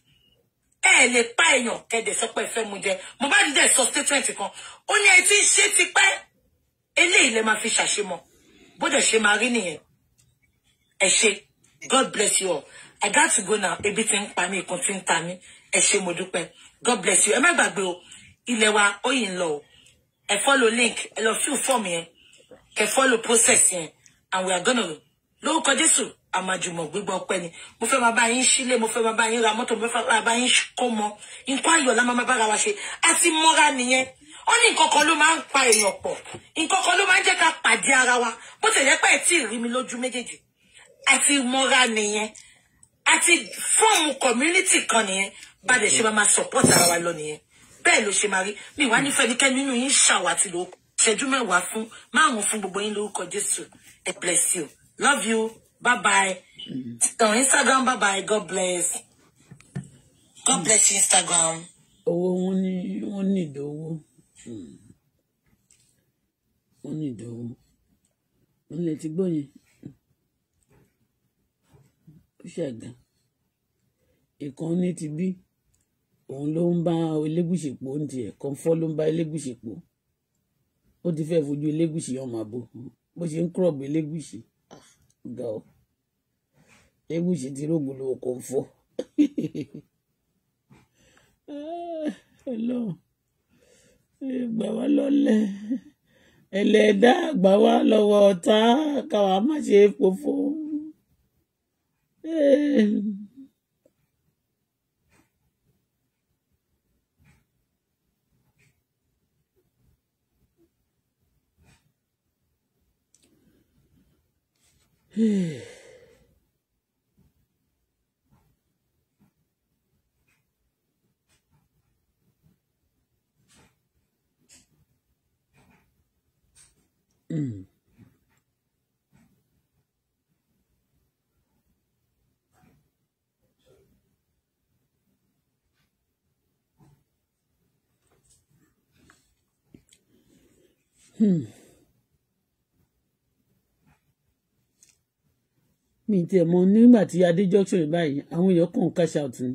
ẹ ẹ lè pa èèyàn kẹdẹ sọ pé ẹ fẹ́ mu jẹ mo bá dídẹ sọ statement kan ó ní ẹ ti ń ṣe tipẹ́ eléyìí lè máa fi ṣàṣemọ bó dẹ̀ ṣe máa rí nìyẹn ẹ ṣe God bless you all. I got to go now Everything by me, pa mí me. ti ń ta mí God bless you ẹ má gbàgbé o ilé wa ó yìí ń lọ follow link I lọ fill form yẹn I follow process yẹn and we are gonna lórúkọ Jésù àmàjùmọ̀ gbígbọ́ ọpẹ́ ni mo fe ma ba yín sílé mo fe ma ba yín ra mọ́tò mo fe máa bá yín kó mọ nǹkan ayọ̀ la máa bára wa ṣe àti mọ́ra nìyẹn ó ní nǹkan kan ló máa ń pa èèyàn pọ̀ nǹkan kan ló máa ń jẹ́ ká ara wa bó tẹ̀lé pẹ́ tí ì rí mi loju méjèèjì Ati mọ́ra nìyẹn àti fọ́ọ̀mù community kan nìyẹn bá dẹ̀ ṣe máa máa support ara wa lọ nìyẹn bẹ́ẹ̀ ló ṣe máa rí mi wá nífẹ̀ẹ́ nìkẹ́ nínú yín ṣàwátì ló ṣẹ́jú mẹ́wàá fún márùn-ún fún gbogbo yín lórúkọ Jésù ẹ bless you love you bye bye on Instagram bye bye God bless God bless you Instagram. owó wọn ní wọn ní ìdánwò wọn ní ìdánwò wọn lè ti gbọ́ Ṣẹ̀gàn ìkan ní ti bí òun ló ń bá Elégùṣì pò ń tiẹ̀ kan fọ́ ló ń bá Elégùṣì pò ó ti fẹ́ẹ́ fojú Elégùṣì ọmọ àbò bó ṣe ń kúrọ̀bù Elégùṣì ga ah, ọ Elégùṣì ti rògbò lówó kan fọ́ ọlọ́run gbà wá lọ́lẹ̀ ẹlẹ́dàá gbà wá lọ́wọ́ ọ̀tá káwa má ṣe é pòfo. Hey. mm. Hmm. mi tiẹ̀ mọ̀ nígbà tí adé junction báyìí àwọn èèyàn kàn cash out ni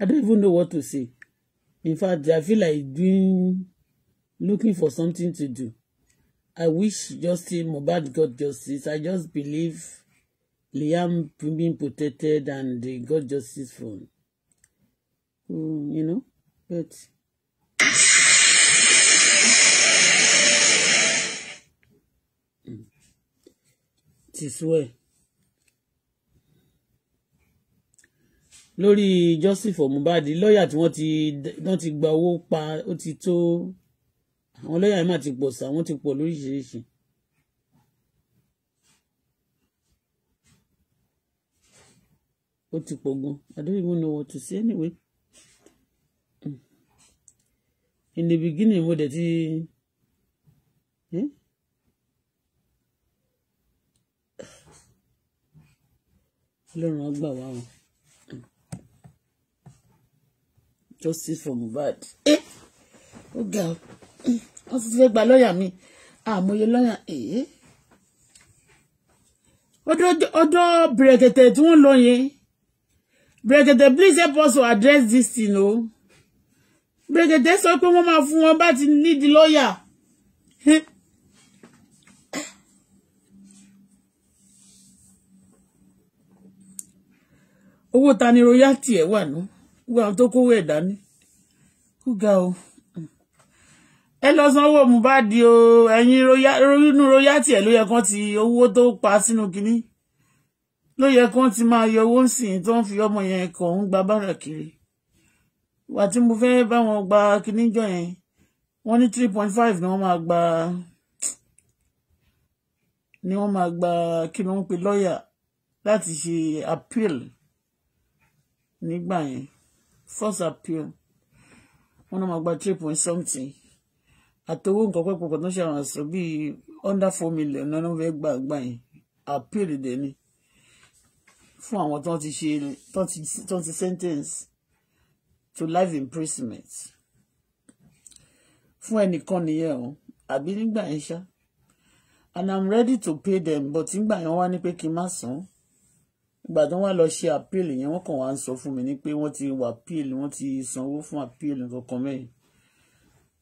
I don't even know what to say in fact I feel like doing looking for something to do I wish justice Mohbad got justice I just believe Liam being protected and they got justice for him hmm, you know but. this way lórí justice for Mohbad lọ́ọ̀yà tí wọ́n ti wọ́n ti gba owó pa ó ti tó àwọn lọ́ọ̀yà yìí mà ti pọ̀ sá wọ́n ti pọ̀ lóríṣiríṣi. ó ti pọ̀ gan I don't even know what to say anyway. In the beginning mo dẹ̀ ti. Eh? ọlọ́run á gbà wá justice for Mohbad ẹ eh, ó ga ọ wọn ti fẹ́ gba lọ́ọ̀yà mi àmọye lọ́ọ̀yà ẹ eh, ọ̀dọ̀ bẹ̀rẹ̀kẹ̀tẹ̀ tí wọ́n lọ yẹn bẹ̀rẹ̀kẹ̀tẹ̀ please help us to address this thing o bẹ̀rẹ̀kẹ̀tẹ̀ sọ pé wọ́n máa fún wọn bá ti need lọ́ọ̀yà. Eh, owó ta ni royalty ẹ̀ wà nù gbogbo àwọn tó kówó ẹ̀ dání kú ga o ẹ lọ sanwó Mohbad o ẹ̀yin inú royalty ẹ̀ ló yẹ kán ti owó tó pa sínú kínní ló yẹ kán ti máa yọ owó ńsìn tó ń fi ọmọ yẹn kàn ń gba bára kiri wà tí mo fẹ́ bá wọn gba kínní jọ yẹn wọ́n ní three point five ni wọ́n máa gba ni wọ́n máa gba kí ni wọ́n pe lọ́ọ̀yà láti ṣe appeal nígbà yẹn first appeal wọn náà máa gba three point something àtowó nǹkan pẹ́pọ̀ kan tó ṣe àwọn àṣọ bíi under four million náà wọ́n fẹ́ gbà gbà yẹn appeal dẹ̀ ni fún àwọn tó ti ṣe tó ti sentence to life imprisonment fún ẹnìkan nìyẹn o àbí nígbà yẹn ṣá and i'm ready to pay them but nígbà yẹn wá ní pé kí n má san án ìgbà tó wá lọ ṣe appeal yẹn wọ́n kàn wá ń sọ fún mi ní pé wọ́n ti wà appeal wọ́n ti sanwó fún appeal kankan mẹ́yìn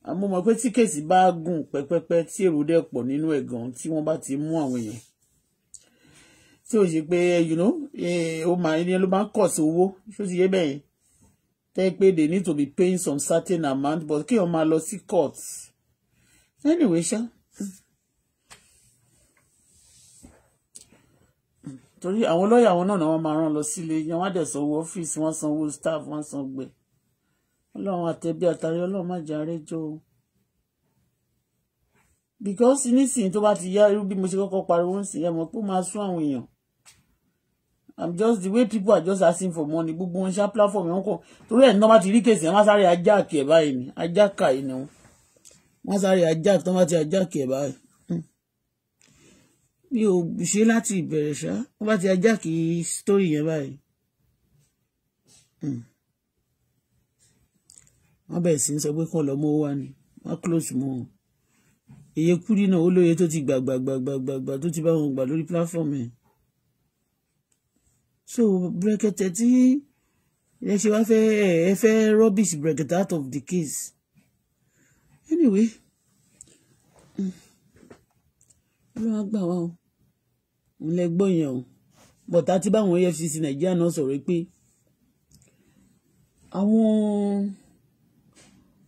àmọ́ mọ̀ pé tí kéèsì bá gùn pẹ́pẹ́pẹ́ tí èrò dẹ̀ pọ̀ nínú ẹ̀ gan tí wọ́n bá ti mú àwọn èèyàn tí ò ṣe pé you know eh, ó máa ní ló máa ń kọ̀ sí owó ṣó ti yé bẹ́yẹn tẹ́ pé they need to be paying some certain amount but kí wọ́n máa lọ sí court anyway ṣá. Sure. torí àwọn lọ́ọ̀yà wọn náà wọ́n máa rán lọ sílé yan wọ́n á dẹ̀ sanwó ọ́fíìsì wọ́n sanwó staff wọ́n san gbẹ ọlọ́run àtẹ̀bí àtàrí ọlọ́run má jà rẹ́jọ́ o because nísìnyí tó bá ti yá irú bí mo ṣe kọ́kọ́ pariwo ń ẹ mọ̀ pé ó máa sún àwọn èèyàn i'm just the way people are just asking for money gbogbo wọn ṣá platform wọn kọ torí ẹ̀ ní wọ́n bá ti rí kèsì ẹ̀ wọ́n sáré ajá kì ẹ̀ báyìí ni ajá kà yìí ni wọ́n sáré ajá tó wọ́n bá ti ajá kì ẹ̀ báyìí mi ò ṣe láti ìbẹ̀rẹ̀ ṣá wọ́n bá ti ajá kí sítórì yẹn báyìí hmm. wọ́n bẹ̀rẹ̀ sí ń sọ pé kàn lọ́mọ wa ni wọ́n close mọ́ wọn èyí kúrì náà ó lóye tó ti gbàgbàgbàgbàgbà tó ti bá wọn gbà lórí platform ẹ̀ so brèkẹ̀tẹ̀ tí ẹ ṣe wá fẹ́ ẹ fẹ́ rubbish brèkẹ̀tẹ̀ out of the case anyway hmm. ọlọ́run á gbà wá o òun lẹ gbọ́ yẹn o bọ̀tá tí báwọn efcc nàìjíríà náà sọ̀rọ̀ pé àwọn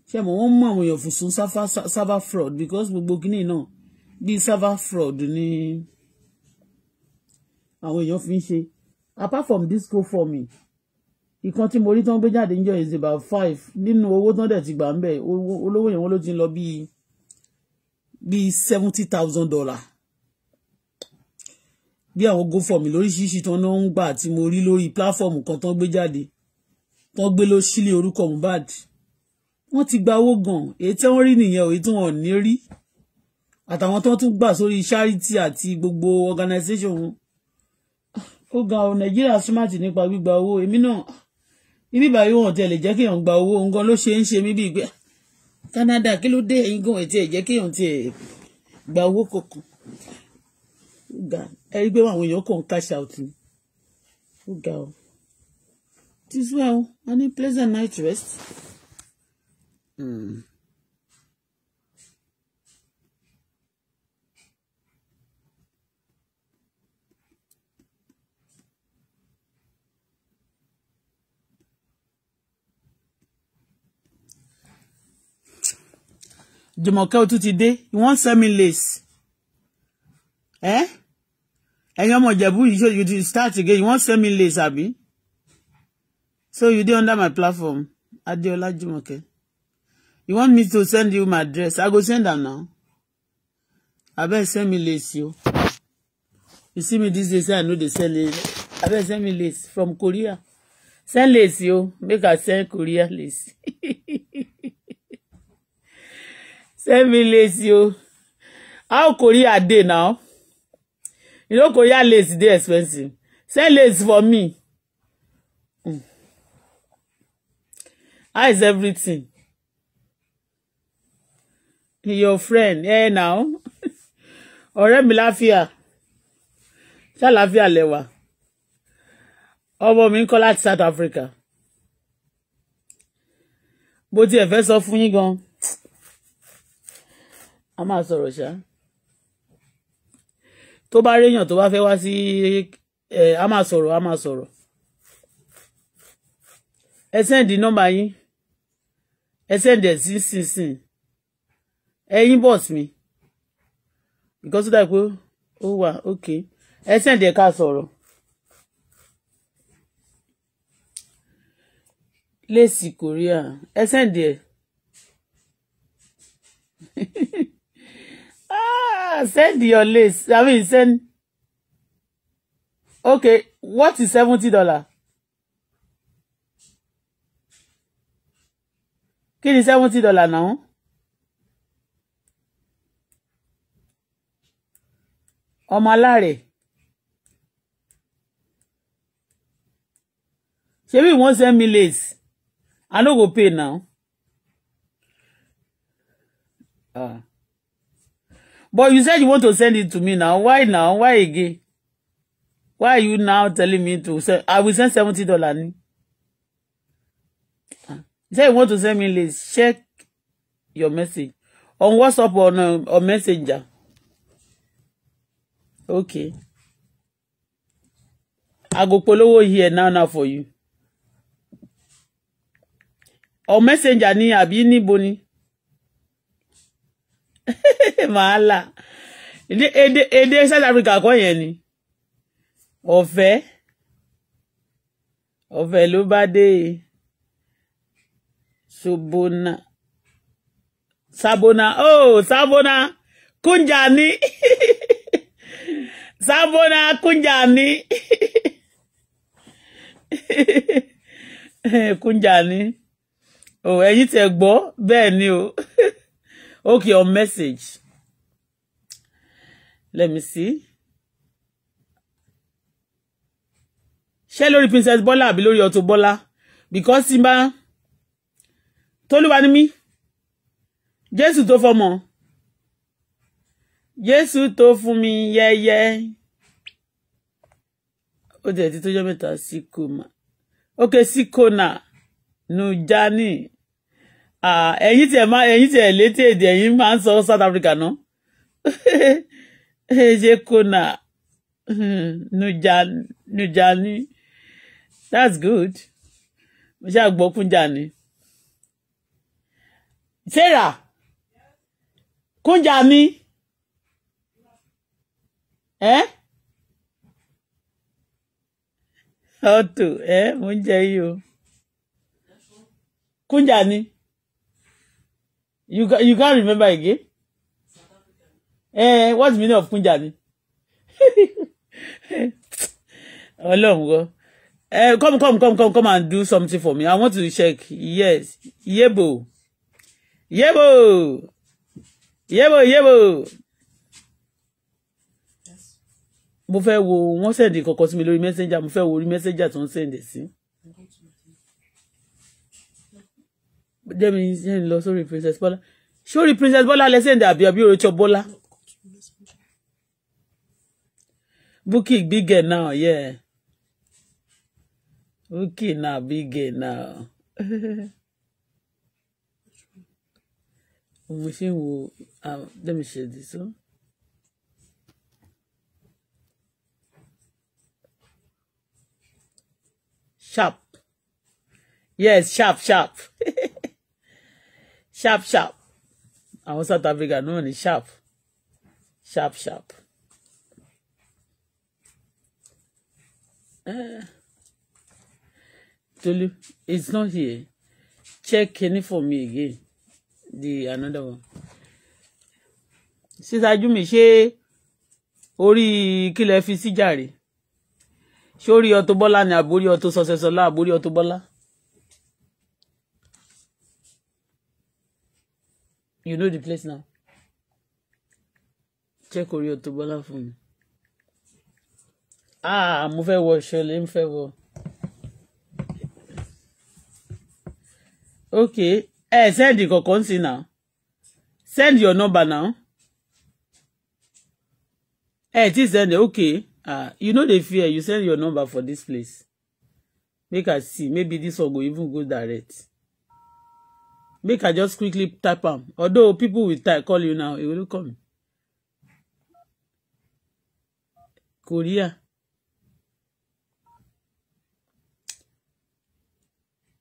ṣe mọ̀ wọ́n mú àwọn èèyàn fún sun server fraud because gbogbo kínní náà bíi server fraud ni àwọn èèyàn fi ń ṣe apart from disco forming ìkan tí mo rí tán gbé jáde níjọ́ is about five nínú owó tán dẹ̀ ti gbà ń bẹ̀ olówó yẹn wọ́n ló ti ń lọ bíi bíi seventy thousand dollar bí àwọn gofọmi lóríṣiríṣi tí wọn náà ń gbà tí mo rí lórí pláfọọmù kan tán gbé jáde tán gbé lọ sílé orúkọ Mohbad wọn ti gba owó gan èyí tí wọn rí nìyẹn èyí tí wọn ò ní rí àtàwọn tó tún gbà sórí charity àti gbogbo organization wọn ó ga ọ Nàìjíríà smart nípa gbígba owó èmi náà ibi báyìí wọn tẹ́lẹ̀ jẹ́ kéèyàn gba owó nǹkan ló ṣe ń ṣe mí bíi pé Canada kí ló dé ẹ̀yin gan ètí ẹ jẹ́ kéèyàn tiẹ̀ gba owó kankan ó ga ọ ẹ rí i pé àwọn èèyàn kàn cash out ni ó ga ọ it is well a ní pleasant night rest. Mm. Jùmọ̀kẹ́ o tún ti dé you wan sell me lace. Eh? ẹ̀yin ọmọ ìjẹ̀bú yìí so you start again you wan send me lace abi so you dey under my platform adeola jumoke you want me to send you my address i go send am now abeg send me lace yo you see me these days i no dey sell lace abeg send me lace from korea send lace yo make i send korea lace send me lace yo how korea dey now. You know, Korea lace, they expensive. Sell lace for me. Mm. How is everything? Your friend, eh, now? Ọ̀rẹ́ mi láfíà. Ṣàlàfíà lẹ́wà. Ọmọ mi ń kọ́ láti South Africa. But the fẹ́ of fún I'm gan-an. Russia. máa tó bá réyàn tó bá fẹ́ wá sí a máa sọ̀rọ̀ a máa sọ̀rọ̀ ẹ nọ́mbà mi because ó dà pé ó wà ok ẹ sẹ́ǹdì ẹ̀ ká sọ̀rọ̀ lẹ́sì Korea Ah, send your list. I mean, send. Okay, what is seventy dollar? Kí ni seventy dollar now? Ọmọ aláàrẹ̀. Ṣebí wọ́n send me list. I no go pay now. Uh. But you said you want to send it to me now. Why now? Why again? Why are you now telling me to send? I will send seventy dollars. ni. You said you want to send me list. Check your message on WhatsApp or on, on Messenger. Okay. I go polowo here now now for you. On Messenger ni Abi, níbo ni. wàhálà èdè èdè South Africa kọ́ yẹn ni ọ̀fẹ́ ọ̀fẹ́ ló bá dé sobona sabona oh sabona kunjani sabona kunjani kunjani o oh, ẹ̀yin tẹ́ gbọ́ bẹ́ẹ̀ ni o. Okay, your message. Let me see. Ṣé Princess bola àbí lórí Auto Because Simba Tolúwa ni mí. Jésù tó fọmọ. Jésù tó fún mi yẹ́yẹ́. Ó jẹ́ ti tó jẹ́ mẹ́ta sí Koma. Okay, Sikona, Kona. Nujani ẹ̀yin tiẹ̀ máa ẹ̀yin tiẹ̀ létí èdè ẹ̀yin máa ń sọ South Africa náà eje kona nujani that's good mo ṣe àgbọ̀kúnjà ni Sarah kúnjà mi ẹ ọtò ẹ mo ń jẹ yìí o kúnjà Eh? You can, you can't remember again? Eh, what's the meaning of Punjabi? long ago. Eh, come, come, come, come, come and do something for me. I want to check. Yes. Yebo. Yebo. Yebo, yebo. Mo fẹ́ wo wọ́n sẹ̀ndì kọ̀ọ̀kan sí mi lórí messenger. Mo fẹ́ wo orí messenger tó send sẹ̀ndì sí. Si. jẹ́mi ṣe ń lọ sórí princess bọ́lá sórí princess bọ́lá lẹ́sẹ̀ ń dàbí àbí oríṣọ bọ́lá. Bukky gbígẹ̀ náà yẹ Bukky náà gbígẹ̀ now mo ṣe ń wo jẹ́mi ṣe dì so. Sharp. Yes, sharp, sharp. sharp sharp àwọn South Africa náà ní sharp sharp sharp. Uh, Tolu, it's not here. Check any for me again. The another one. Sísájú mi ṣé orí kílẹ̀ fi sí jàre? Ṣé orí Auto Bola ni àbórí Auto Success Ola àbórí Auto Bola? You know the place now. Check orí Auto Bola fún mi. Ah, mo fẹ́ wọ ìṣọ̀lẹ̀ mo fẹ́ wọ. Okay, ẹ hey, send the kankan sí now. Send your number now. Ẹ hey, ti send it, okay. Ah, you no dey fear, you send your number for this place. Make I see, maybe this one go even go direct make i just quickly type am although people will type call you now e will come. me korea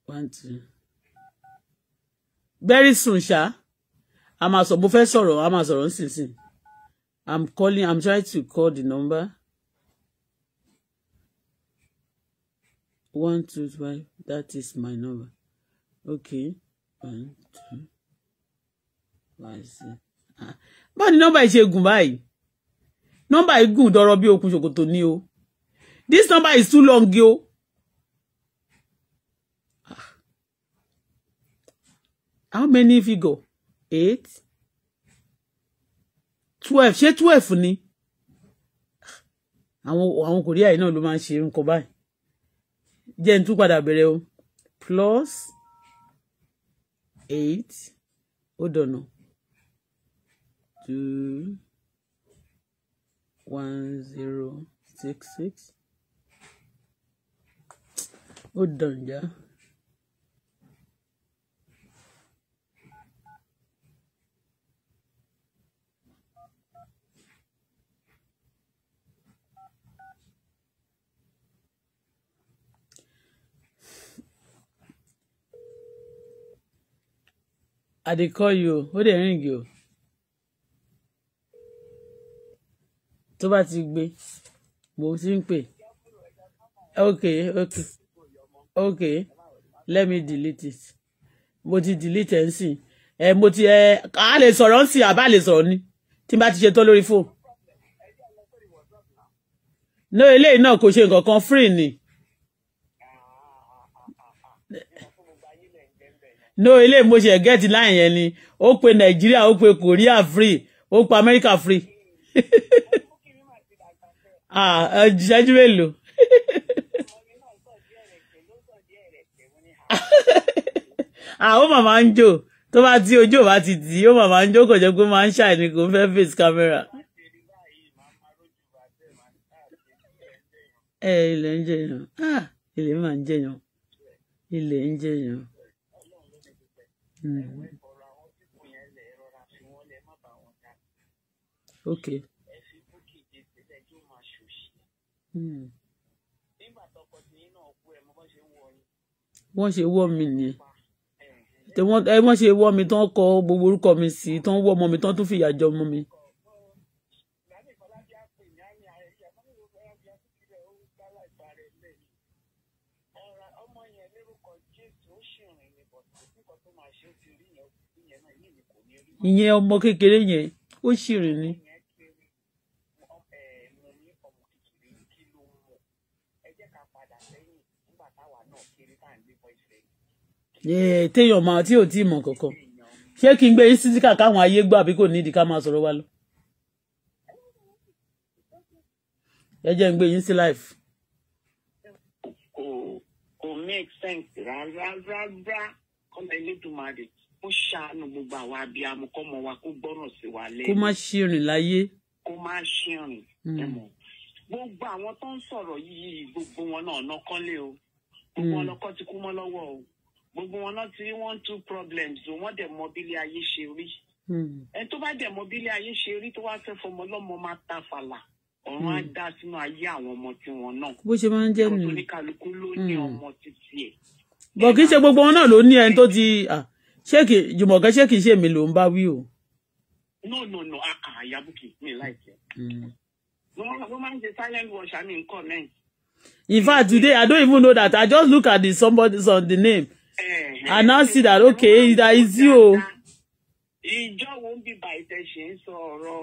one two very soon Sha. a máa sọ mo fẹ́ sọ̀rọ̀ a máa sọ̀rọ̀ nísinsìn i'm calling i'm trying to call the number one two five that is my number okay báwo ni nọ́mbà yìí ṣe gùn báyìí nọ́mbà yìí gùn dọ̀rọ̀ bí okùn ṣòkòtò ni o this number is too long o. Ah. how many figure eight twelve ṣé twelve ni àwọn àwọn kòríà yìí náà ló máa ń ṣe nǹkan báyìí jẹ́ n tún padà bẹ̀rẹ̀ o plus eight hold on no. two one zero six six hold on yeah. i dey call you o ó ring you? o tó bá ti gbé mo ti ń pè okay okay okay let me delete it mo ti delete ẹ̀ ń sìn ẹ̀ mo ti ẹ̀ a lè sọ̀rọ̀ ń sìn àbá lè sọ̀rọ̀ ni tí n bá ti ṣe tán lórí fóònù no eléyìí náà kò ṣe nǹkan kan free ni no ilé mo ṣe get line yẹn ni ó pe nàìjíríà ó pe korea free ó pe america free ah ìṣẹ́jú mélòó. àwọn ah, màmá ń jò tó bá tí ojú ò bá ti tì í ó màmá ń jò kò jẹ́ pé máa ń ṣàìní kò ń fẹ́ face camera. ẹ eh, ilẹ̀ ń jẹyàn ah, ilẹ̀ máa ń jẹyàn ilẹ̀ ń jẹyàn okay. Hmm. wọ́n ṣe wọ́ mi ni wọ́n ṣe wọ́ mi tán kọ gbogbo orúkọ mi sí tán wọ́ ọmọ mi tán tún fìyà jọ ọmọ mi. Mm. ìyẹn ọmọ kékeré yẹn ó sì rìn téèyàn máa tí ò tí ì mọ̀ kankan ṣé kí n gbé sísíkà káwọn ayé gbọ́ àbí kò nídìí ká máa sọ̀rọ̀ wa lọ. ẹ jẹ́ ń gbé yín sí life. kò kò make sense rárá rárá kọ́mọ elédùnmarè kó ṣàánú gbogbo àwa abiyamọ kọmọ wa kó gbọ́ràn sí wa lẹ́nu. kó má ṣìrìn láyé. kó má ṣìrìn hmm. ẹmọ gbogbo àwọn tó ń sọ̀rọ̀ yìí gbogbo wọn náà nọkànlé o gbogbo hmm. wọn lọkọ ti kú mọ́ lọ́wọ́ o gbogbo wọn náà ti one two problems o wọ́n dẹ̀ mọ̀ bílé ayé ṣe rí hmm. ẹni tó bá dẹ̀ mọ̀ bílé ayé ṣe rí tó wá fẹ́ fọmọ lọ́mọ máa ta fàlà ọ̀run á dá sínú ayé àwọn ọmọ tiwọn náà. bó ṣe máa ń jẹ́ nù. ọ̀tún ní kálukú ló ní ọmọ títí ẹ̀. bọ̀ kì í ṣe gbogbo wọn náà ló ní ẹni tó ti ṣé kì jùmọ̀kẹ́ she kì í ṣe èmi ló ń bá wí o. no no no àyà bùkì mi láìpẹ́. Hmm. wọ́n máa ń ṣe silent watch àmì nǹkan mẹ́rin. in fact today i don't even know that i just look at the somebody's on the name uh, and now eh, see that okay eh, that is you. ìjọ just won't be ìtẹ̀ ṣe ń sọ ọ̀rọ̀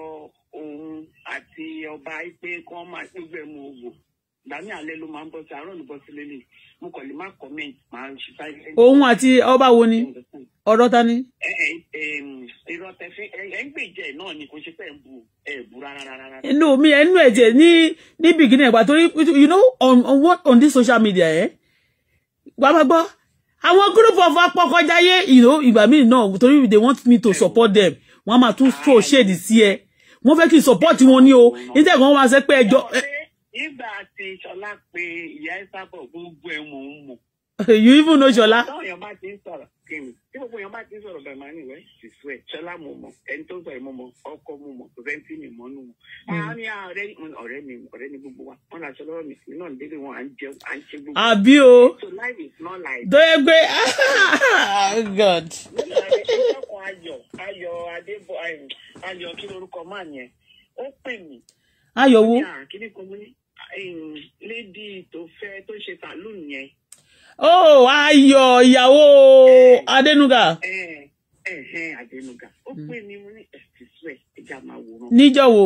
òun àti ọba ipe kan máa ń gbàmí alẹ́ ló máa ń bọ́ sí àárọ̀ ló bọ́ sí lélẹ̀ mo kàn lè má comment máa ń ṣiṣẹ́. òun àti ọba wo ni ọ̀rọ̀ ta ni. irọ́ tẹ̀fín ẹ̀ ń gbèjẹ́ náà ni kò ṣe fẹ́ bu ẹ̀ bu rárá. inú mi ẹnu ẹ̀jẹ̀ ní ní bìgínì ẹ̀gbà torí you know on on what on this social media ẹ̀ eh? gbàgbọ́ àwọn group of apọkọjáyé ìgbà míì náà torí they want me to support them wọ́n máa tún throw shade sí ẹ wọ́n fẹ́ kí n support wọn ní o nítorí wọ́n máa ṣe pé ẹjọ́ nígbà tí ṣọlá pé ìyá ìsábọ̀ gbogbo ẹ̀ mò ń mọ̀. you even know ṣọlá. táwọn èèyàn bá ti ń sọ̀rọ̀ kìnnì tí gbogbo èèyàn bá ti ń sọ̀rọ̀ bẹ̀rẹ̀ máa ń ìwé ṣìṣú ẹ̀ ṣọlá mo mọ̀ ẹni tó ń sọ̀rọ̀ mo mọ̀ ọkọ mo mọ̀ kò sẹ́ńtì mi mọ́ nù mọ̀. àwọn hmm. ní ọ̀rẹ́ ọ̀rẹ́ mi ọ̀rẹ́ mi gbogbo wa wọn làṣọ lọ́wọ́ mi mi náà wọn à ń jẹun à ń ṣe gbogbo. àbí o dóyè gbé God. ayọ̀ ayọ̀ adébọ̀ ayọ̀ kí lorúkọ máa yẹn ó pè mí. ayọ̀ wo lédi tó fẹ́ tó ṣe sàlùn yẹn. ó oh, ayọ̀ ìyàwó eh, adénúgà. Eh, eh, adénúgà ó mm. pè mí mo ní ẹ̀sìn sùẹ̀ ẹja máa wòran. níjọ́ wo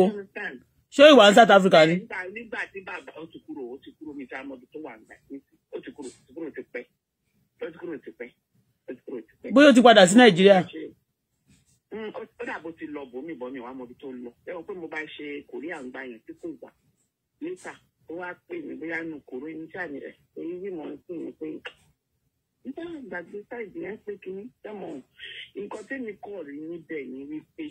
ṣé ìwà ń South Africa ni. nígbà tí bàbá ó ti kúrò ó ti kúrò mi ta mọ́bi tó wà ń gbà ó ti kúrò ó ti kúrò ti pẹ́ ó ti kúrò ti pẹ́ ó ti kúrò ti pẹ́. bóyá o ti padà sí nàìjíríà mm, ó dàbò ti lọ bòmí bòmí wàá mọbi tó ń lọ ẹ wọ pé mo bá ṣe kòríà ń gbà yẹn tí kò gbà níta ó wá pè mí bóyá nù kúrò ní sàmì rẹ̀ èyí bí mò ń pè mí pé nígbà gbàgbé sáìdì yẹn pé kí ní tẹ́mọ̀ nǹkan tẹ́mi kọ̀ rí níbẹ̀ ni wípé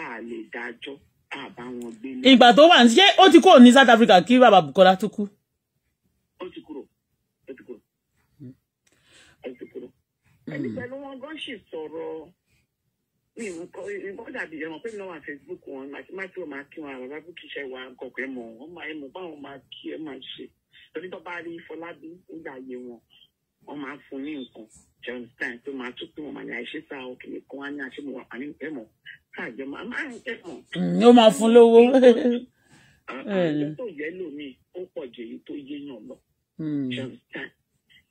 a lè dájọ́ àbá wọn gbélé. ìgbà tó wà ṣé ó ti kúrò ní South Africa kí bàbá Bukola tó kú. ó ti kúrò ó ti kúrò hmm. ó ti kúrò ẹni pẹ̀lú wọn gan ṣì sọ̀rọ̀ mi dàbí ẹ mọ̀ pé mi náà wà facebook wọn màtí má tí wọn àwọn bàbá kì í ṣe ẹ mọ̀ wọn máa ẹ mọ̀ báwọn máa kí ẹ máa ṣe torí tó rí fọlábí nígbà yẹ wọn wọn máa fún ní nǹkan john stein tó máa tún pé wọn máa ní àìṣe sáà òkèlè kan á ní àṣẹ mọ wà ẹ mọ káàjọ máa máa ń ẹ mọ. Mm, ó máa fún lówó. àwọn tó yẹ lómi ó pọ̀ jù èyí tó yéèyàn lọ john mm. stein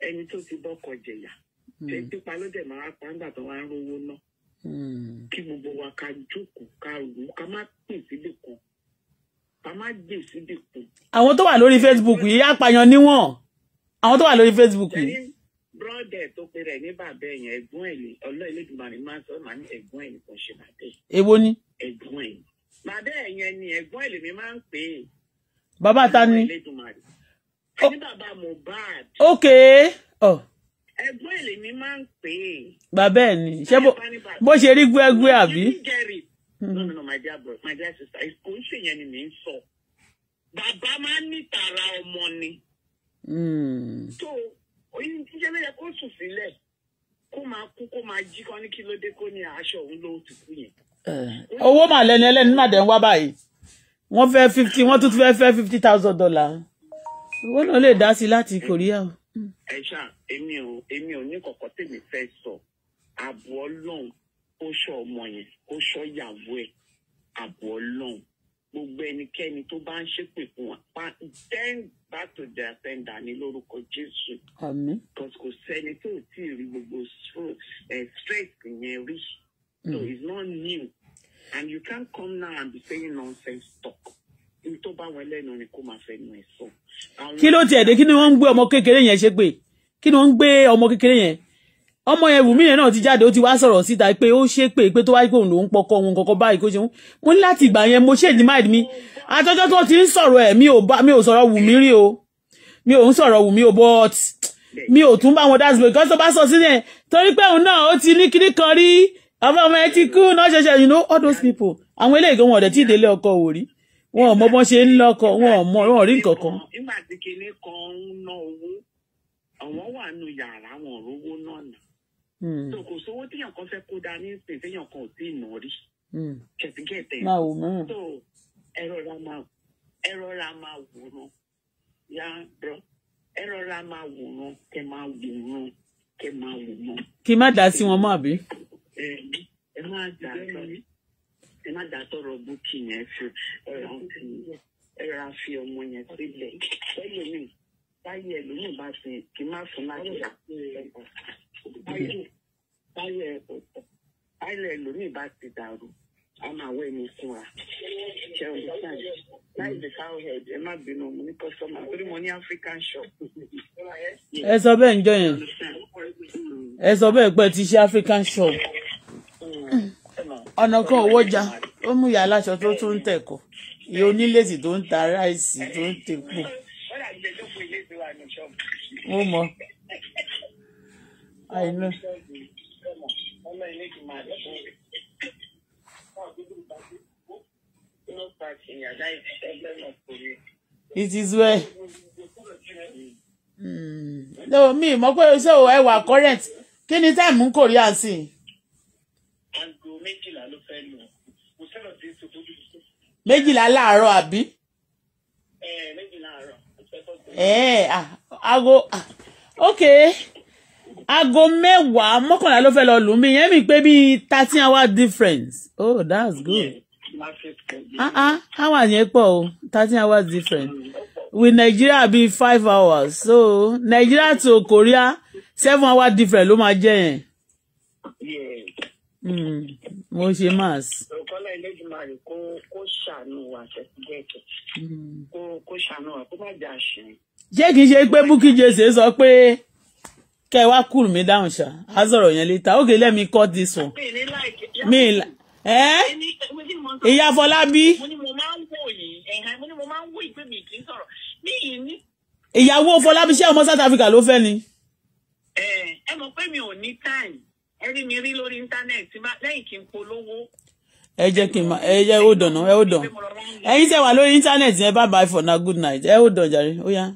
ẹni tó ti bọ́kọ̀ jẹ̀yà mm. ṣe pípa ló máa pa nígbà tó wá ń rówó náà. Hmm. kí gbogbo wa ká jókòó ká rò ó ká má pè síbì kan ká má dè síbì kan. àwọn tó wà lórí Facebook yìí apààyàn níwọ̀n àwọn tó wà lórí Facebook yìí. brọ́dẹ̀ tó pe rẹ̀ ní bàbá ẹ̀yìn ẹ̀gbọ́n ẹ̀ lè máa ń sọ màá ní ẹ̀gbọ́n ẹ̀ nìkan ṣe bàbá ẹ̀. èwo ni. ẹ̀gbọ́n ẹ̀ bàbá ẹ̀yìn ni ẹ̀gbọ́n ẹ̀ lèmi máa ń pè é. bàbá ta ni. ẹni bàbá Mohbad. ok. Oh ẹ̀gbọ́n èlé mi máa ń pè é. bàbá ẹ ní ṣé bó ṣe rí gbẹgbẹ àbí. Hmm. no no no my dear brother my dear sister kò ń ṣèyẹn ni mi ń sọ bàbá máa ń ní tara ọmọ ni. tó oyún jíjẹ ló yẹ kó sùn sílẹ̀ kó máa kú kó máa jí kán ní kí ló dé kó ní aṣọ òun ló ti kú yẹn. Eh, owó màlẹ́ni ẹlẹ́ni náà dẹ̀ ń wá báyìí wọ́n fẹ́ fifty wọ́n tún fẹ́ fẹ́ fifty thousand dollar owó náà lè dá sí i láti Korea o. Mm. ẹ ṣá èmi ò èmi ò ní kọ̀kọ́ tèmi fẹ́ sọ ààbò ọlọ́run kó ṣọ́ ọmọ yẹn kó ṣọ́ ìyàwó ẹ̀ ààbò ọlọ́run gbogbo ẹnikẹ́ni tó bá ń ṣépè fún wa pa back to their sender ní lórúkọ jésù. àmín. because kò sẹ́ni tó tí ì rí gbogbo eh, stress yẹn rí. so mm. it's not new and you can't come now and be saying nonsense talk tó bá wọn lẹ́nu ni kó máa fẹnu ẹ̀ sọ. kí ló tiẹ̀ dé kí ni wọ́n ń gbé ọmọ kékeré yẹn ṣe pé kí ni wọ́n ń gbé ọmọ kékeré yẹn ọmọ yẹn wùmí yẹn náà ti jáde ó ti wá sọ̀rọ̀ síta pé ó ṣe pé pé tó wáyé pé òun pọkọ òun kọ̀ọ̀kan báyìí kó ṣeun mo ní láti ìgbà yẹn mo change mind mi àtọ́jọ́ tó ti ń sọ̀rọ̀ ẹ̀ mi ò sọ̀rọ̀ wùmí rí o mi ò ń sọ̀rọ̀ wùmí o but mi ò tún bá wọn dá síbẹ̀ kọ́sọ́ bá sọ sílẹ̀ torí pé òun náà ó ti ní kíní kan rí ọmọ ọmọ ẹ ti kú náà ṣẹ̀ṣẹ̀ you know all those people àwọn eléyìí gan wọn ọ̀dẹ̀ tí ìdílé wọn ò mọ bọ́n ṣe ń lọ́kọ̀ wọn ò mọ wọn ò rí nǹkan kan. nígbà tí kinní kan ń ná owó àwọn wà nù yàrá wọn ò rówó náà nà. tó hmm. kò sówó téèyàn kan fẹ́ kó dání sí téèyàn kan ò tí ì nà rí. Hmm. kẹ̀tíkẹ̀tẹ̀ tó ẹ̀rọ la máa ẹ̀rọ la máa wòran yá rọ ẹ̀rọ la máa wòran kẹ máa wòran kẹ máa wòran. kí n má dá sí wọn mọ́ àbí. ẹ máa dá sí ẹ má dá sọ̀rọ̀ búkì yẹn fún ẹ ra fi ọmọ yẹn sílẹ̀ ẹlòmíì báyìí ẹlòmíì bá ti kì í má fún láti rà báyìí báyìí ẹlòmíì bá ti dàrú a máa wọ ẹni fún wa ṣẹun sàn láì the cowhead ẹ má bínú mo ní kọ́sọ́mà torí mo ní African shop. ẹ sọ bẹ́ẹ̀ ń jọ yẹn ẹ sọ ti ṣe African shop. Mm ọ̀nà kan ò wọ́jà ó mú ìyá aláṣọ tó tún ń tẹ̀kọ́ ìyá onílẹ̀sì tó ń ta ráìsì tó ń tẹ̀kọ́. mo mọ àìní. it is well. Mm. no mi mọ̀ pé ṣé o ẹ wà current kí ni time ń kò àǹsìn méjìlá ló fẹ́ lò kò sẹ́nà dé tó tó dùn. méjìlá láàárọ̀ àbí. ẹ méjìlá àárọ̀ ẹ ẹ aago ok aago mẹ́wàá mọ́kànlá ló fẹ́ lọ lù mí yẹn mi pé bíi thirteen hour difference oh that's good. ah ah How many pọ̀ thirteen hours difference with Nigeria be five hours so Nigeria to Korea seven hours difference ló máa jẹ́ yẹn. Hmm. mo ṣe mass. ìkọlẹ̀ Elédùmarè kó kó ṣàánú wa àtẹ̀síjẹ́kẹ̀ hmm. kó kó ṣàánú wa kó má jà ṣe. ṣé kìí ṣe pé Bukky Jesse sọ pé kẹ wá cool mi down ṣá a sọ̀rọ̀ yẹn later okay let me cut this one. mi ì like ẹ́ ìyá Fọlábí. mo ní mo máa ń wò yìí ẹ̀hán mo ní mo máa ń wò yìí pé mi kì í sọ̀rọ̀ ní yìí ní. ìyàwó Fọlábí ṣé ọmọ South Africa ló fẹ́ ni. ẹ ẹ mọ̀ pé mi ò ní time e rí mi rí lórí íńtánẹ́ẹ̀tì lẹ́yìn kí n polówó. ẹ jẹ kí n máa ẹ yẹ ó ẹ ó dọ̀n ẹ̀yin tẹ́ wà lórí íńtánẹ́ẹ̀tì yẹn ẹ ó jàre ó yá.